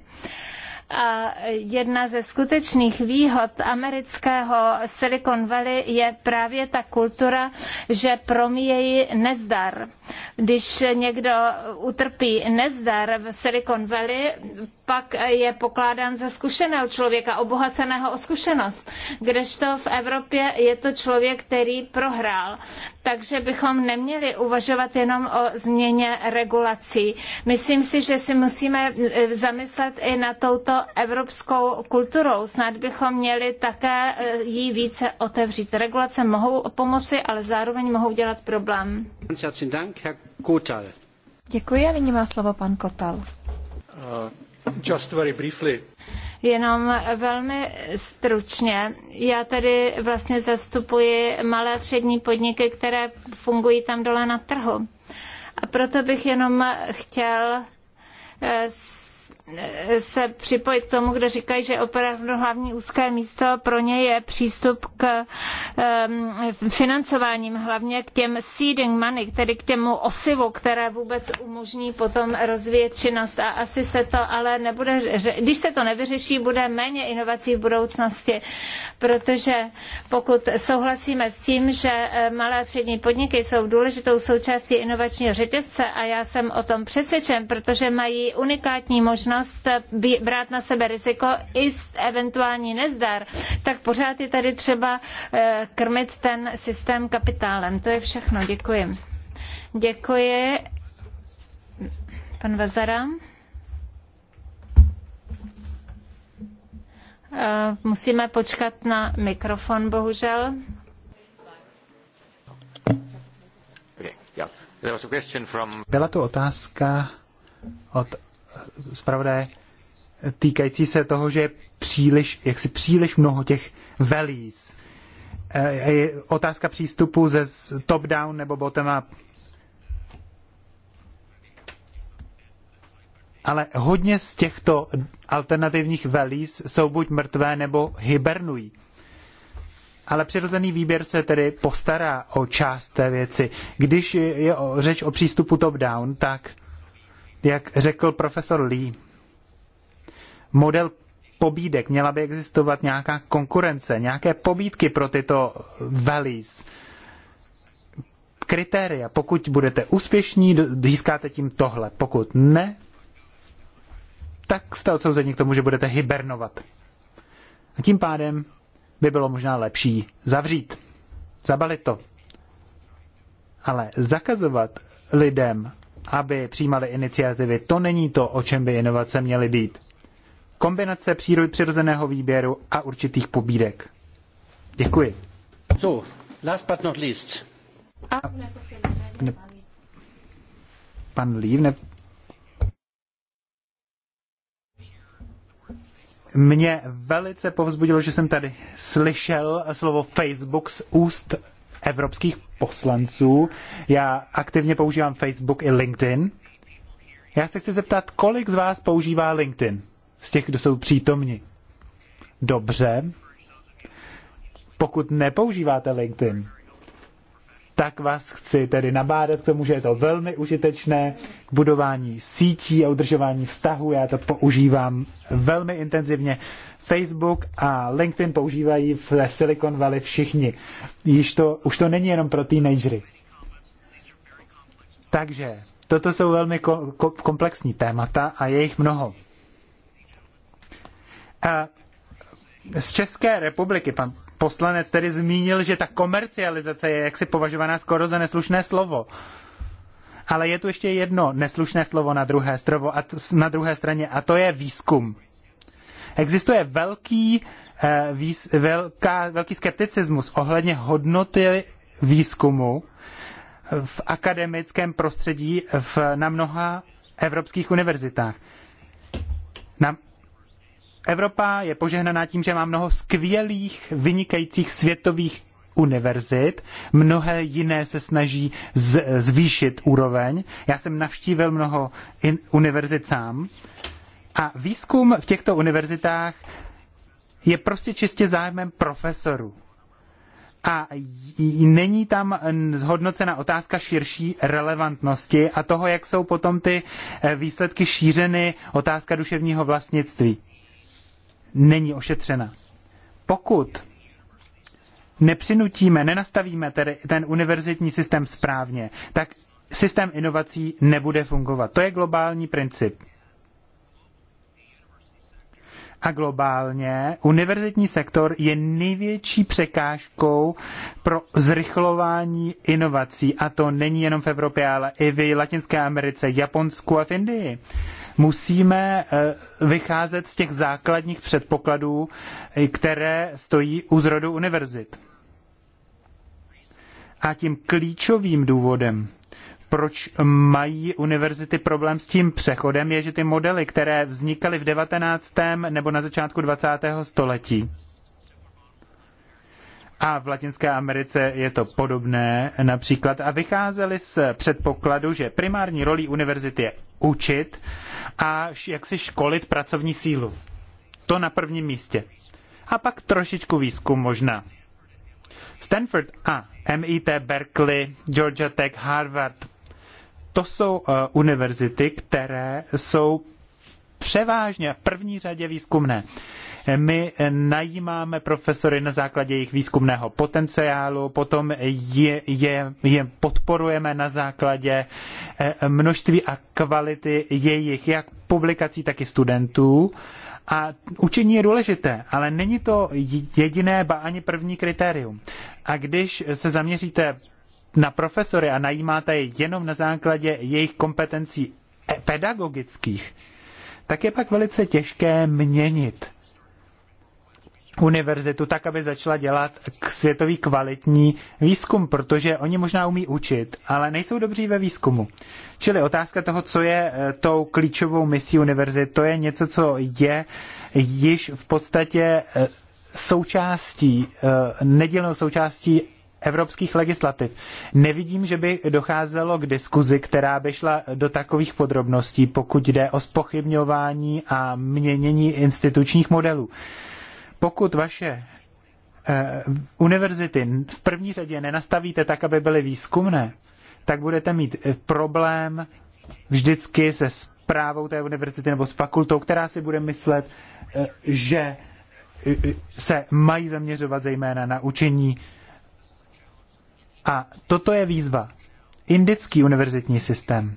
A jedna ze skutečných výhod amerického Silicon Valley je právě ta kultura, že promíjejí nezdar. Když někdo utrpí nezdar v Silicon Valley, pak je pokládán za zkušeného člověka, obohaceného o zkušenost. Kdežto v Evropě je to člověk, který prohrál takže bychom neměli uvažovat jenom o změně regulací. Myslím si, že si musíme eh, zamyslet i na touto evropskou kulturou. Snad bychom měli také eh, jí více otevřít. Regulace mohou pomoci, ale zároveň mohou dělat problém. Děkuji a nyní má slovo pan Kotal. Uh, just very briefly. Jenom velmi stručně. Já tady vlastně zastupuji malé a střední podniky, které fungují tam dole na trhu. A proto bych jenom chtěl eh, se připojit k tomu, kdo říkají, že opravdu hlavní úzké místo pro ně je přístup k um, financováním, hlavně k těm seeding money, tedy k těmu osivu, které vůbec umožní potom rozvíjet činnost. A asi se to ale nebude, když se to nevyřeší, bude méně inovací v budoucnosti, protože pokud souhlasíme s tím, že eh, malé a střední podniky jsou důležitou součástí inovačního řetězce a já jsem o tom přesvědčen, protože mají unikátní možnost povinnost brát na sebe riziko i eventuální nezdar, tak pořád je tady třeba eh, krmit ten systém kapitálem. To je všechno. Děkuji. Děkuji. Pan Vazara. Eh, musíme počkat na mikrofon, bohužel. Byla to otázka od zpravodaje týkající se toho, že je příliš, jaksi příliš mnoho těch velíz. E, je otázka přístupu ze top-down nebo bottom-up. Ale hodně z těchto alternativních velíz jsou buď mrtvé nebo hibernují. Ale přirozený výběr se tedy postará o část té věci. Když je řeč o přístupu top-down, tak jak řekl profesor Lee, model pobídek, měla by existovat nějaká konkurence, nějaké pobídky pro tyto valleys. Kritéria, pokud budete úspěšní, získáte tím tohle. Pokud ne, tak jste odsouzeni k tomu, že budete hibernovat. A tím pádem by bylo možná lepší zavřít, zabalit to. Ale zakazovat lidem aby přijímali iniciativy. To není to, o čem by inovace měly být. Kombinace přírody přirozeného výběru a určitých pobídek. Děkuji. So, last but not least. A ne, pan Lív, ne, Mě velice povzbudilo, že jsem tady slyšel slovo Facebook z úst evropských poslanců. Já aktivně používám Facebook i LinkedIn. Já se chci zeptat, kolik z vás používá LinkedIn? Z těch, kdo jsou přítomni. Dobře. Pokud nepoužíváte LinkedIn, tak vás chci tedy nabádat k tomu, že je to velmi užitečné k budování sítí a udržování vztahu. Já to používám velmi intenzivně. Facebook a LinkedIn používají v Silicon Valley všichni. Již to, už to není jenom pro teenagery. Takže toto jsou velmi ko- ko- komplexní témata a je jich mnoho. A z České republiky, pan poslanec tedy zmínil, že ta komercializace je jaksi považovaná skoro za neslušné slovo. Ale je tu ještě jedno neslušné slovo na druhé, strovo, a na druhé straně, a to je výzkum. Existuje velký, eh, výz, velká, velký skepticismus ohledně hodnoty výzkumu v akademickém prostředí v, na mnoha evropských univerzitách. Na, Evropa je požehnaná tím, že má mnoho skvělých, vynikajících světových univerzit. Mnohé jiné se snaží z, zvýšit úroveň. Já jsem navštívil mnoho in, univerzit sám. A výzkum v těchto univerzitách je prostě čistě zájmem profesorů. A není tam zhodnocena otázka širší relevantnosti a toho, jak jsou potom ty eh, výsledky šířeny, otázka duševního vlastnictví není ošetřena. Pokud nepřinutíme, nenastavíme tedy ten univerzitní systém správně, tak systém inovací nebude fungovat. To je globální princip. A globálně univerzitní sektor je největší překážkou pro zrychlování inovací. A to není jenom v Evropě, ale i v Latinské Americe, Japonsku a v Indii musíme eh, vycházet z těch základních předpokladů, eh, které stojí u zrodu univerzit. A tím klíčovým důvodem, proč mají univerzity problém s tím přechodem, je, že ty modely, které vznikaly v 19. nebo na začátku 20. století, a v Latinské Americe je to podobné například. A vycházeli z předpokladu, že primární rolí univerzit je učit a jak si školit pracovní sílu. To na prvním místě. A pak trošičku výzkum možná. Stanford a MIT, Berkeley, Georgia Tech, Harvard, to jsou uh, univerzity, které jsou převážně v první řadě výzkumné. My najímáme profesory na základě jejich výzkumného potenciálu, potom je, je, je podporujeme na základě eh, množství a kvality jejich jak publikací, tak i studentů. A učení je důležité, ale není to jediné, ba ani první kritérium. A když se zaměříte na profesory a najímáte je jenom na základě jejich kompetencí pedagogických, tak je pak velice těžké měnit univerzitu tak, aby začala dělat k světový kvalitní výzkum, protože oni možná umí učit, ale nejsou dobří ve výzkumu. Čili otázka toho, co je eh, tou klíčovou misí univerzity, to je něco, co je již v podstatě eh, součástí, eh, nedělnou součástí evropských legislativ. Nevidím, že by docházelo k diskuzi, která by šla do takových podrobností, pokud jde o spochybňování a měnění institučních modelů. Pokud vaše eh, univerzity v první řadě nenastavíte tak, aby byly výzkumné, tak budete mít eh, problém vždycky se zprávou té univerzity nebo s fakultou, která si bude myslet, eh, že se mají zaměřovat zejména na učení a toto je výzva. Indický univerzitní systém.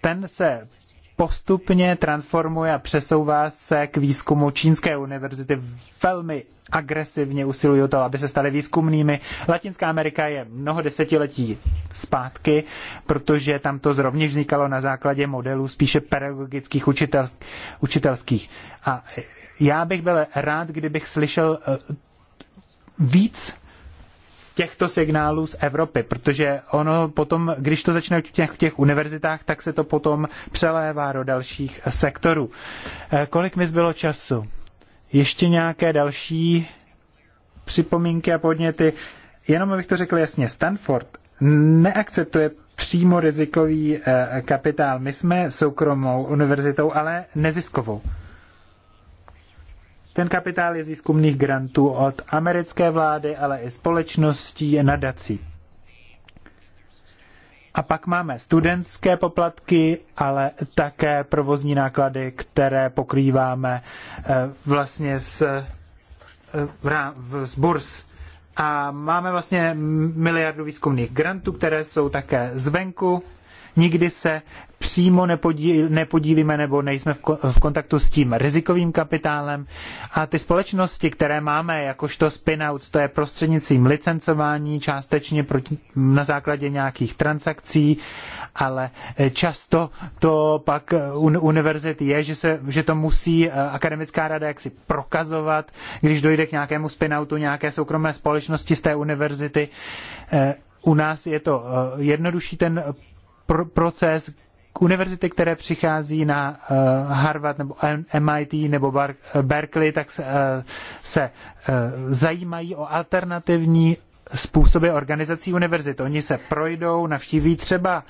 Ten se postupně transformuje a přesouvá se k výzkumu čínské univerzity. Velmi agresivně usilují o to, aby se staly výzkumnými. Latinská Amerika je mnoho desetiletí zpátky, protože tam to zrovna vznikalo na základě modelů spíše pedagogických učitelských. A já bych byl rád, kdybych slyšel eh, víc těchto signálů z Evropy, protože ono potom, když to začne v těch, v těch univerzitách, tak se to potom přelévá do dalších sektorů. Eh, kolik mi zbylo času? Ještě nějaké další připomínky a podněty? Jenom abych to řekl jasně, Stanford neakceptuje přímo rizikový eh, kapitál. My jsme soukromou univerzitou, ale neziskovou. Ten kapitál je z výzkumných grantů od americké vlády, ale i společností nadací. A pak máme studentské poplatky, ale také provozní náklady, které pokrýváme eh, vlastně z, eh, z burs A máme vlastně miliardu výzkumných grantů, které jsou také zvenku nikdy se přímo nepodílíme nebo nejsme v, kontaktu s tím rizikovým kapitálem. A ty společnosti, které máme, jakožto spin-out, to je prostřednictvím licencování, částečně na základě nějakých transakcí, ale eh, často to pak eh, univerzity univerzit je, že, se, že to musí eh, akademická rada jaksi prokazovat, když dojde k nějakému spinoutu nějaké soukromé společnosti z té univerzity. U nás je to jednodušší ten pr- proces k univerzity, které přichází na uh, Harvard nebo MIT nebo Bar- eh, Berkeley, tak se, uh, se uh, zajímají o alternativní způsoby organizací univerzit. Oni se projdou, navštíví třeba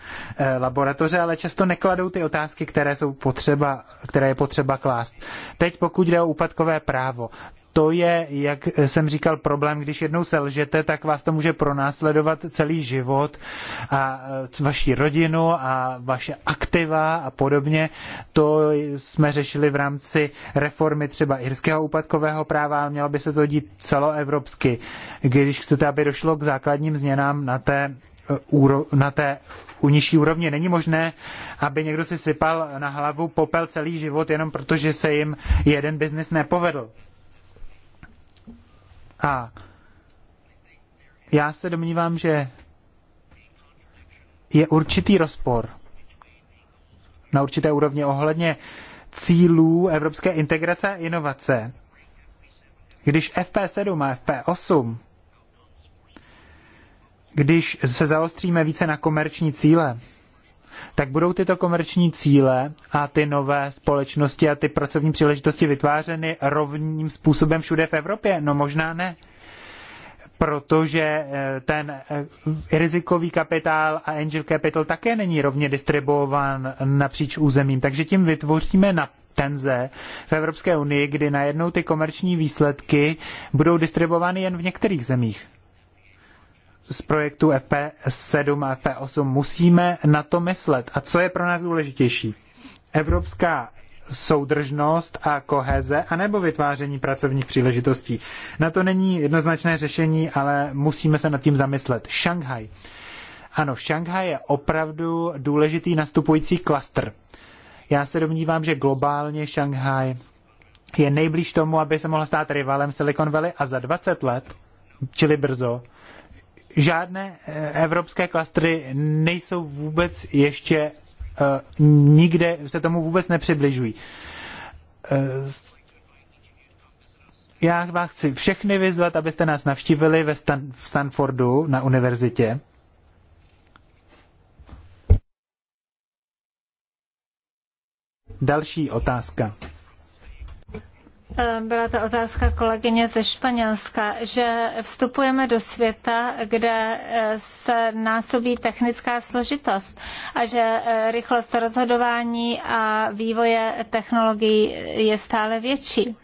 laboratoře, ale často nekladou ty otázky, které, jsou potřeba, které je potřeba klást. Teď pokud jde o úpadkové právo, to je, jak jsem říkal, problém, když jednou selžete, tak vás to může pronásledovat celý život a e, vaši rodinu a vaše aktiva a podobně. To jsme řešili v rámci reformy třeba irského úpadkového práva, mělo by se to dít celoevropsky. Když chcete, aby došlo k základním změnám na té e, na té u nižší úrovně. Není možné, aby někdo si sypal na hlavu popel celý život, jenom protože se jim jeden biznis nepovedl. A já se domnívám, že je určitý rozpor na určité úrovni ohledně cílů evropské integrace a inovace. Když FP7 a FP8, když se zaostříme více na komerční cíle, tak budou tyto komerční cíle a ty nové společnosti a ty pracovní příležitosti vytvářeny rovným způsobem všude v Evropě? No možná ne protože eh, ten eh, rizikový kapitál a angel capital také není rovně distribuován napříč územím. Takže tím vytvoříme na tenze v Evropské unii, kdy najednou ty komerční výsledky budou distribuovány jen v některých zemích z projektu FP7 a FP8 musíme na to myslet. A co je pro nás důležitější? Evropská soudržnost a koheze, anebo vytváření pracovních příležitostí. Na to není jednoznačné řešení, ale musíme se nad tím zamyslet. Šanghaj. Ano, Šanghaj je opravdu důležitý nastupující klastr. Já se domnívám, že globálně Šanghaj je nejblíž tomu, aby se mohla stát rivalem Silicon Valley a za 20 let, čili brzo, žádné eh, evropské klastry nejsou vůbec ještě eh, nikde, se tomu vůbec nepřibližují. Eh, já vás chci všechny vyzvat, abyste nás navštívili ve Stan- v Stanfordu na univerzitě. Další otázka. Eh, byla to otázka kolegyně ze Španělska, že vstupujeme do světa, kde eh, se násobí technická složitost a že eh, rychlost rozhodování a vývoje technologií je stále větší.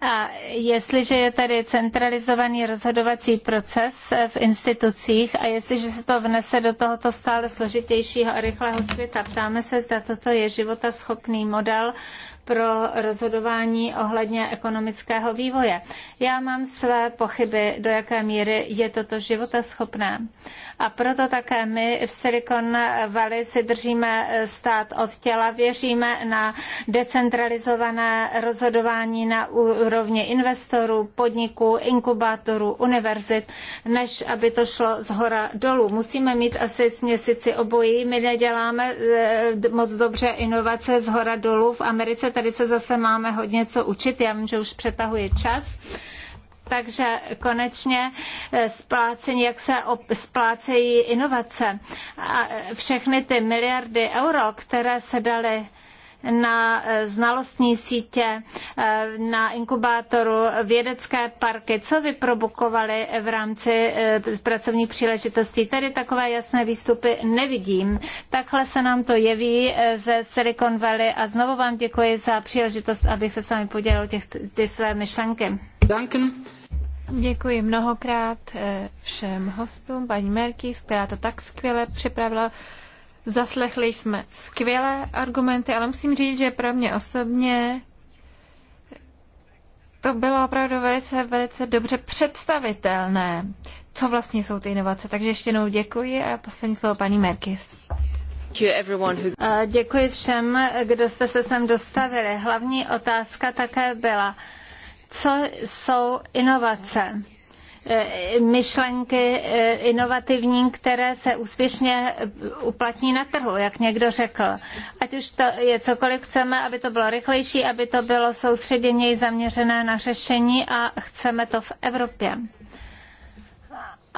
A jestliže je tady centralizovaný rozhodovací proces v institucích a jestliže se to vnese do tohoto stále složitějšího a rychlého světa, ptáme se, zda toto je životaschopný model pro rozhodování ohledně ekonomického vývoje. Já mám své pochyby, do jaké míry je toto schopné, A proto také my v Silicon Valley si držíme eh, stát od těla, věříme na decentralizované rozhodování na úrovni investorů, podniků, inkubátorů, univerzit, než aby to šlo z hora dolů. Musíme mít asi směsici obojí. My neděláme eh, moc dobře inovace z hora dolů. V Americe tady se zase máme hodně co učit. Já vím, že už přetahuje čas takže konečně eh, splácení, jak se splácejí inovace. A eh, všechny ty miliardy euro, které se daly na eh, znalostní sítě, eh, na inkubátoru, vědecké parky, co vyprovokovaly v rámci eh, pracovních příležitostí. Tady takové jasné výstupy nevidím. Takhle se nám to jeví ze Silicon Valley a znovu vám děkuji za příležitost, abych se s vámi podělil těch, ty své myšlenky. Danken. Děkuji mnohokrát všem hostům, paní Merkis, která to tak skvěle připravila. Zaslechli jsme skvělé argumenty, ale musím říct, že pro mě osobně to bylo opravdu velice, velice dobře představitelné, co vlastně jsou ty inovace. Takže ještě jednou děkuji a poslední slovo paní Merkis. Děkuji všem, kdo jste se sem dostavili. Hlavní otázka také byla, co jsou inovace. Eh, myšlenky eh, inovativní, které se úspěšně uplatní na trhu, jak někdo řekl. Ať už to je cokoliv chceme, aby to bylo rychlejší, aby to bylo soustředěněji zaměřené na řešení a chceme to v Evropě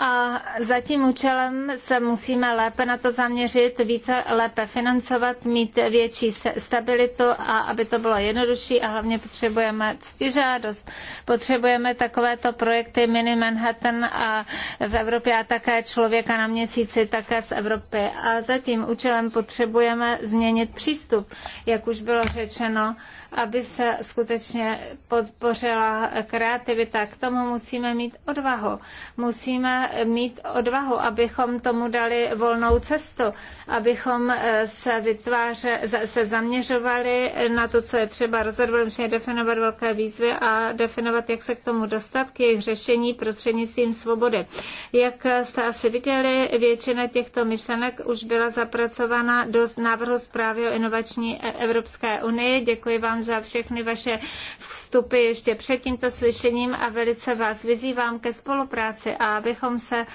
a za tím účelem se musíme lépe na to zaměřit, více lépe financovat, mít větší stabilitu a aby to bylo jednodušší a hlavně potřebujeme ctižádost. Potřebujeme takovéto projekty Mini Manhattan a v Evropě a také člověka na měsíci, také z Evropy. A za tím účelem potřebujeme změnit přístup, jak už bylo řečeno, aby se skutečně podpořila kreativita. K tomu musíme mít odvahu. Musíme mít odvahu, abychom tomu dali volnou cestu, abychom eh, se vytváře, se zaměřovali na to, co je třeba rozhodovat, musíme definovat velké výzvy a definovat, jak se k tomu dostat, k jejich řešení prostřednictvím svobody. Jak jste asi viděli, většina těchto myšlenek už byla zapracována do návrhu zprávy o inovační e- Evropské unii. Děkuji vám za všechny vaše vstupy ještě před tímto slyšením a velice vás vyzývám ke spolupráci a abychom se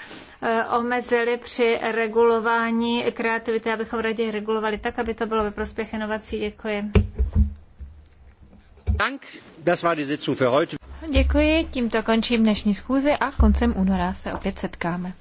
e, omezili při regulování kreativity, abychom raději regulovali tak, aby to bylo ve prospěch inovací. Děkuji. Děkuji, tímto končím dnešní schůzi a koncem února se opět setkáme.